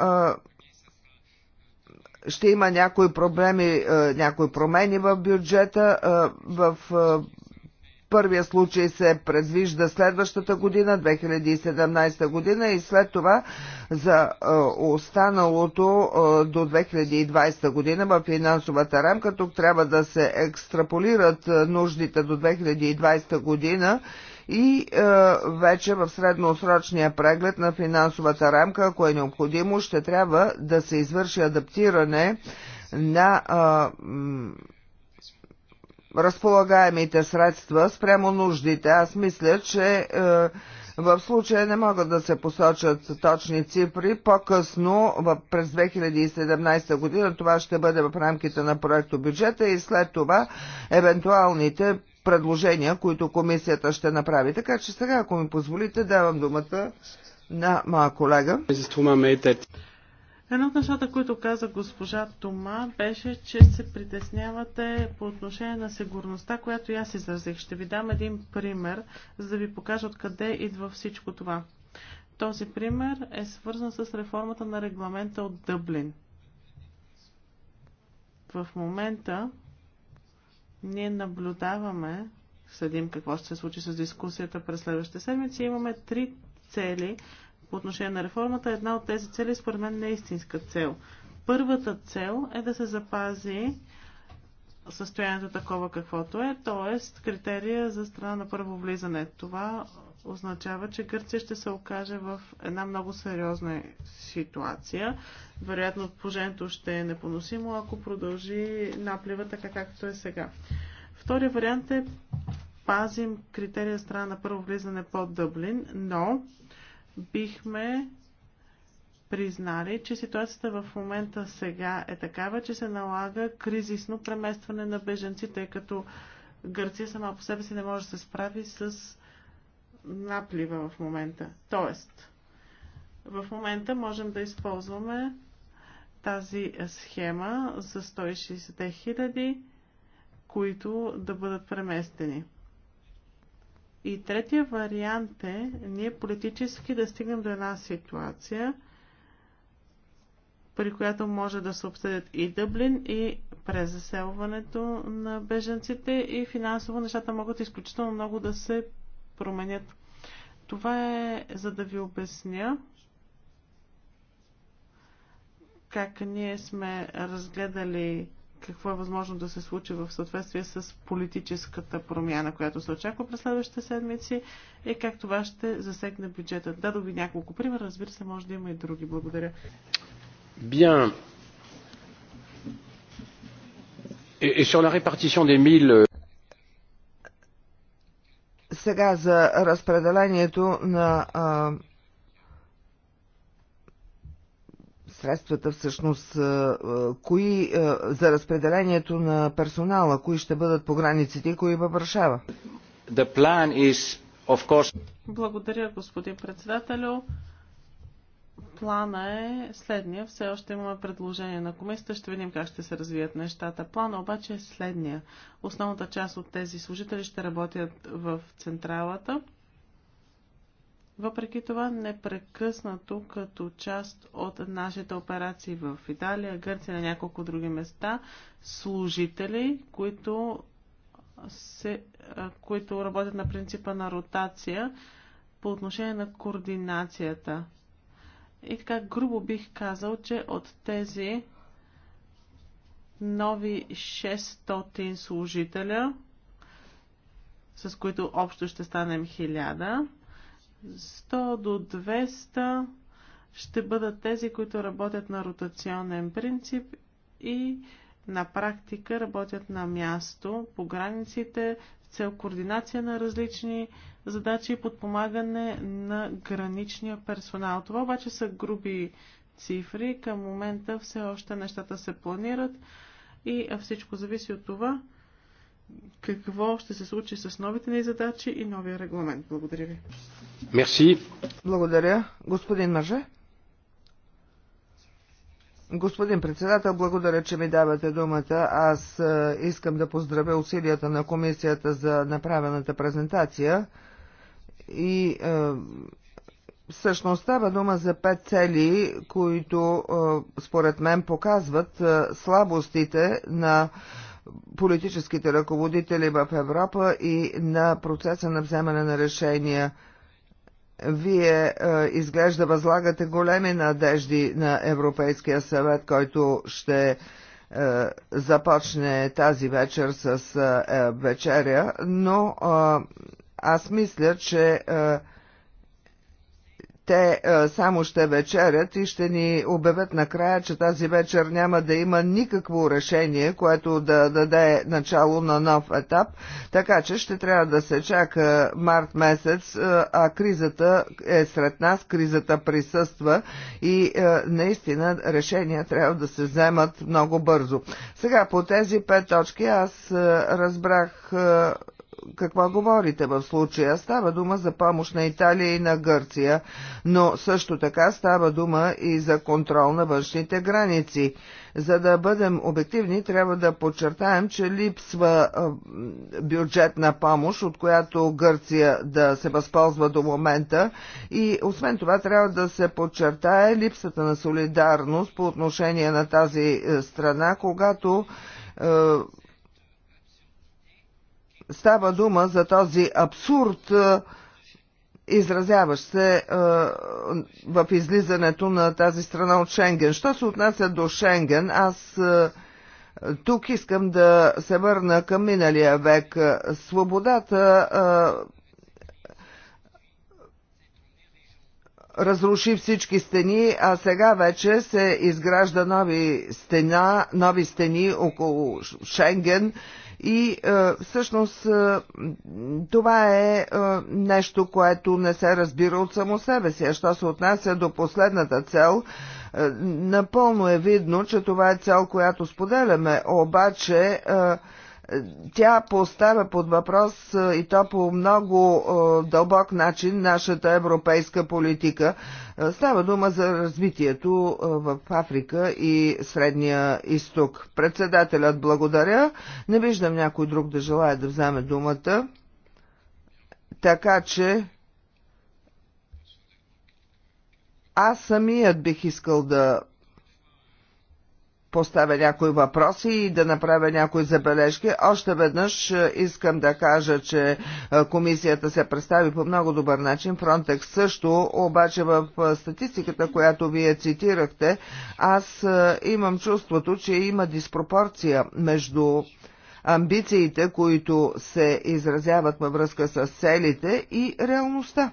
е, ще има някои проблеми, е, някои промени в бюджета. В първия случай се предвижда следващата година, 2017 година и след това за останалото до 2020 година в финансовата рамка. Тук трябва да се екстраполират нуждите до 2020 година и е, вече в средносрочния преглед на финансовата рамка, ако е необходимо, ще трябва да се извърши адаптиране на е, разполагаемите средства спрямо нуждите. Аз мисля, че е, в случая не могат да се посочат точни цифри. По-късно, през 2017 година, това ще бъде в рамките на проекто бюджета и след това евентуалните предложения, които комисията ще направи. Така че сега, ако ми позволите, давам думата на моя колега. Едно от нещата, които каза госпожа Тома, беше, че се притеснявате по отношение на сигурността, която и аз изразих. Ще ви дам един пример, за да ви покажа откъде идва всичко това. Този пример е свързан с реформата на регламента от Дъблин. В момента ние наблюдаваме, следим какво ще се случи с дискусията през следващите седмици. Имаме три цели по отношение на реформата. Една от тези цели според мен не е истинска цел. Първата цел е да се запази състоянието такова каквото е, т.е. критерия за страна на първо влизане. Това означава, че Гърция ще се окаже в една много сериозна ситуация. Вероятно положението ще е непоносимо, ако продължи наплива така както е сега. Втория вариант е пазим критерия страна на първо влизане под Дъблин, но бихме признали, че ситуацията в момента сега е такава, че се налага кризисно преместване на беженци, тъй като Гърция сама по себе си не може да се справи с наплива в момента. Тоест, в момента можем да използваме тази схема за 160 хиляди, които да бъдат преместени. И третия вариант е ние политически да стигнем до една ситуация, при която може да се обсъдят и Дъблин, и презаселването на беженците и финансово нещата могат изключително много да се променят. Това е за да ви обясня как ние сме разгледали какво е възможно да се случи в съответствие с политическата промяна, която се очаква през следващите седмици и как това ще засегне бюджета. Дадо ви няколко примера, разбира се, може да има и други. Благодаря. Bien. Et, et sur la répartition des сега за разпределението на а, средствата всъщност, кои за разпределението на персонала, кои ще бъдат по границите, кои във Варшава? course... Благодаря, господин председателю. Плана е следния. Все още имаме предложение на комисията. Ще видим как ще се развият нещата. Плана обаче е следния. Основната част от тези служители ще работят в централата. Въпреки това, непрекъснато като част от нашите операции в Италия, Гърция на няколко други места, служители, които, се, които работят на принципа на ротация по отношение на координацията – и така грубо бих казал, че от тези нови 600 служителя, с които общо ще станем 1000, 100 до 200 ще бъдат тези, които работят на ротационен принцип и на практика работят на място по границите цел координация на различни задачи и подпомагане на граничния персонал. Това обаче са груби цифри. Към момента все още нещата се планират и всичко зависи от това какво ще се случи с новите ни задачи и новия регламент. Благодаря ви. Мерси. Благодаря. Господин Мъже. Господин председател, благодаря, че ми давате думата. Аз е, искам да поздравя усилията на комисията за направената презентация. И е, всъщност става дума за пет цели, които е, според мен показват е, слабостите на политическите ръководители в Европа и на процеса на вземане на решения вие е, изглежда възлагате големи надежди на Европейския съвет, който ще е, започне тази вечер с е, вечеря, но е, аз мисля, че е, те е, само ще вечерят и ще ни обявят накрая, че тази вечер няма да има никакво решение, което да даде начало на нов етап, така че ще трябва да се чака март месец, е, а кризата е сред нас, кризата присъства и е, наистина решения трябва да се вземат много бързо. Сега по тези пет точки аз разбрах какво говорите в случая. Става дума за помощ на Италия и на Гърция, но също така става дума и за контрол на външните граници. За да бъдем обективни, трябва да подчертаем, че липсва бюджетна помощ, от която Гърция да се възползва до момента и освен това трябва да се подчертае липсата на солидарност по отношение на тази е, страна, когато е, става дума за този абсурд, е, изразяващ се е, в излизането на тази страна от Шенген. Що се отнася до Шенген, аз е, тук искам да се върна към миналия век. Свободата разруши всички стени, а сега вече се изгражда нови стена, нови стени около Шенген и е, всъщност е, това е, е нещо, което не се разбира от само себе си. А що се отнася до последната цел, напълно е видно, че това е цел, която споделяме. Обаче, тя поставя под въпрос е, и то по много е, дълбок начин нашата европейска политика. Е, става дума за развитието в Африка и Средния изток. Председателят благодаря. Не виждам някой друг да желая да вземе думата. Така че аз самият бих искал да поставя някои въпроси и да направя някои забележки. Още веднъж е, искам да кажа, че е, комисията се представи по много добър начин. Frontex също, обаче в е, статистиката, която вие цитирахте, аз имам чувството, че има диспропорция между амбициите, които се изразяват във връзка с целите и реалността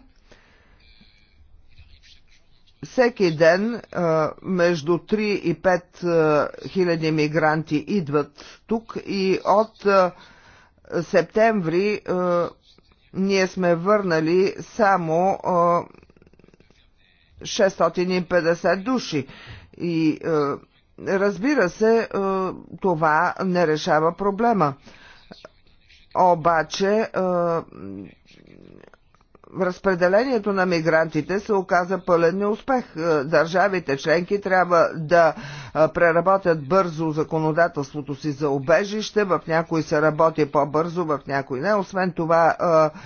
всеки ден между 3 и 5 хиляди мигранти идват тук и от септември ние сме върнали само 650 души. И разбира се, това не решава проблема. Обаче разпределението на мигрантите се оказа пълен неуспех. Е, държавите членки трябва да е, преработят бързо законодателството си за обежище, в някои се работи по-бързо, в някои не. Освен това, е,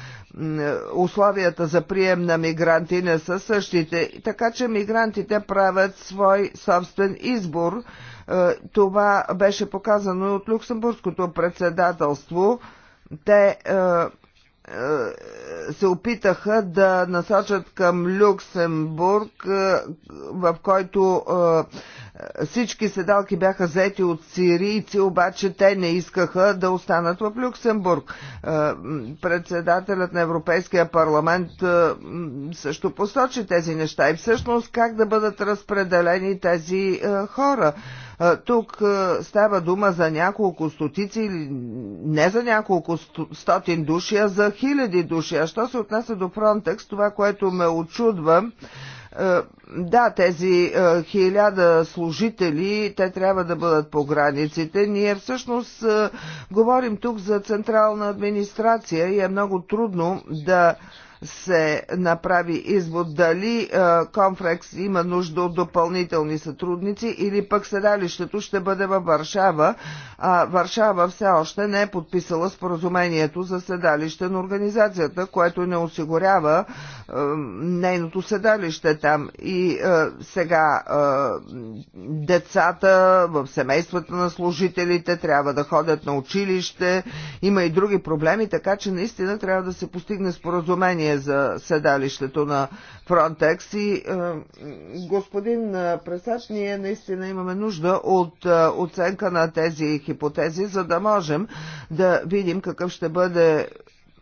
условията за прием на мигранти не са същите, така че мигрантите правят свой собствен избор. Това беше показано и от Люксембургското председателство. Те е, се опитаха да насочат към Люксембург, е, в който е, всички седалки бяха заети от сирийци, обаче те не искаха да останат в Люксембург. Е, председателят на Европейския парламент е, също посочи тези неща и всъщност как да бъдат разпределени тези е, хора. Тук става дума за няколко стотици или не за няколко стотин души, а за хиляди души. А що се отнася до Фронтекс, това, което ме очудва, е, да, тези е, хиляда служители, те трябва да бъдат по границите. Ние всъщност е, говорим тук за централна администрация и е много трудно да се направи извод дали Комфрекс има нужда от допълнителни сътрудници или пък седалището ще бъде във Варшава, а Варшава все още не е подписала споразумението за седалище на организацията, което не осигурява е, нейното седалище там. И е, сега е, децата в семействата на служителите трябва да ходят на училище, има и други проблеми, така че наистина трябва да се постигне споразумение решение за седалището на Фронтекс и е, господин е, Пресач, ние наистина имаме нужда от е, оценка на тези хипотези, за да можем да видим какъв ще бъде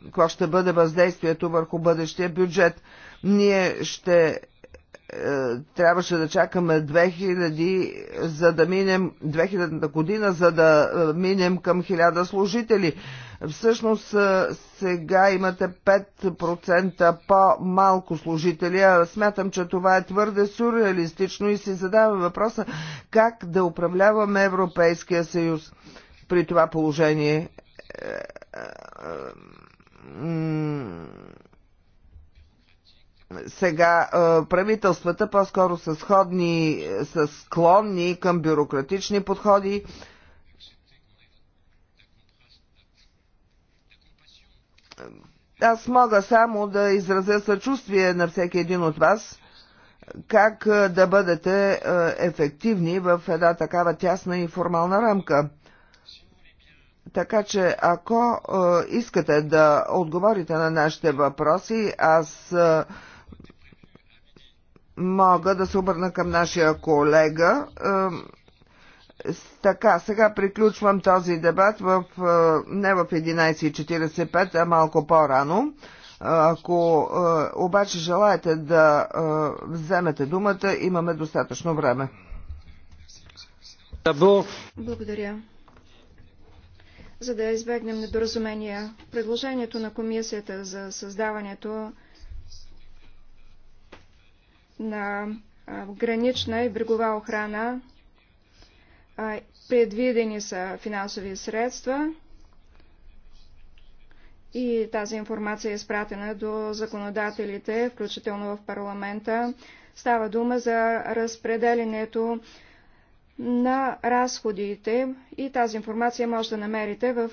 какво ще бъде въздействието върху бъдещия бюджет. Ние ще трябваше да чакаме 2000, за да минем 2000 година, за да минем към 1000 служители. Всъщност сега имате 5% по-малко служители. а Смятам, че това е твърде сюрреалистично и се задава въпроса как да управляваме Европейския съюз при това положение. Е, е, сега е, правителствата по-скоро са сходни, са склонни към бюрократични подходи Аз мога само да изразя съчувствие на всеки един от вас, как да бъдете ефективни в една такава тясна и формална рамка. Така че, ако искате да отговорите на нашите въпроси, аз мога да се обърна към нашия колега. Така, сега приключвам този дебат в, не в 11.45, а малко по-рано. Ако обаче желаете да вземете думата, имаме достатъчно време. Благодаря. За да избегнем недоразумения, предложението на комисията за създаването на гранична и брегова охрана Предвидени са финансови средства и тази информация е изпратена до законодателите, включително в парламента. Става дума за разпределенето на разходите и тази информация може да намерите в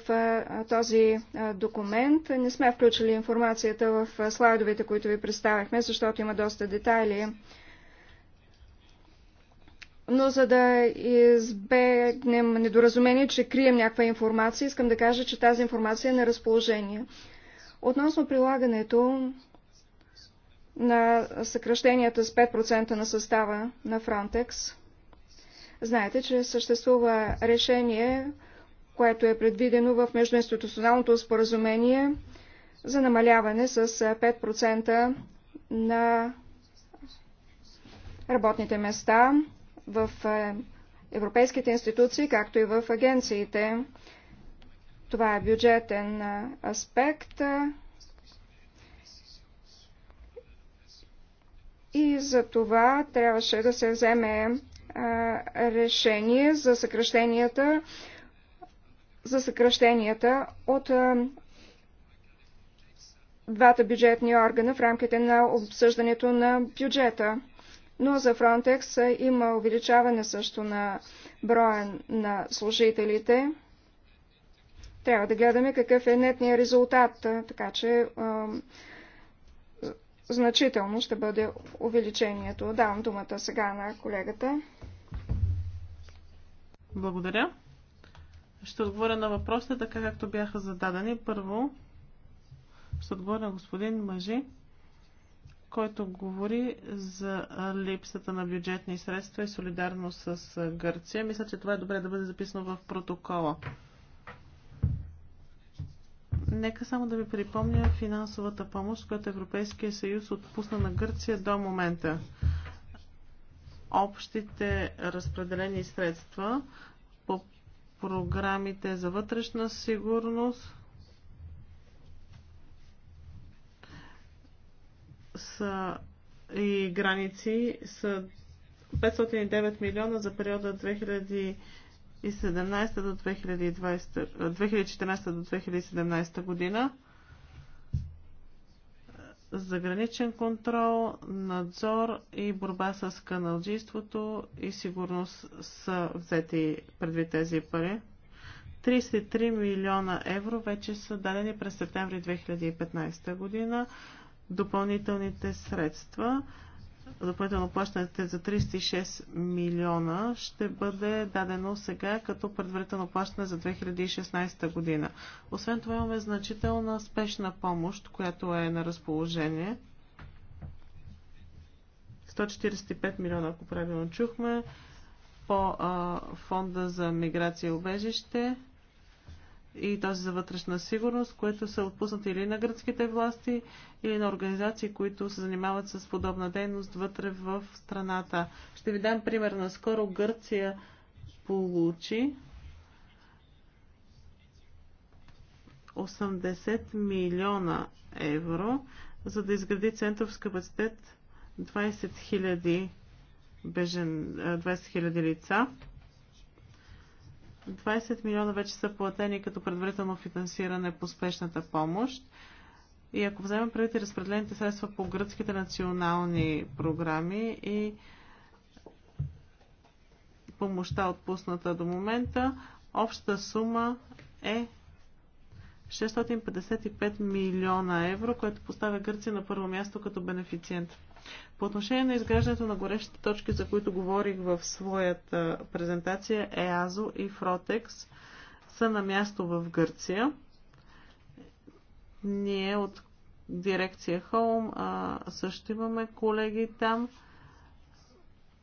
този документ. Не сме включили информацията в слайдовете, които ви представихме, защото има доста детайли но за да избегнем недоразумение, че крием някаква информация, искам да кажа, че тази информация е на разположение. Относно прилагането на съкръщенията с 5% на състава на Frontex, знаете, че съществува решение, което е предвидено в междуинституционалното споразумение за намаляване с 5% на работните места в е, европейските институции, както и в агенциите. Това е бюджетен е, аспект. И за това трябваше да се вземе е, решение за съкръщенията, за съкръщенията от двата бюджетни органа в рамките на обсъждането на бюджета но за Frontex има увеличаване също на броя на служителите. Трябва да гледаме какъв е нетният резултат, така че значително ще бъде увеличението. Давам думата сега на колегата. Благодаря. Ще отговоря на въпросите така, както бяха зададени. Първо, ще отговоря на господин Мъжи който говори за липсата на бюджетни средства и солидарност с Гърция. Мисля, че това е добре да бъде записано в протокола. Нека само да ви припомня финансовата помощ, която Европейския съюз отпусна на Гърция до момента. Общите разпределени средства по програмите за вътрешна сигурност са и граници са 509 милиона за периода 2017 до 2020, 2014 до 2017 година заграничен контрол, надзор и борба с каналджийството и сигурност са взети предвид тези пари. 33 милиона евро вече са дадени през септември 2015 година допълнителните средства, допълнително плащането за 36 милиона ще бъде дадено сега като предварително плащане за 2016 година. Освен това имаме значителна спешна помощ, която е на разположение. 145 милиона, ако правилно чухме, по а, фонда за миграция и убежище и този за вътрешна сигурност, които са отпуснати или на гръцките власти, или на организации, които се занимават с подобна дейност вътре в страната. Ще ви дам пример. Наскоро Гърция получи 80 милиона евро, за да изгради център с капацитет 20 000, бежен, 20 000 лица. 20 милиона вече са платени като предварително финансиране по спешната помощ. И ако вземем предвид разпределените средства по гръцките национални програми и помощта отпусната до момента, общата сума е 655 милиона евро, което поставя Гърция на първо място като бенефициент. По отношение на изграждането на горещите точки, за които говорих в своята презентация, ЕАЗО и Фротекс са на място в Гърция. Ние от дирекция Холм а, също имаме колеги там,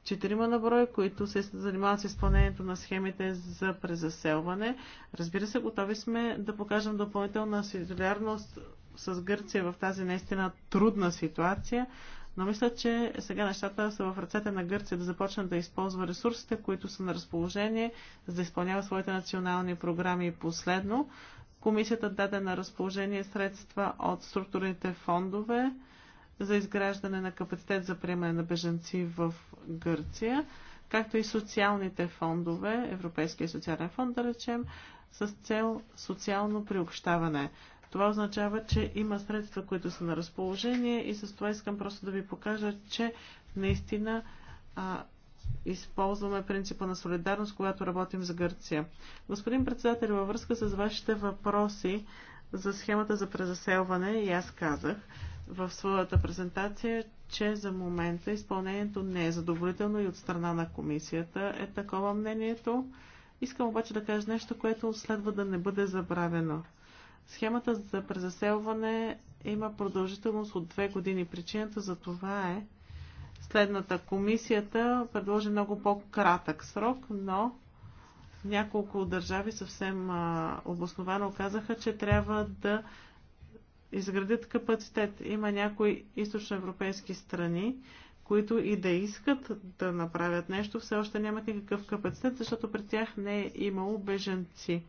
четирима на които се занимават с изпълнението на схемите за презаселване. Разбира се, готови сме да покажем допълнителна солидарност с Гърция в тази наистина трудна ситуация. Но мисля, че сега нещата са в ръцете на Гърция да започне да използва ресурсите, които са на разположение, за да изпълнява своите национални програми. И последно, комисията даде на разположение средства от структурните фондове за изграждане на капацитет за приемане на беженци в Гърция, както и социалните фондове, Европейския социален фонд, да речем, с цел социално приобщаване. Това означава, че има средства, които са на разположение и с това искам просто да ви покажа, че наистина а, използваме принципа на солидарност, когато работим за Гърция. Господин председател, във връзка с вашите въпроси за схемата за презаселване, и аз казах в своята презентация, че за момента изпълнението не е задоволително и от страна на комисията е такова мнението. Искам обаче да кажа нещо, което следва да не бъде забравено. Схемата за презаселване има продължителност от две години. Причината за това е следната. Комисията предложи много по-кратък срок, но няколко държави съвсем а, обосновано казаха, че трябва да изградят капацитет. Има някои източноевропейски страни, които и да искат да направят нещо, все още нямат никакъв капацитет, защото при тях не е имало беженци.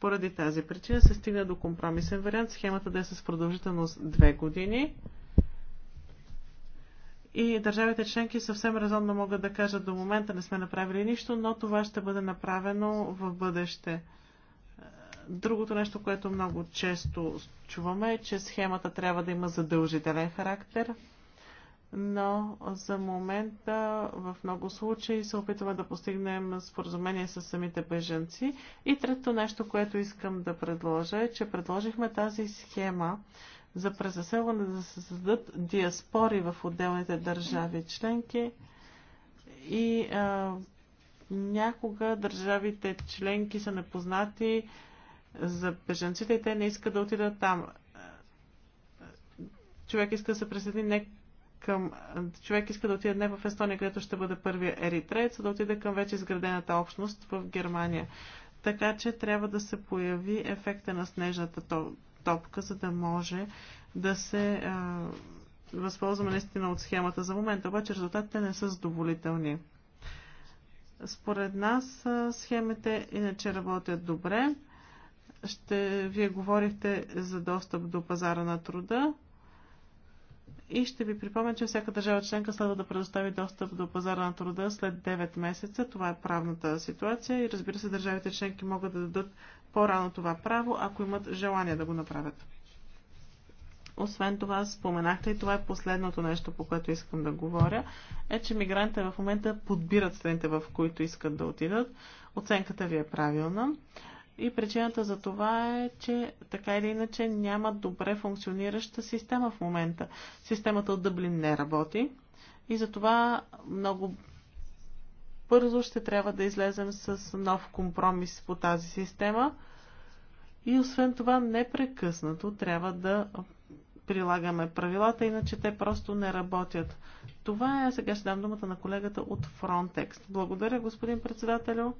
Поради тази причина се стигна до компромисен вариант схемата да е с продължителност 2 години. И държавите членки съвсем разумно могат да кажат до момента не сме направили нищо, но това ще бъде направено в бъдеще. Другото нещо, което много често чуваме е, че схемата трябва да има задължителен характер – но за момента в много случаи се опитваме да постигнем споразумение с самите беженци. И трето нещо, което искам да предложа е, че предложихме тази схема за презаселване да се създадат диаспори в отделните държави членки и а, някога държавите членки са непознати за беженците и те не искат да отидат там. Човек иска да се присъедини не към... Човек иска да отиде не в Естония, където ще бъде първия еритреец, а да отиде към вече изградената общност в Германия. Така че трябва да се появи ефекта на снежната топка, за да може да се а, възползваме наистина от схемата. За момента обаче резултатите не са задоволителни. Според нас схемите иначе работят добре. Ще, вие говорихте за достъп до пазара на труда. И ще ви припомня, че всяка държава членка следва да предостави достъп до пазара на труда след 9 месеца. Това е правната ситуация и разбира се, държавите членки могат да дадат по-рано това право, ако имат желание да го направят. Освен това, споменахте и това е последното нещо, по което искам да говоря, е, че мигрантите в момента подбират страните, в които искат да отидат. Оценката ви е правилна. И причината за това е, че така или иначе няма добре функционираща система в момента. Системата от Дъблин не работи и затова много бързо ще трябва да излезем с нов компромис по тази система. И освен това, непрекъснато трябва да прилагаме правилата, иначе те просто не работят. Това е. Сега ще дам думата на колегата от Frontex. Благодаря, господин председателю.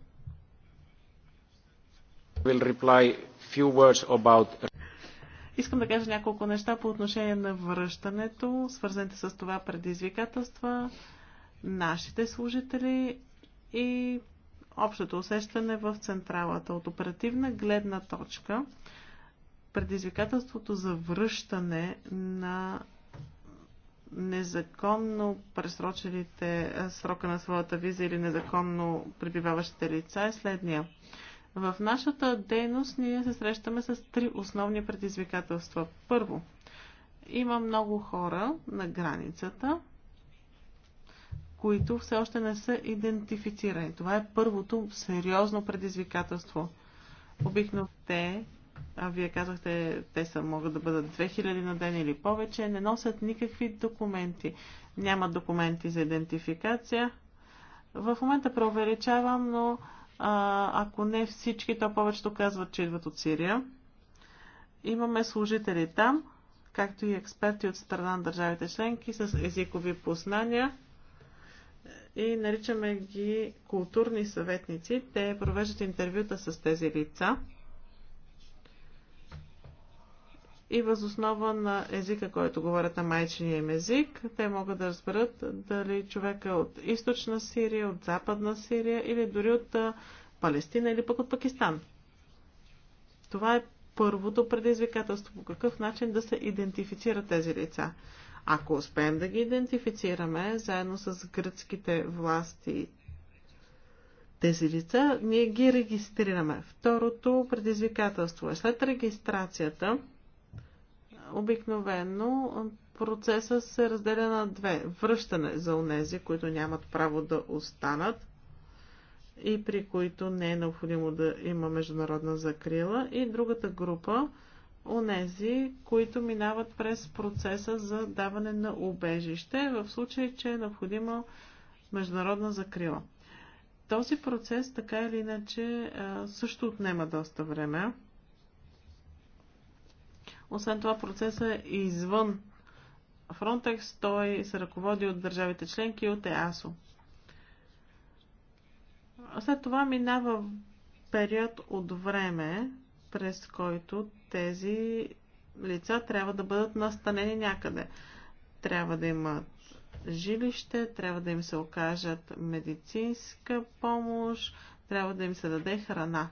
Искам да кажа няколко неща по отношение на връщането, свързаните с това предизвикателства, нашите служители и общото усещане в централата. От оперативна гледна точка, предизвикателството за връщане на незаконно пресрочените срока на своята виза или незаконно пребиваващите лица е следния. В нашата дейност ние се срещаме с три основни предизвикателства. Първо, има много хора на границата, които все още не са идентифицирани. Това е първото сериозно предизвикателство. Обикновено те, а вие казахте, те са, могат да бъдат 2000 на ден или повече, не носят никакви документи. Няма документи за идентификация. В момента преувеличавам, но а, ако не всички, то повечето казват, че идват от Сирия. Имаме служители там, както и експерти от страна на държавите членки с езикови познания и наричаме ги културни съветници. Те провеждат интервюта с тези лица и възоснова на езика, който говорят на майчиния им език, те могат да разберат дали човек е от източна Сирия, от западна Сирия или дори от Палестина или пък от Пакистан. Това е първото предизвикателство. По какъв начин да се идентифицират тези лица? Ако успеем да ги идентифицираме, заедно с гръцките власти тези лица, ние ги регистрираме. Второто предизвикателство е след регистрацията обикновено процеса се разделя на две. Връщане за онези, които нямат право да останат и при които не е необходимо да има международна закрила. И другата група онези, които минават през процеса за даване на убежище, в случай, че е необходима международна закрила. Този процес, така или иначе, също отнема доста време. Освен това процесът е извън Frontex, той се ръководи от държавите членки и от ЕАСО. След това минава период от време, през който тези лица трябва да бъдат настанени някъде. Трябва да имат жилище, трябва да им се окажат медицинска помощ, трябва да им се даде храна.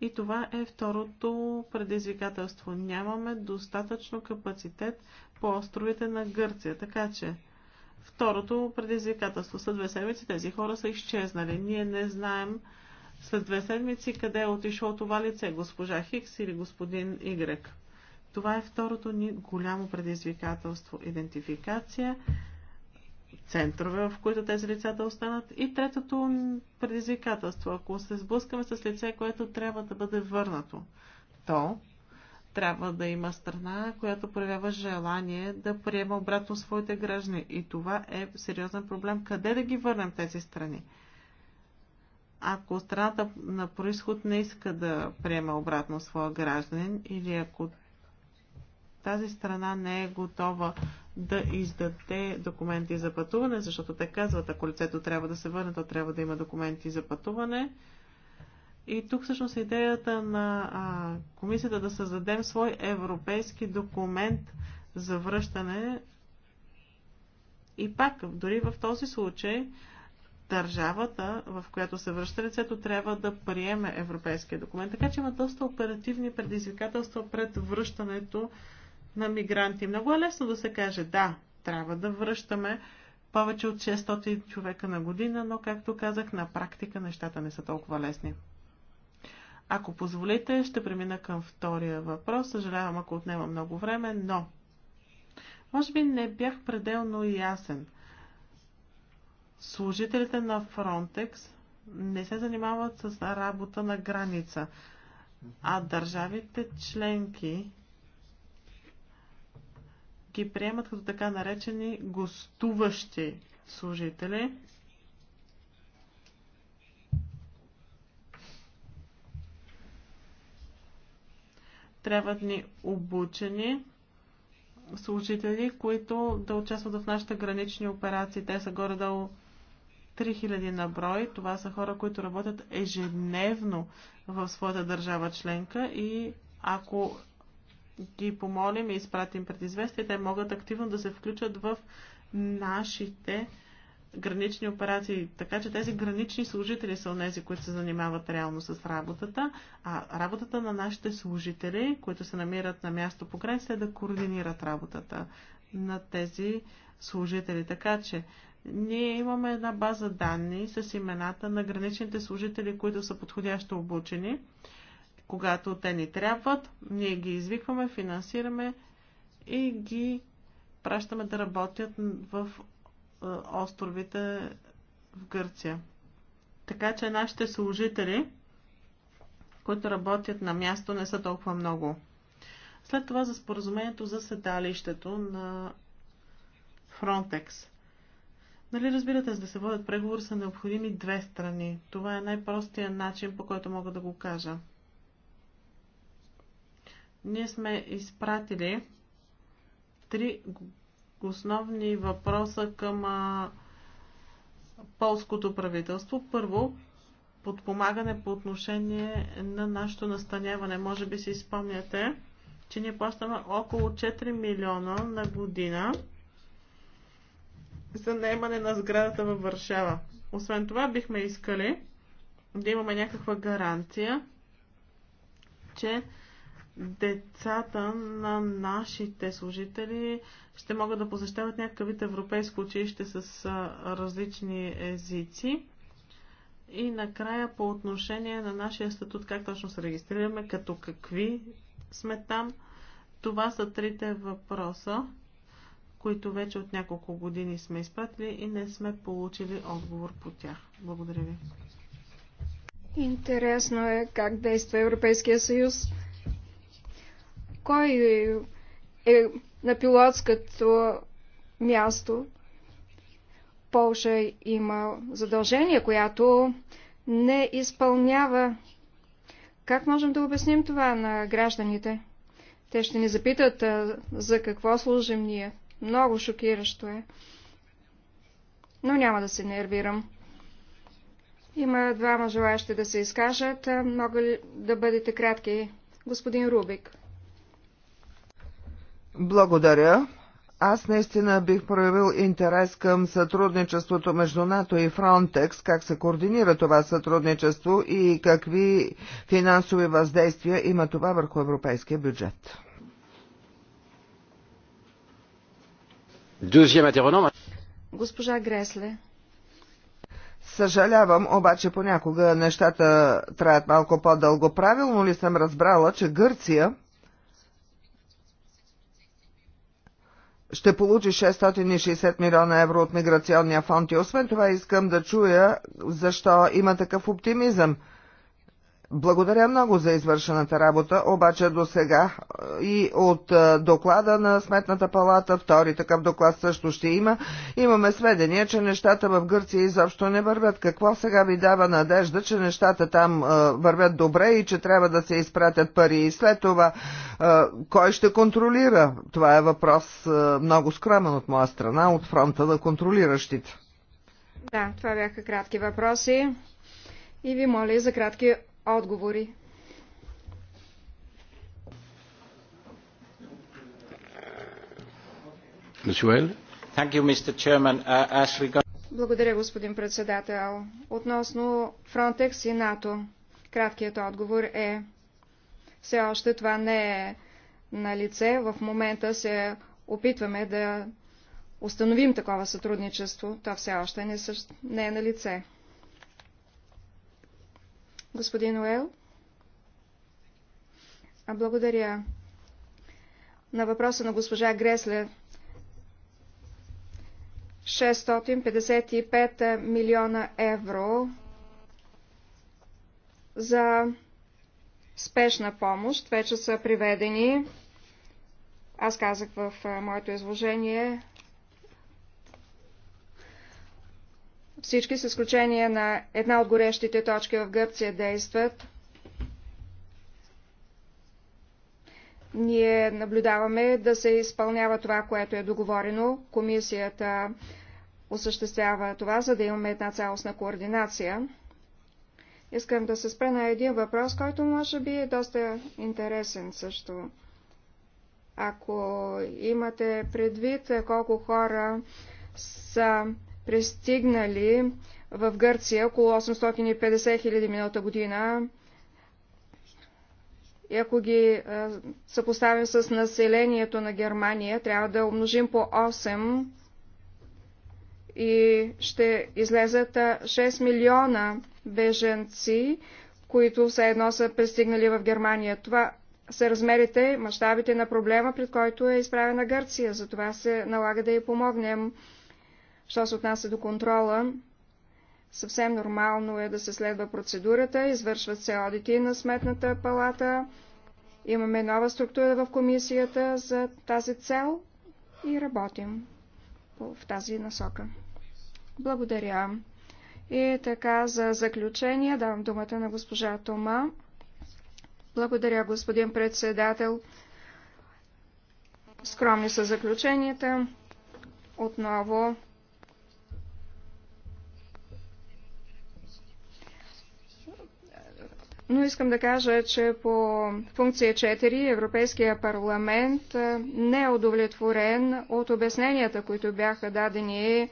И това е второто предизвикателство. Нямаме достатъчно капацитет по островите на Гърция. Така че второто предизвикателство. След две седмици тези хора са изчезнали. Ние не знаем след две седмици къде е отишло това лице, госпожа Хикс или господин Игрек. Това е второто ни голямо предизвикателство. Идентификация, центрове, в които тези лица да останат. И третото предизвикателство, ако се сблъскаме с лице, което трябва да бъде върнато, то трябва да има страна, която проявява желание да приема обратно своите граждани. И това е сериозен проблем. Къде да ги върнем тези страни? Ако страната на происход не иска да приема обратно своя гражданин или ако тази страна не е готова да издаде документи за пътуване, защото те казват, ако лицето трябва да се върне, то трябва да има документи за пътуване. И тук всъщност е идеята на а, комисията да създадем свой европейски документ за връщане. И пак, дори в този случай, държавата, в която се връща лицето, трябва да приеме европейския документ. Така че има доста оперативни предизвикателства пред връщането на мигранти. Много е лесно да се каже, да, трябва да връщаме повече от 600 човека на година, но както казах, на практика нещата не са толкова лесни. Ако позволите, ще премина към втория въпрос. Съжалявам, ако отнема много време, но може би не бях пределно ясен. Служителите на Frontex не се занимават с работа на граница, а държавите членки ги приемат като така наречени гостуващи служители. Трябват ни обучени служители, които да участват в нашите гранични операции. Те са горе-долу 3000 на брой. Това са хора, които работят ежедневно в своята държава членка и ако ги помолим и изпратим предизвестие, те могат активно да се включат в нашите гранични операции. Така че тези гранични служители са тези, които се занимават реално с работата, а работата на нашите служители, които се намират на място по границата, е да координират работата на тези служители. Така че ние имаме една база данни с имената на граничните служители, които са подходящо обучени когато те ни трябват, ние ги извикваме, финансираме и ги пращаме да работят в е, островите в Гърция. Така че нашите служители, които работят на място, не са толкова много. След това за споразумението за седалището на Frontex. Нали разбирате, за да се водят преговори са необходими две страни. Това е най-простия начин, по който мога да го кажа. Ние сме изпратили три основни въпроса към а, полското правителство. Първо, подпомагане по отношение на нашето настаняване. Може би си спомняте, че ние плащаме около 4 милиона на година за наемане на сградата във Варшава. Освен това, бихме искали да имаме някаква гаранция, че децата на нашите служители ще могат да посещават някакъв вид европейско училище с различни езици. И накрая по отношение на нашия статут, как точно се регистрираме, като какви сме там. Това са трите въпроса, които вече от няколко години сме изпратили и не сме получили отговор по тях. Благодаря ви. Интересно е как действа Европейския съюз кой е на пилотското място? Полша има задължение, която не изпълнява. Как можем да обясним това на гражданите? Те ще ни запитат а, за какво служим ние. Много шокиращо е. Но няма да се нервирам. Има двама желаящи да се изкажат. Мога ли да бъдете кратки? Господин Рубик. Благодаря. Аз наистина бих проявил интерес към сътрудничеството между НАТО и Фронтекс, как се координира това сътрудничество и какви финансови въздействия има това върху европейския бюджет. Госпожа Гресле. Съжалявам, обаче понякога нещата траят малко по-дълго. Правилно ли съм разбрала, че Гърция ще получи 660 милиона евро от миграционния фонд и освен това искам да чуя защо има такъв оптимизъм. Благодаря много за извършената работа, обаче до сега е, и от е, доклада на Сметната палата, втори такъв доклад също ще има, имаме сведения, че нещата в Гърция изобщо не вървят. Какво сега ви дава надежда, че нещата там е, вървят добре и че трябва да се изпратят пари и след това кой ще контролира? Това е въпрос много скромен от моя страна, от фронта на контролиращите. Да, това бяха кратки въпроси и ви моля за кратки отговори. Uh, Благодаря, господин председател. Относно Фронтекс и НАТО, краткият отговор е все още това не е на лице. В момента се опитваме да установим такова сътрудничество. То все още не е на лице. Господин Уел? Благодаря. На въпроса на госпожа Гресле 655 милиона евро за спешна помощ вече са приведени. Аз казах в моето изложение Всички, с изключение на една от горещите точки в Гърция, действат. Ние наблюдаваме да се изпълнява това, което е договорено. Комисията осъществява това, за да имаме една цялостна координация. Искам да се спра на един въпрос, който може би е доста интересен също. Ако имате предвид колко хора са пристигнали в Гърция около 850 000 миналата година. И ако ги съпоставим с населението на Германия, трябва да умножим по 8 и ще излезат 6 милиона беженци, които все едно са пристигнали в Германия. Това са размерите, мащабите на проблема, пред който е изправена Гърция. Затова се налага да й помогнем. Що се отнася до контрола, съвсем нормално е да се следва процедурата, извършват се одити на сметната палата, имаме нова структура в комисията за тази цел и работим в тази насока. Благодаря. И така, за заключение давам думата на госпожа Тома. Благодаря, господин председател. Скромни са заключенията. Отново но искам да кажа, че по функция 4 Европейския парламент не е удовлетворен от обясненията, които бяха дадени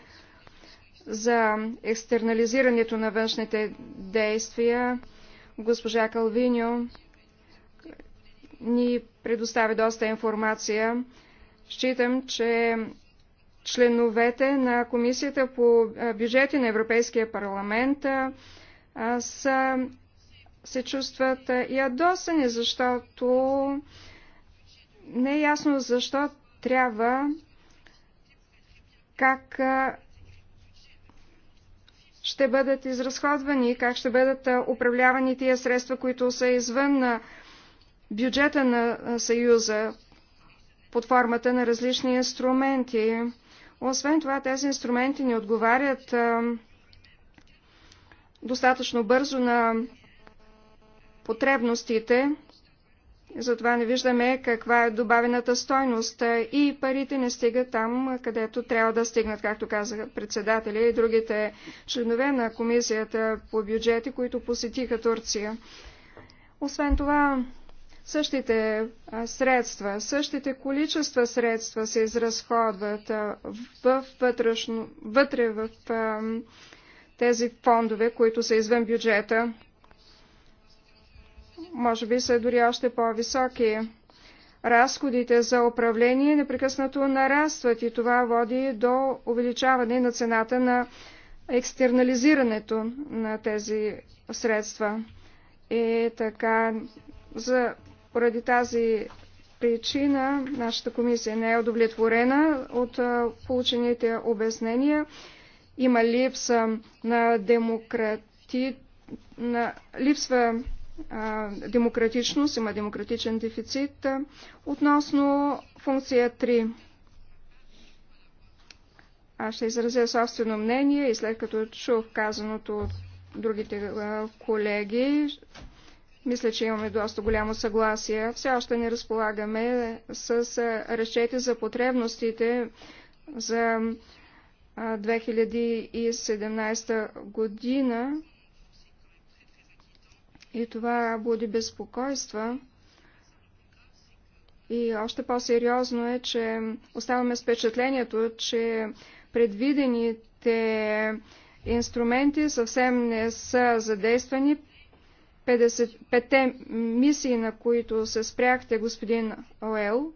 за екстернализирането на външните действия. Госпожа Калвиньо ни предостави доста информация. Считам, че членовете на Комисията по бюджети на Европейския парламент са се чувстват ядосани, защото не е ясно защо трябва как ще бъдат изразходвани, как ще бъдат управлявани тия средства, които са извън на бюджета на Съюза под формата на различни инструменти. Освен това, тези инструменти не отговарят достатъчно бързо на потребностите. Затова не виждаме каква е добавената стойност и парите не стигат там, където трябва да стигнат, както казаха председателя и другите членове на комисията по бюджети, които посетиха Турция. Освен това, същите средства, същите количества средства се изразходват в вътрешно, вътре в тези фондове, които са извън бюджета може би са дори още по-високи. Разходите за управление непрекъснато нарастват и това води до увеличаване на цената на екстернализирането на тези средства. И така, за, поради тази причина нашата комисия не е удовлетворена от получените обяснения. Има липса на демократи... На, липсва демократичност, има демократичен дефицит. Относно функция 3. Аз ще изразя собствено мнение и след като чух казаното от другите колеги, мисля, че имаме доста голямо съгласие. Все още не разполагаме с разчети за потребностите за 2017 година и това буди безпокойства. И още по-сериозно е, че оставаме с впечатлението, че предвидените инструменти съвсем не са задействани. 55-те мисии, на които се спряхте, господин Оел,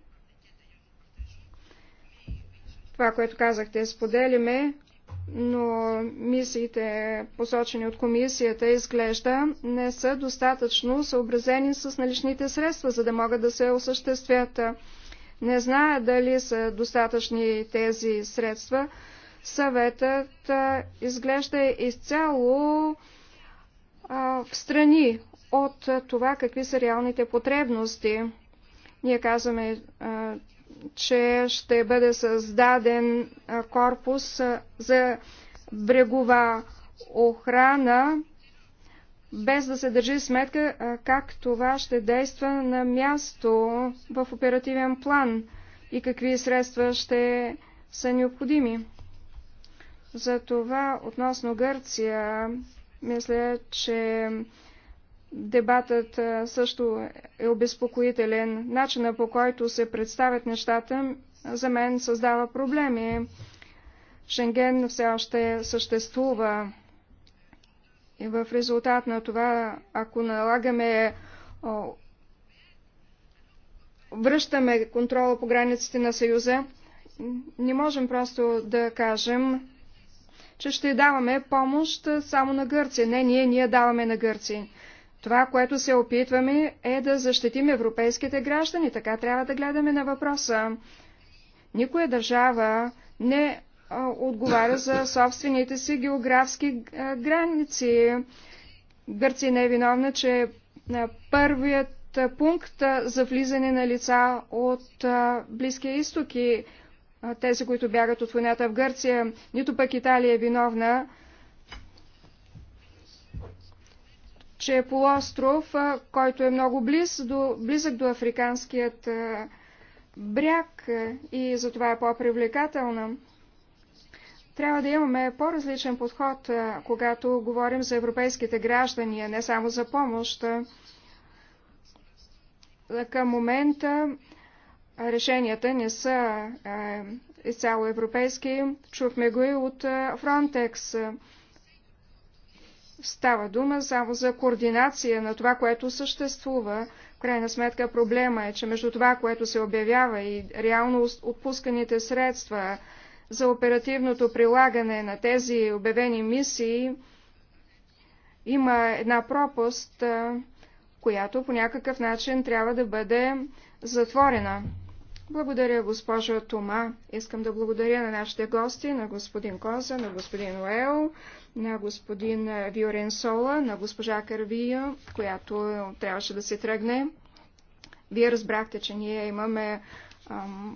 това, което казахте, споделиме но мисиите, посочени от комисията, изглежда не са достатъчно съобразени с наличните средства, за да могат да се осъществят. Не зная дали са достатъчни тези средства. Съветът изглежда изцяло а, в страни от това какви са реалните потребности. Ние казваме, а, че ще бъде създаден корпус за брегова охрана, без да се държи сметка как това ще действа на място в оперативен план и какви средства ще са необходими. това относно Гърция, мисля, че Дебатът също е обезпокоителен. Начина по който се представят нещата за мен създава проблеми. Шенген все още съществува. И в резултат на това, ако налагаме, връщаме контрола по границите на Съюза, не можем просто да кажем, че ще даваме помощ само на Гърция. Не, ние, ние даваме на Гърция. Това, което се опитваме, е да защитим европейските граждани. Така трябва да гледаме на въпроса. Никоя държава не а, отговаря за собствените си географски а, граници. Гърция не е виновна, че а, първият пункт за влизане на лица от Близкия изток и тези, които бягат от войната в Гърция, нито пък Италия е виновна че е полуостров, който е много близ до, близък до африканският бряг и затова е по-привлекателна. Трябва да имаме по-различен подход, когато говорим за европейските граждани, не само за помощ. Към момента решенията не са изцяло европейски. Чухме го и от Фронтекс. Става дума само за координация на това, което съществува. В крайна сметка проблема е, че между това, което се обявява и реално отпусканите средства за оперативното прилагане на тези обявени мисии, има една пропаст, която по някакъв начин трябва да бъде затворена. Благодаря, госпожа Тома. Искам да благодаря на нашите гости, на господин Коза, на господин Уел на господин Виорен Сола, на госпожа Карвия, която трябваше да се тръгне. Вие разбрахте, че ние имаме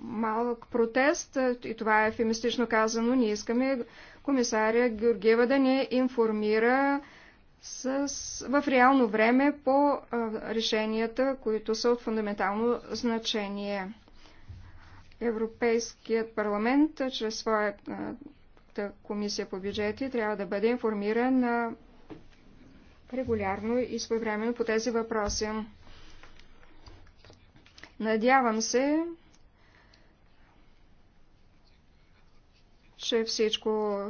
малък протест и това е фемистично казано. Ние искаме комисаря Георгиева да ни информира с, в реално време по решенията, които са от фундаментално значение. Европейският парламент чрез своя комисия по бюджети трябва да бъде информиран регулярно и своевременно по тези въпроси. Надявам се, че всичко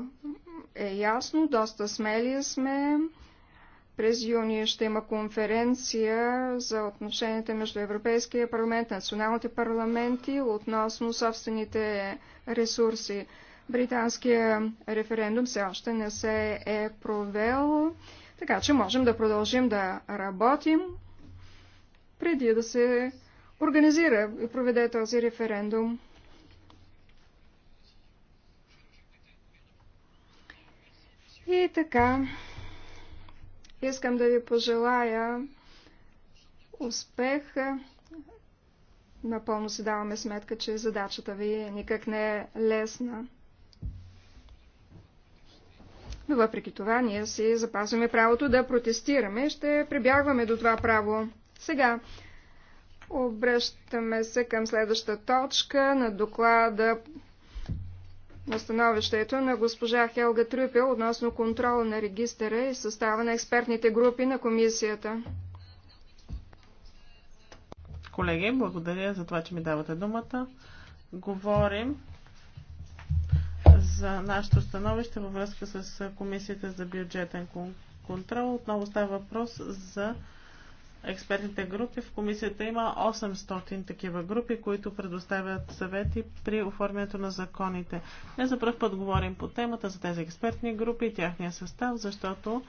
е ясно, доста смели сме. През юни ще има конференция за отношенията между Европейския парламент, националните парламенти относно собствените ресурси. Британския референдум все още не се е провел, така че можем да продължим да работим преди да се организира и проведе този референдум. И така, искам да ви пожелая успех. Напълно си даваме сметка, че задачата ви никак не е лесна но въпреки това ние си запазваме правото да протестираме. Ще прибягваме до това право. Сега обръщаме се към следващата точка на доклада на становището на госпожа Хелга Трюпел относно контрола на регистъра и състава на експертните групи на комисията. Колеги, благодаря за това, че ми давате думата. Говорим за нашето становище във връзка с Комисията за бюджетен контрол. Отново става въпрос за експертните групи. В комисията има 800 такива групи, които предоставят съвети при оформянето на законите. Не за първ път говорим по темата за тези експертни групи и тяхния състав, защото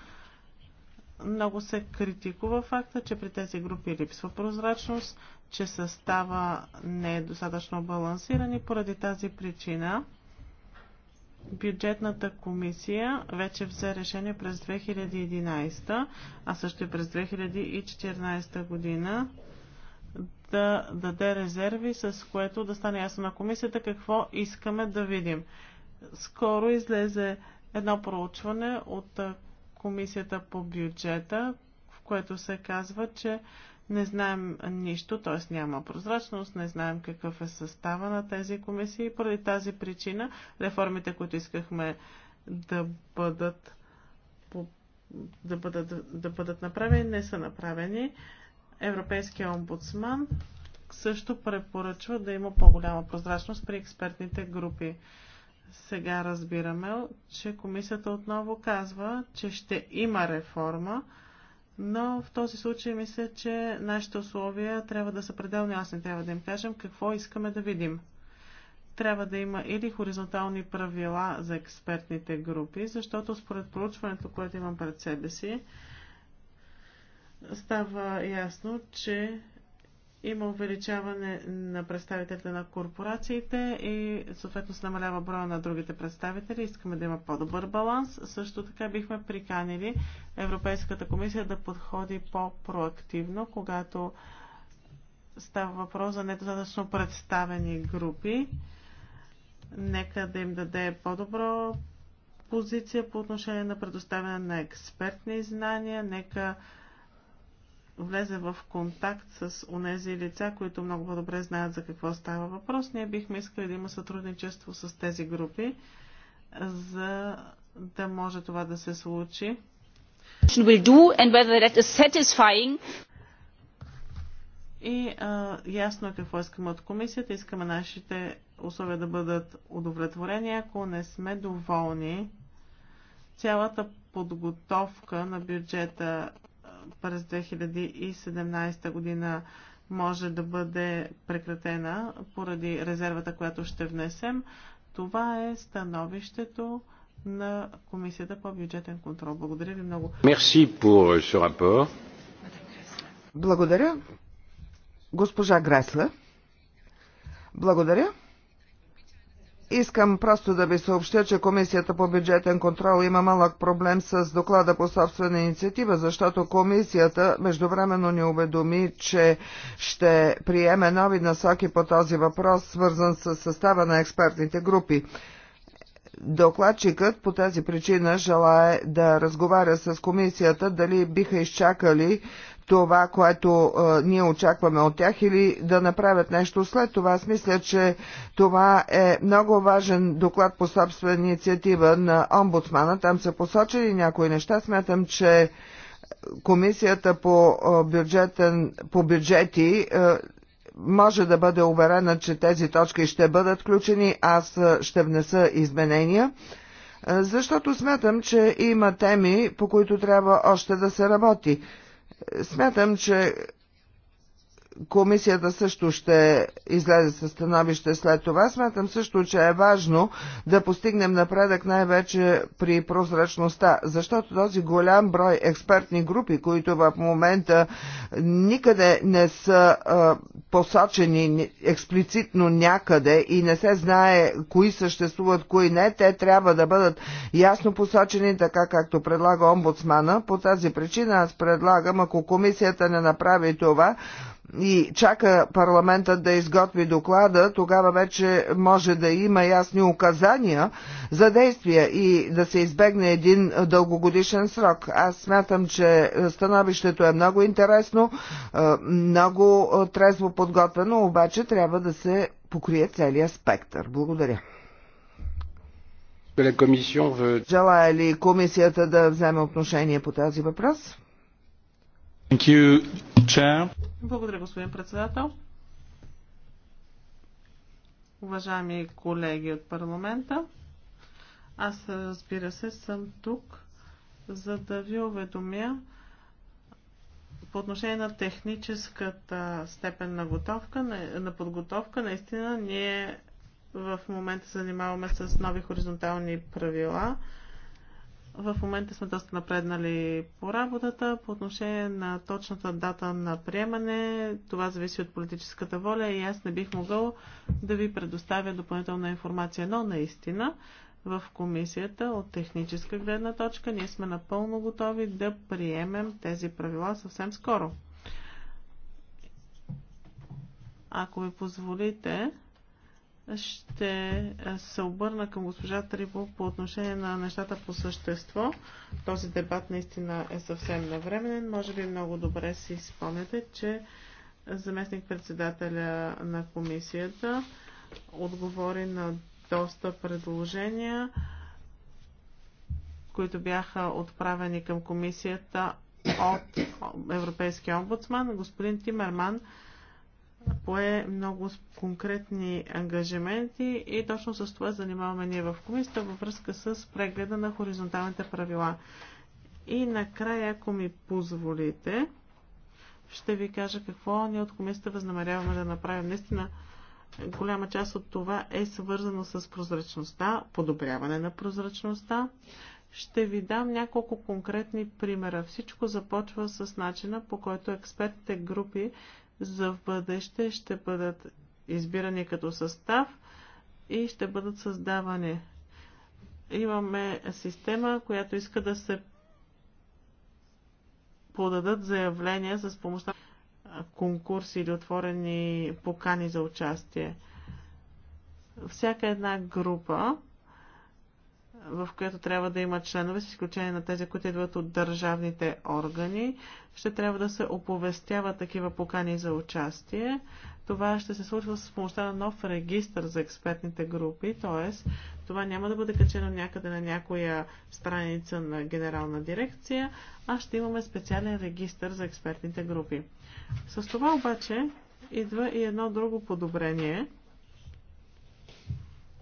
много се критикува факта, че при тези групи липсва прозрачност, че състава не е достатъчно балансиран и поради тази причина бюджетната комисия вече взе решение през 2011, а също и през 2014 година да даде резерви, с което да стане ясно на комисията какво искаме да видим. Скоро излезе едно проучване от комисията по бюджета, в което се казва, че не знаем нищо, т.е. няма прозрачност, не знаем какъв е състава на тези комисии и поради тази причина реформите, които искахме да бъдат, да бъдат, да бъдат направени, не са направени. Европейския омбудсман също препоръчва да има по-голяма прозрачност при експертните групи. Сега разбираме, че комисията отново казва, че ще има реформа, но в този случай мисля, че нашите условия трябва да са пределно ясни. Трябва да им кажем какво искаме да видим. Трябва да има или хоризонтални правила за експертните групи, защото според проучването, което имам пред себе си, става ясно, че има увеличаване на представителите на корпорациите и съответно се намалява броя на другите представители. Искаме да има по-добър баланс. Също така бихме приканили Европейската комисия да подходи по-проактивно, когато става въпрос за недостатъчно представени групи. Нека да им даде по-добро позиция по отношение на предоставяне на експертни знания. Нека влезе в контакт с онези лица, които много по-добре знаят за какво става въпрос. Ние бихме искали да има сътрудничество с тези групи, за да може това да се случи. И а, ясно е какво искаме от комисията. Искаме нашите условия да бъдат удовлетворени, ако не сме доволни. Цялата подготовка на бюджета през 2017 година може да бъде прекратена поради резервата, която ще внесем. Това е становището на Комисията по бюджетен контрол. Благодаря ви много. Мерси euh, ce rapport. Благодаря. Госпожа Гресле. Благодаря. Искам просто да ви съобщя, че Комисията по бюджетен контрол има малък проблем с доклада по собствена инициатива, защото Комисията междувременно ни уведоми, че ще приеме нови насоки по този въпрос, свързан с състава на експертните групи. Докладчикът по тази причина желая да разговаря с комисията дали биха изчакали това, което а, ние очакваме от тях или да направят нещо след това. Аз мисля, че това е много важен доклад по собствена инициатива на омбудсмана. Там са посочили някои неща. Смятам, че комисията по, бюджетен, по бюджети може да бъде уверена, че тези точки ще бъдат включени. Аз ще внеса изменения защото смятам, че има теми, по които трябва още да се работи. Смятам, че Комисията също ще излезе със становище след това. Смятам също, че е важно да постигнем напредък най-вече при прозрачността, защото този голям брой експертни групи, които в момента никъде не са а, посочени експлицитно някъде и не се знае кои съществуват, кои не, те трябва да бъдат ясно посочени, така както предлага омбудсмана. По тази причина аз предлагам, ако комисията не направи това, и чака парламентът да изготви доклада, тогава вече може да има ясни указания за действия и да се избегне един дългогодишен срок. Аз смятам, че становището е много интересно, е, много трезво подготвено, обаче трябва да се покрие целият спектър. Благодаря. Желая ли комисията да вземе отношение по тази въпрос? Thank you, Chair. Благодаря, господин председател. Уважаеми колеги от парламента, аз разбира се съм тук, за да ви уведомя по отношение на техническата степен на, готовка, на подготовка. Наистина ние в момента занимаваме с нови хоризонтални правила. В момента сме доста напреднали по работата. По отношение на точната дата на приемане, това зависи от политическата воля и аз не бих могъл да ви предоставя допълнителна информация. Но наистина в комисията от техническа гледна точка ние сме напълно готови да приемем тези правила съвсем скоро. Ако ми позволите, ще се обърна към госпожа Трибо по отношение на нещата по същество. Този дебат наистина е съвсем навременен. Може би много добре си спомняте, че заместник-председателя на комисията отговори на доста предложения, които бяха отправени към комисията от Европейския омбудсман. Господин Тимерман пое много конкретни ангажименти и точно с това занимаваме ние в комисията във връзка с прегледа на хоризонталните правила. И накрая, ако ми позволите, ще ви кажа какво ние от комисията възнамеряваме да направим. Наистина, голяма част от това е свързано с прозрачността, подобряване на прозрачността. Ще ви дам няколко конкретни примера. Всичко започва с начина по който експертните групи за в бъдеще ще бъдат избирани като състав и ще бъдат създавани. Имаме система, която иска да се подадат заявления с помощта конкурси или отворени покани за участие. Всяка една група в която трябва да има членове, с изключение на тези, които идват от държавните органи. Ще трябва да се оповестяват такива покани за участие. Това ще се случва с помощта на нов регистр за експертните групи, т.е. това няма да бъде качено някъде на някоя страница на генерална дирекция, а ще имаме специален регистр за експертните групи. С това обаче идва и едно друго подобрение –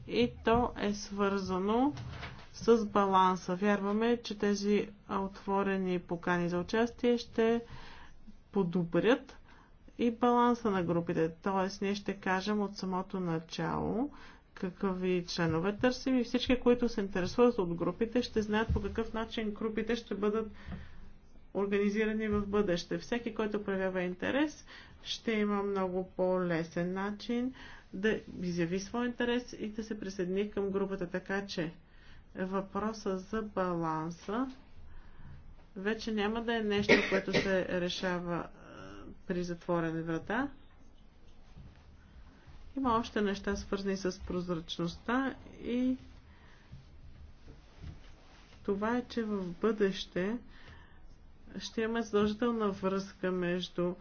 и то е свързано с баланса. Вярваме, че тези отворени покани за участие ще подобрят и баланса на групите. Тоест, ние ще кажем от самото начало какви членове търсим и всички, които се интересуват от групите, ще знаят по какъв начин групите ще бъдат организирани в бъдеще. Всеки, който проявява интерес, ще има много по-лесен начин да изяви своя интерес и да се присъедини към групата. Така че въпроса за баланса вече няма да е нещо, което се решава при затворени врата. Има още неща, свързани с прозрачността и това е, че в бъдеще ще имаме задължителна връзка между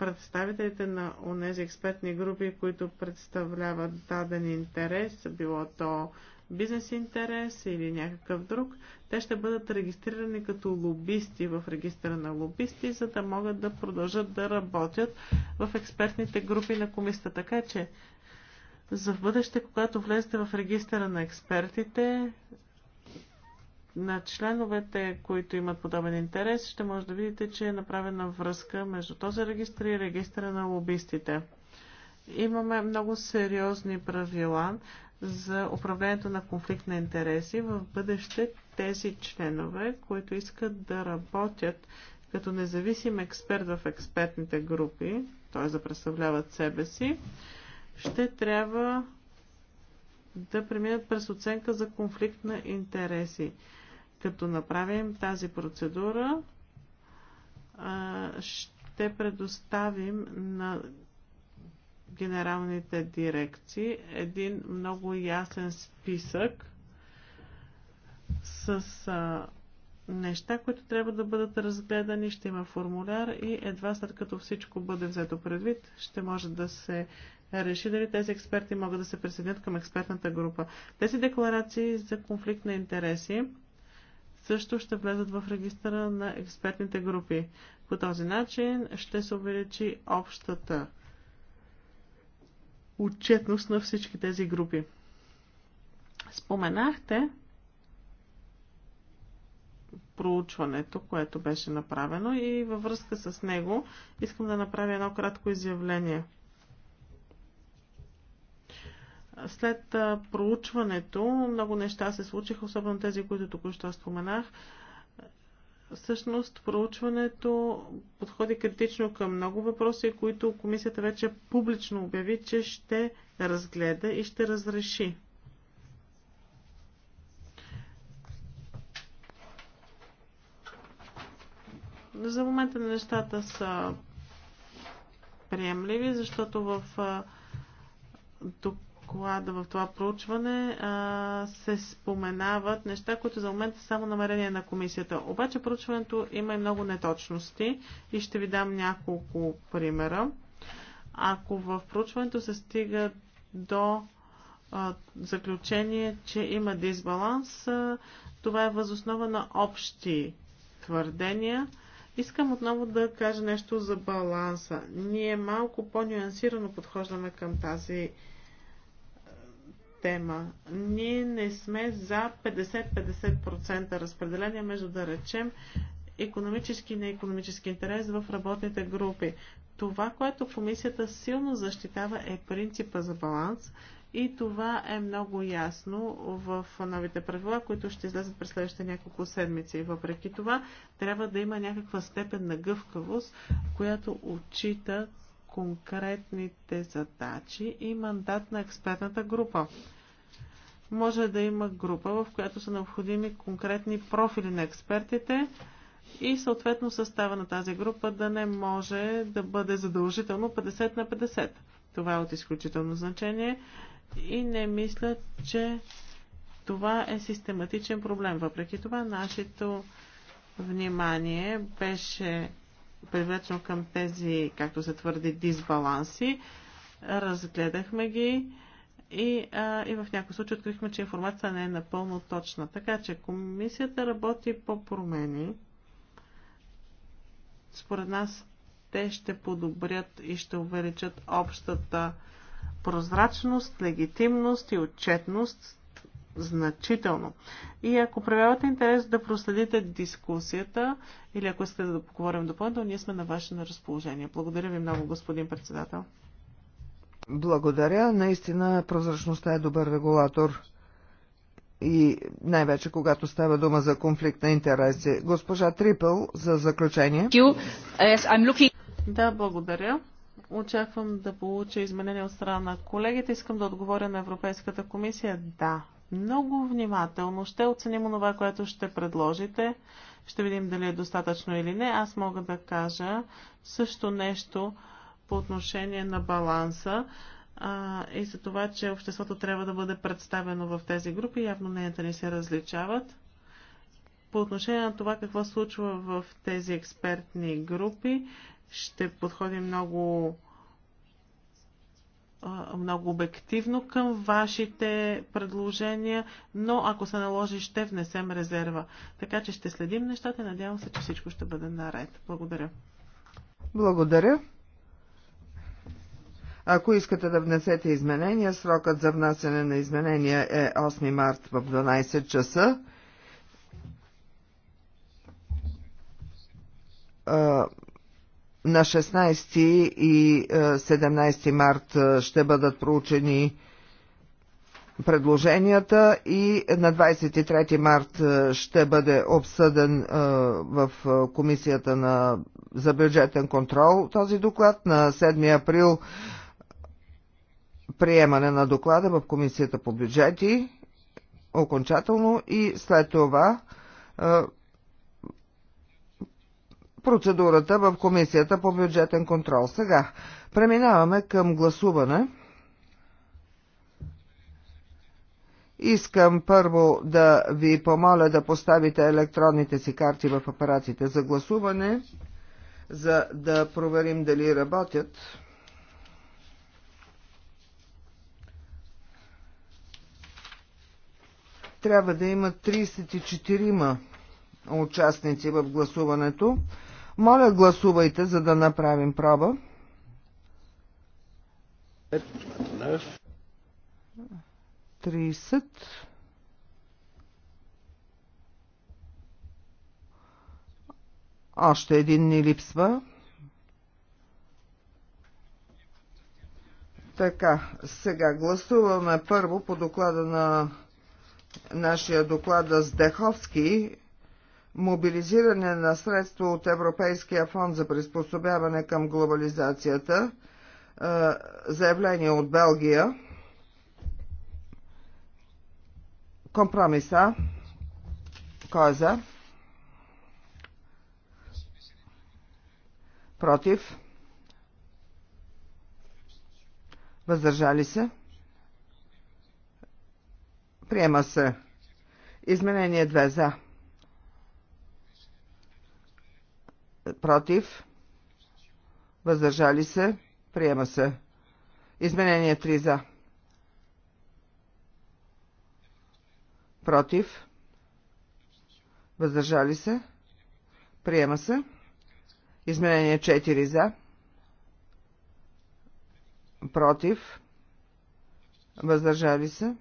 представителите на онези експертни групи, които представляват даден интерес, било то бизнес интерес или някакъв друг, те ще бъдат регистрирани като лобисти в регистра на лобисти, за да могат да продължат да работят в експертните групи на комисията. Така че за в бъдеще, когато влезете в регистъра на експертите, на членовете, които имат подобен интерес, ще може да видите, че е направена връзка между този регистр и регистра на лобистите. Имаме много сериозни правила за управлението на конфликт на интереси. В бъдеще тези членове, които искат да работят като независим експерт в експертните групи, т.е. да представляват себе си, ще трябва да преминат през оценка за конфликт на интереси като направим тази процедура, ще предоставим на генералните дирекции един много ясен списък с неща, които трябва да бъдат разгледани. Ще има формуляр и едва след като всичко бъде взето предвид, ще може да се реши дали тези експерти могат да се присъединят към експертната група. Тези декларации за конфликт на интереси също ще влезат в регистъра на експертните групи. По този начин ще се увеличи общата отчетност на всички тези групи. Споменахте проучването, което беше направено и във връзка с него искам да направя едно кратко изявление – след проучването много неща се случиха, особено тези, които току-що споменах. Всъщност проучването подходи критично към много въпроси, които комисията вече публично обяви, че ще разгледа и ще разреши. За момента нещата са приемливи, защото в доклада, в това проучване а, се споменават неща, които за момента са само намерение на комисията. Обаче проучването има и много неточности и ще ви дам няколко примера. Ако в проучването се стига до а, заключение, че има дисбаланс, а, това е възоснова на общи твърдения. Искам отново да кажа нещо за баланса. Ние малко по-нюансирано подхождаме към тази тема. Ние не сме за 50-50% разпределение между, да речем, економически и неекономически интерес в работните групи. Това, което комисията силно защитава е принципа за баланс и това е много ясно в новите правила, които ще излезат през следващите няколко седмици. Въпреки това, трябва да има някаква степен на гъвкавост, която отчита конкретните задачи и мандат на експертната група. Може да има група, в която са необходими конкретни профили на експертите и съответно състава на тази група да не може да бъде задължително 50 на 50. Това е от изключително значение и не мисля, че това е систематичен проблем. Въпреки това, нашето внимание беше привлечем към тези, както се твърди, дисбаланси. Разгледахме ги и, а, и в някои случаи открихме, че информацията не е напълно точна. Така че комисията работи по промени. Според нас те ще подобрят и ще увеличат общата прозрачност, легитимност и отчетност значително. И ако проявявате интерес да проследите дискусията или ако искате да поговорим допълнително, ние сме на ваше на разположение. Благодаря ви много, господин председател. Благодаря. Наистина прозрачността е добър регулатор и най-вече когато става дума за конфликт на интереси. Госпожа Трипъл, за заключение. Да, благодаря. Очаквам да получа изменения от страна на колегите. Искам да отговоря на Европейската комисия. Да, много внимателно ще оценим това, което ще предложите. Ще видим дали е достатъчно или не. Аз мога да кажа също нещо по отношение на баланса а, и за това, че обществото трябва да бъде представено в тези групи. Явно неята не се различават. По отношение на това какво случва в тези експертни групи, ще подходим много много обективно към вашите предложения, но ако се наложи, ще внесем резерва. Така че ще следим нещата. и Надявам се, че всичко ще бъде наред. Благодаря. Благодаря. Ако искате да внесете изменения, срокът за внасяне на изменения е 8 март в 12 часа. А, на 16 и 17 е, март е, ще бъдат проучени предложенията и на 23 март е, ще бъде обсъден в комисията на, за бюджетен контрол този доклад. На 7 април приемане на доклада в комисията по бюджети окончателно и след това процедурата в Комисията по бюджетен контрол. Сега преминаваме към гласуване. Искам първо да ви помоля да поставите електронните си карти в апаратите за гласуване, за да проверим дали работят. Трябва да има 34 участници в гласуването. Моля, гласувайте, за да направим проба. Тридесет. Още един ни липсва. Така, сега гласуваме първо по доклада на нашия доклада Деховски, мобилизиране на средства от Европейския фонд за приспособяване към глобализацията, е, заявление от Белгия, компромиса, кой е за? Против? Въздържали се? Приема се. Изменение 2 за. против, въздържали се, приема се. Изменение 3 за, против, въздържали се, приема се. Изменение 4 за, против, въздържали се,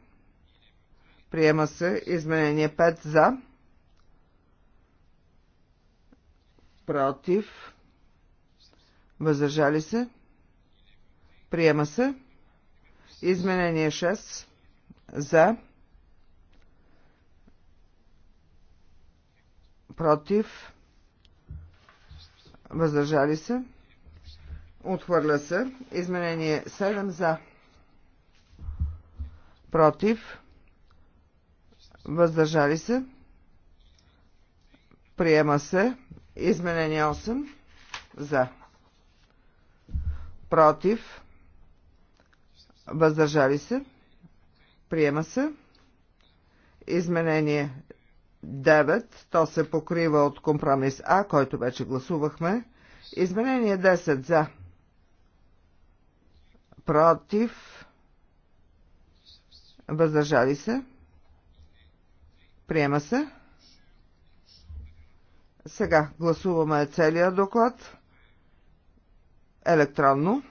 приема се. Изменение 5 за, против, въздържали се, приема се. Изменение 6 за, против, въздържали се, отхвърля се. Изменение 7 за, против, въздържали се, приема се. Изменение 8. За. Против. Въздържали се. Приема се. Изменение 9. То се покрива от компромис А, който вече гласувахме. Изменение 10 за. Против. Въздържали се. Приема се. Сега гласуваме целия доклад електронно.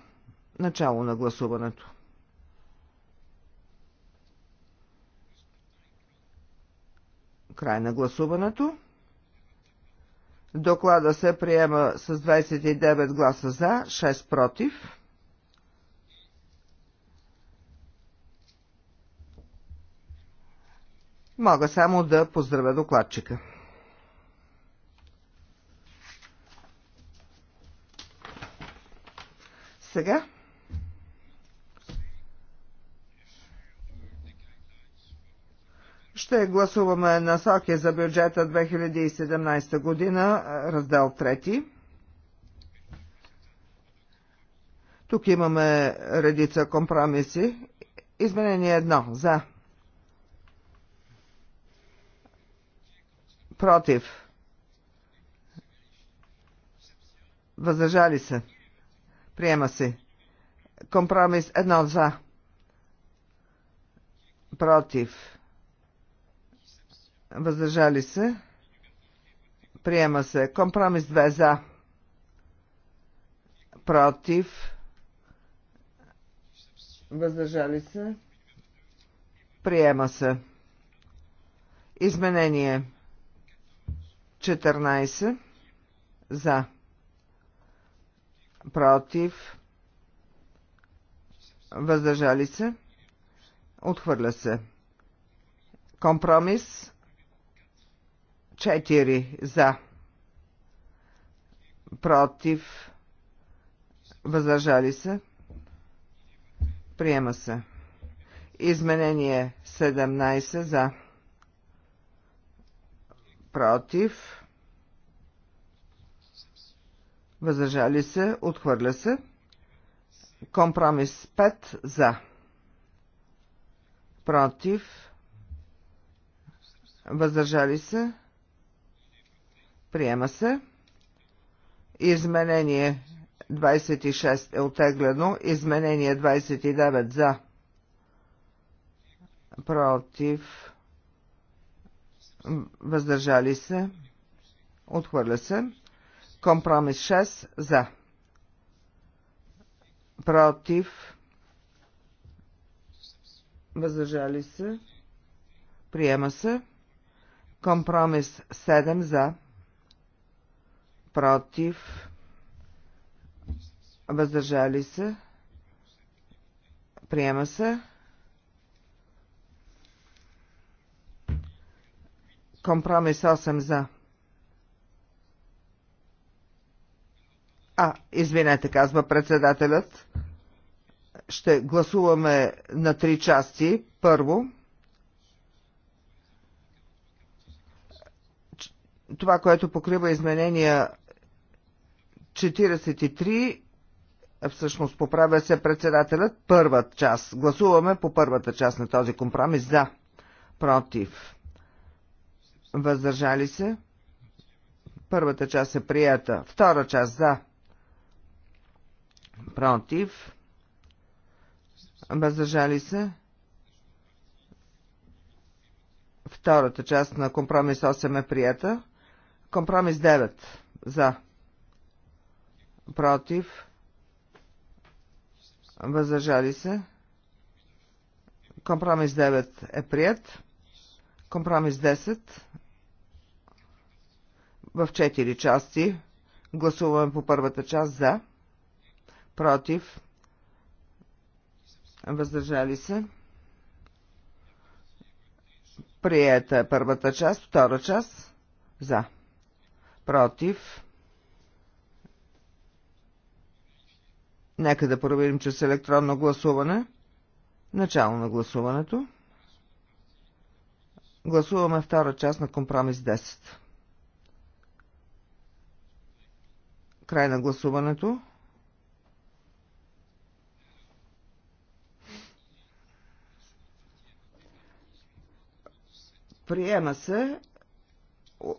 Начало на гласуването. Край на гласуването. Доклада се приема с 29 гласа за, 6 против. Мога само да поздравя докладчика. сега. Ще гласуваме насоки за бюджета 2017 година, раздел 3. Тук имаме редица компромиси. Изменение едно за. Против. Възражали се. Приема се. Компромис едно за. Против. Въздържали се. Приема се. Компромис 2 за. Против. Въздържали се. Приема се. Изменение 14 за против, въздържали се, отхвърля се. Компромис 4 за, против, въздържали се, приема се. Изменение 17 за, против, въздържали се, отхвърля се. Компромис 5 за, против, въздържали се, приема се. Изменение 26 е отеглено, изменение 29 за, против, въздържали се, отхвърля се. Компромис 6 за. Против. Въздържали се. Приема се. Компромис 7 за. Против. Въздържали се. Приема се. Компромис 8 за. А, извинете, казва председателят. Ще гласуваме на три части. Първо, това, което покрива изменения 43, всъщност поправя се председателят, първа част. Гласуваме по първата част на този компромис. За. Против. Въздържали се. Първата част е прията. Втора част. За против, въздържали се. Втората част на компромис 8 е прията. Компромис 9 за, против, въздържали се. Компромис 9 е прият. Компромис 10 в 4 части. Гласуваме по първата част за, против, въздържали се. Приета е първата част, втора част, за, против. Нека да проверим, че с електронно гласуване. Начало на гласуването. Гласуваме втора част на компромис 10. Край на гласуването. Приема се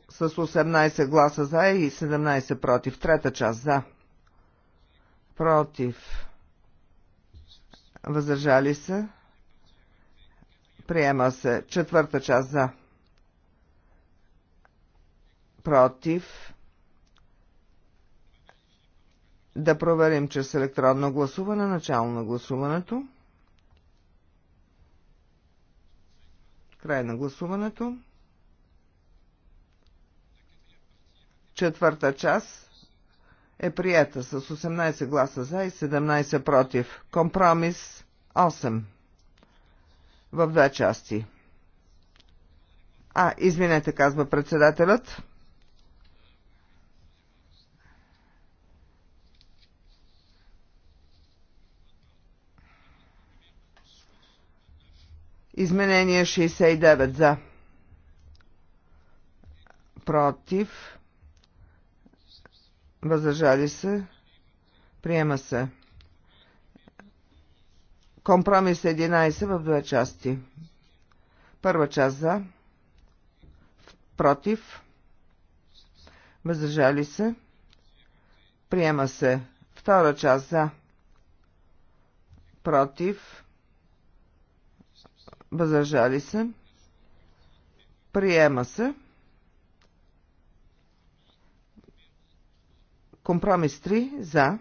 с 18 гласа за и 17 против. Трета част за. Против. Въздържали се. Приема се. Четвърта част за. Против. Да проверим чрез електронно гласуване начало на гласуването. Край на гласуването. Четвърта част е приета с 18 гласа за и 17 против. Компромис 8 в две части. А, извинете, казва председателят. Изменение 69 за. Против. Възражали се. Приема се. Компромис 11 в две части. Първа част за. Против. Въздържали се. Приема се. Втора част за. Против. Въздържали се. Приема се. Компромис 3 за.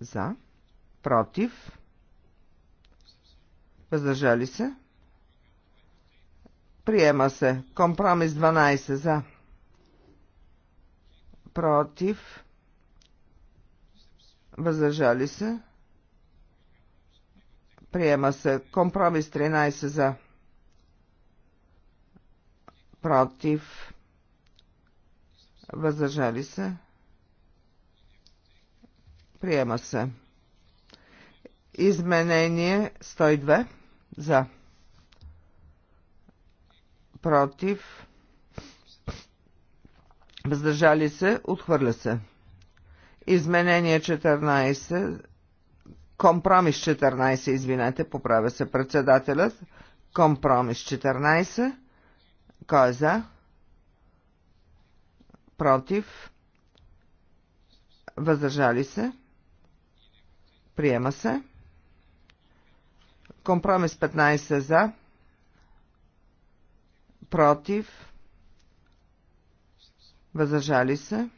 За. Против. Въздържали се. Приема се. Компромис 12 за. Против въздържали се, приема се. Компромис 13 за, против, въздържали се, приема се. Изменение 102 за против въздържали се, отхвърля се. Изменение 14, компромис 14, извинете, поправя се председателят. Компромис 14. Кой е за? Против? Въздържали се? Приема се. Компромис 15 е за. Против? Въздържали се?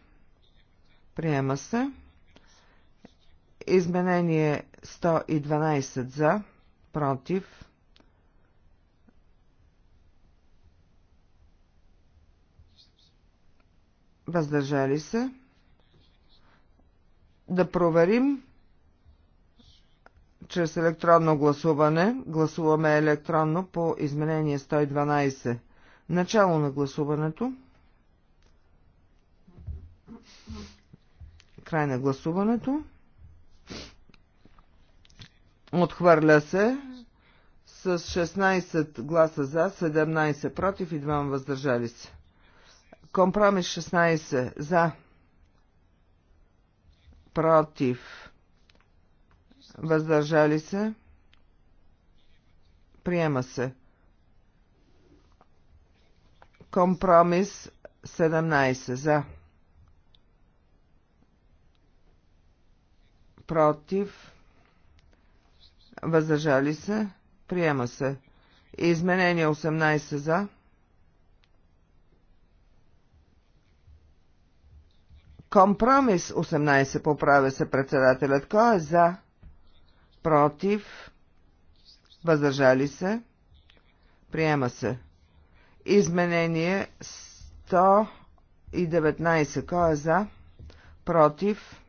Приема се. Изменение 112 за, против. Въздържали се. Да проверим чрез електронно гласуване. Гласуваме електронно по изменение 112. Начало на гласуването. Thank you. Край на гласуването. Отхвърля се с 16 гласа за, 17 против и 2 въздържали се. Компромис 16 за, против, въздържали се. Приема се. Компромис 17 за. против, въздържали се, приема се. Изменение 18 за. Компромис 18 поправя се председателят. Кой е за? Против? Въздържали се? Приема се. Изменение 119. Кой е за? Против?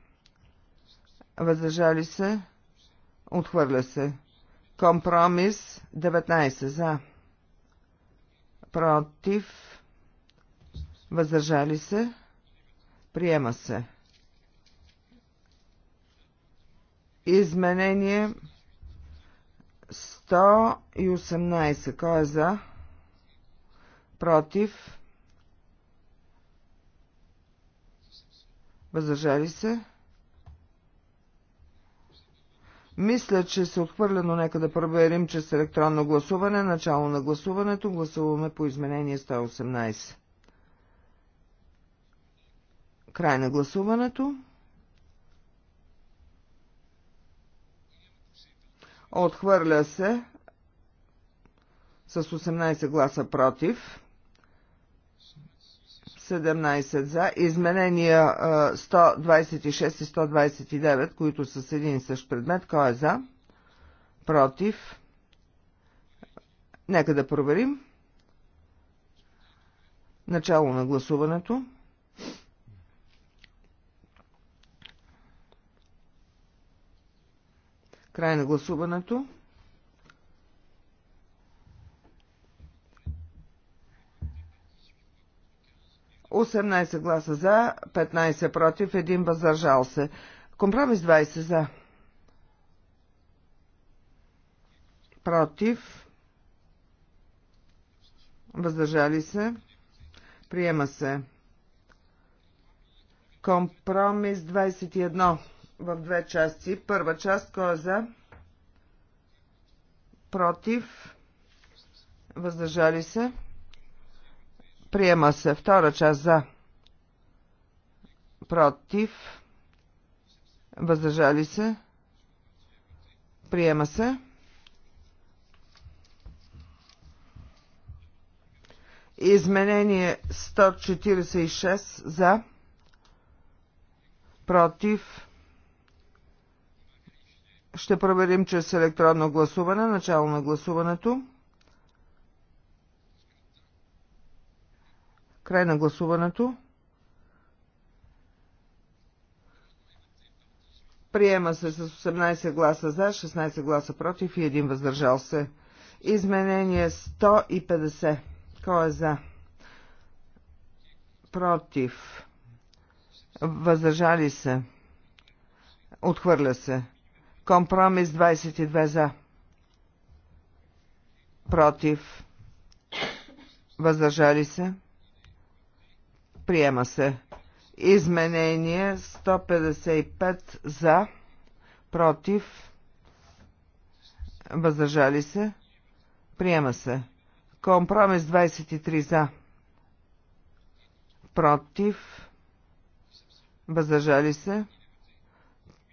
въздържали се, отхвърля се. Компромис 19 за, против, въздържали се, приема се. Изменение 118. Кой е за? Против? Въздържали се? Мисля, че се отхвърля, но нека да проверим чрез електронно гласуване. Начало на гласуването. Гласуваме по изменение 118. Край на гласуването. Отхвърля се с 18 гласа против. 17 за, изменения 126 и 129, които са с един и същ предмет. Кой е за? Против? Нека да проверим. Начало на гласуването. Край на гласуването. 18 гласа за, 15 против, 1 въздържал се. Компромис 20 за. Против. Въздържали се. Приема се. Компромис 21 в две части. Първа част, кой е за? Против. Въздържали се. Приема се втора част за. Против. Въздържали се. Приема се. Изменение 146 за. Против. Ще проверим чрез електронно гласуване. Начало на гласуването. Край на гласуването. Приема се с 18 гласа за, 16 гласа против и един въздържал се. Изменение 150. Кой е за? Против. Въздържали се. Отхвърля се. Компромис 22 за. Против. Въздържали се. Приема се. Изменение 155 за, против, въздържали се. Приема се. Компромис 23 за, против, въздържали се.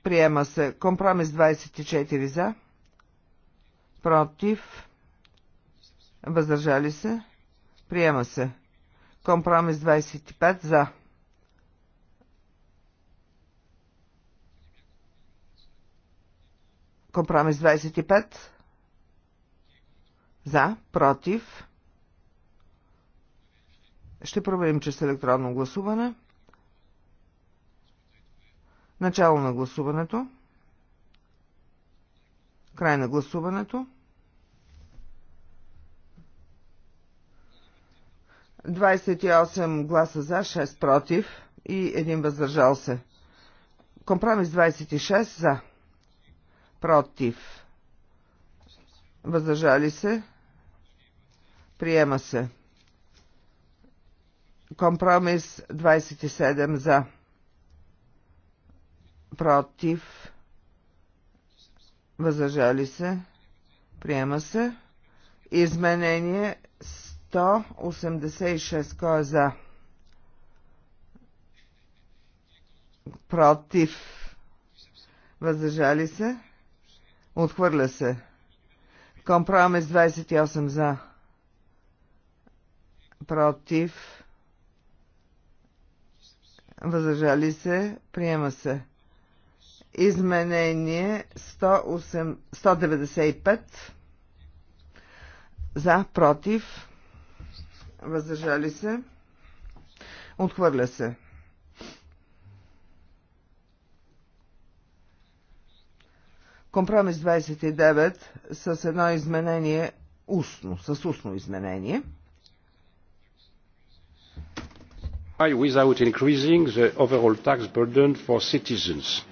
Приема се. Компромис 24 за, против, въздържали се. Приема се. Компромис 25 за. Компромис 25 за, против. Ще проверим, че с електронно гласуване. Начало на гласуването. Край на гласуването. 28 гласа за, 6 против и един въздържал се. Компромис 26 за, против, въздържали се, приема се. Компромис 27 за, против, въздържали се, приема се. Изменение 186. Кой е за? Против. Въздържали се? Отхвърля се. Компромис 28 за. Против. Въздържали се? Приема се. Изменение 108, 195. За, против въздържали се, отхвърля се. Компромис 29 с едно изменение устно, с устно изменение. Without increasing the overall tax burden for citizens.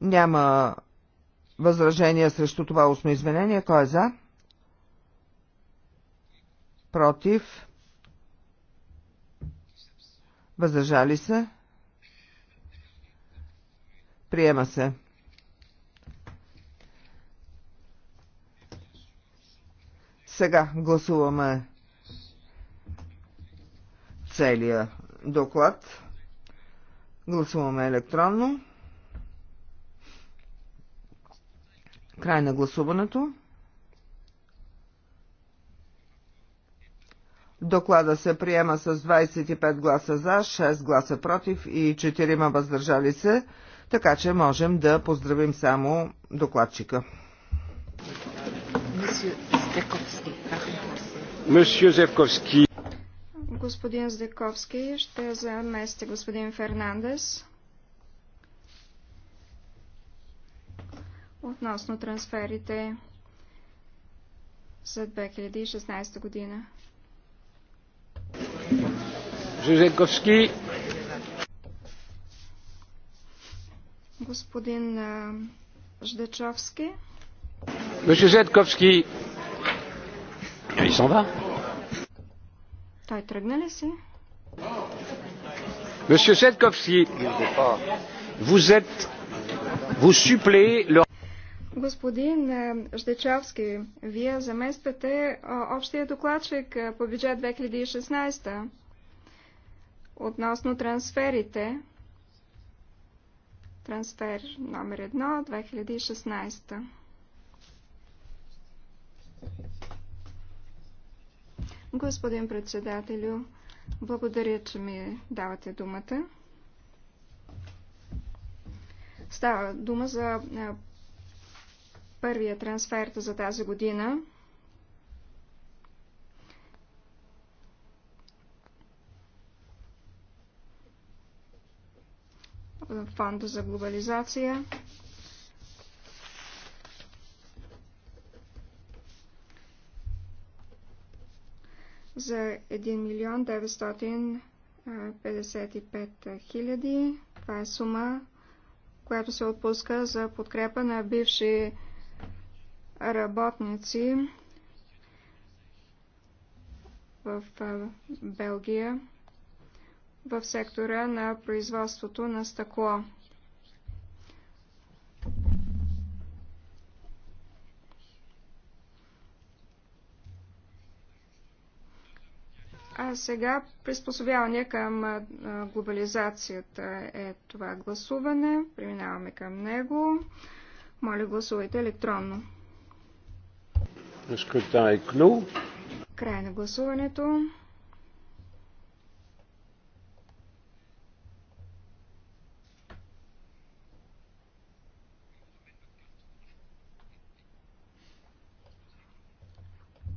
Няма възражения срещу това устно извинение. Кой е за? Против? Възражали се? Приема се. Сега гласуваме целия доклад. Гласуваме електронно. Край на гласуването. Доклада се приема с 25 гласа за, 6 гласа против и 4 ма въздържали се, така че можем да поздравим само докладчика. Господин Здековски ще замести господин Фернандес. относно трансферите за 2016 година. Жужековски. Господин Ждачовски. Monsieur Жетковски. Il s'en Той тръгна ли си? Monsieur Жетковски, vous êtes, vous suppléez le... Господин е, Ждечовски, вие замествате е, общия докладчик е, по бюджет 2016 относно трансферите. Трансфер номер 1 2016. Господин председателю, благодаря, че ми давате думата. Става дума за първия трансфер за тази година. Фонда за глобализация. за 1 милион 955 хиляди. Това е сума, която се отпуска за подкрепа на бивши работници в Белгия в сектора на производството на стъкло. А сега приспособяване към глобализацията е това гласуване. Преминаваме към него. Моля, гласувайте електронно. Край на гласуването.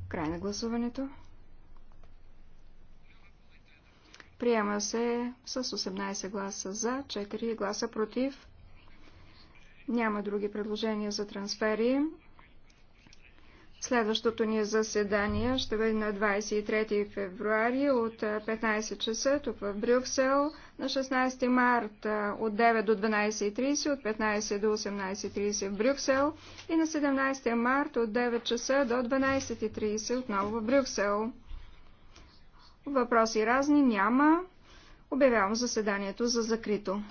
Край на гласуването. Приема се с 18 гласа за, 4 гласа против. Няма други предложения за трансфери. Следващото ни заседание ще бъде на 23 февруари от 15 часа тук в Брюксел, на 16 март от 9 до 12.30, от 15 до 18.30 в Брюксел и на 17 март от 9 часа до 12.30 отново в Брюксел. Въпроси разни няма. Обявявам заседанието за закрито.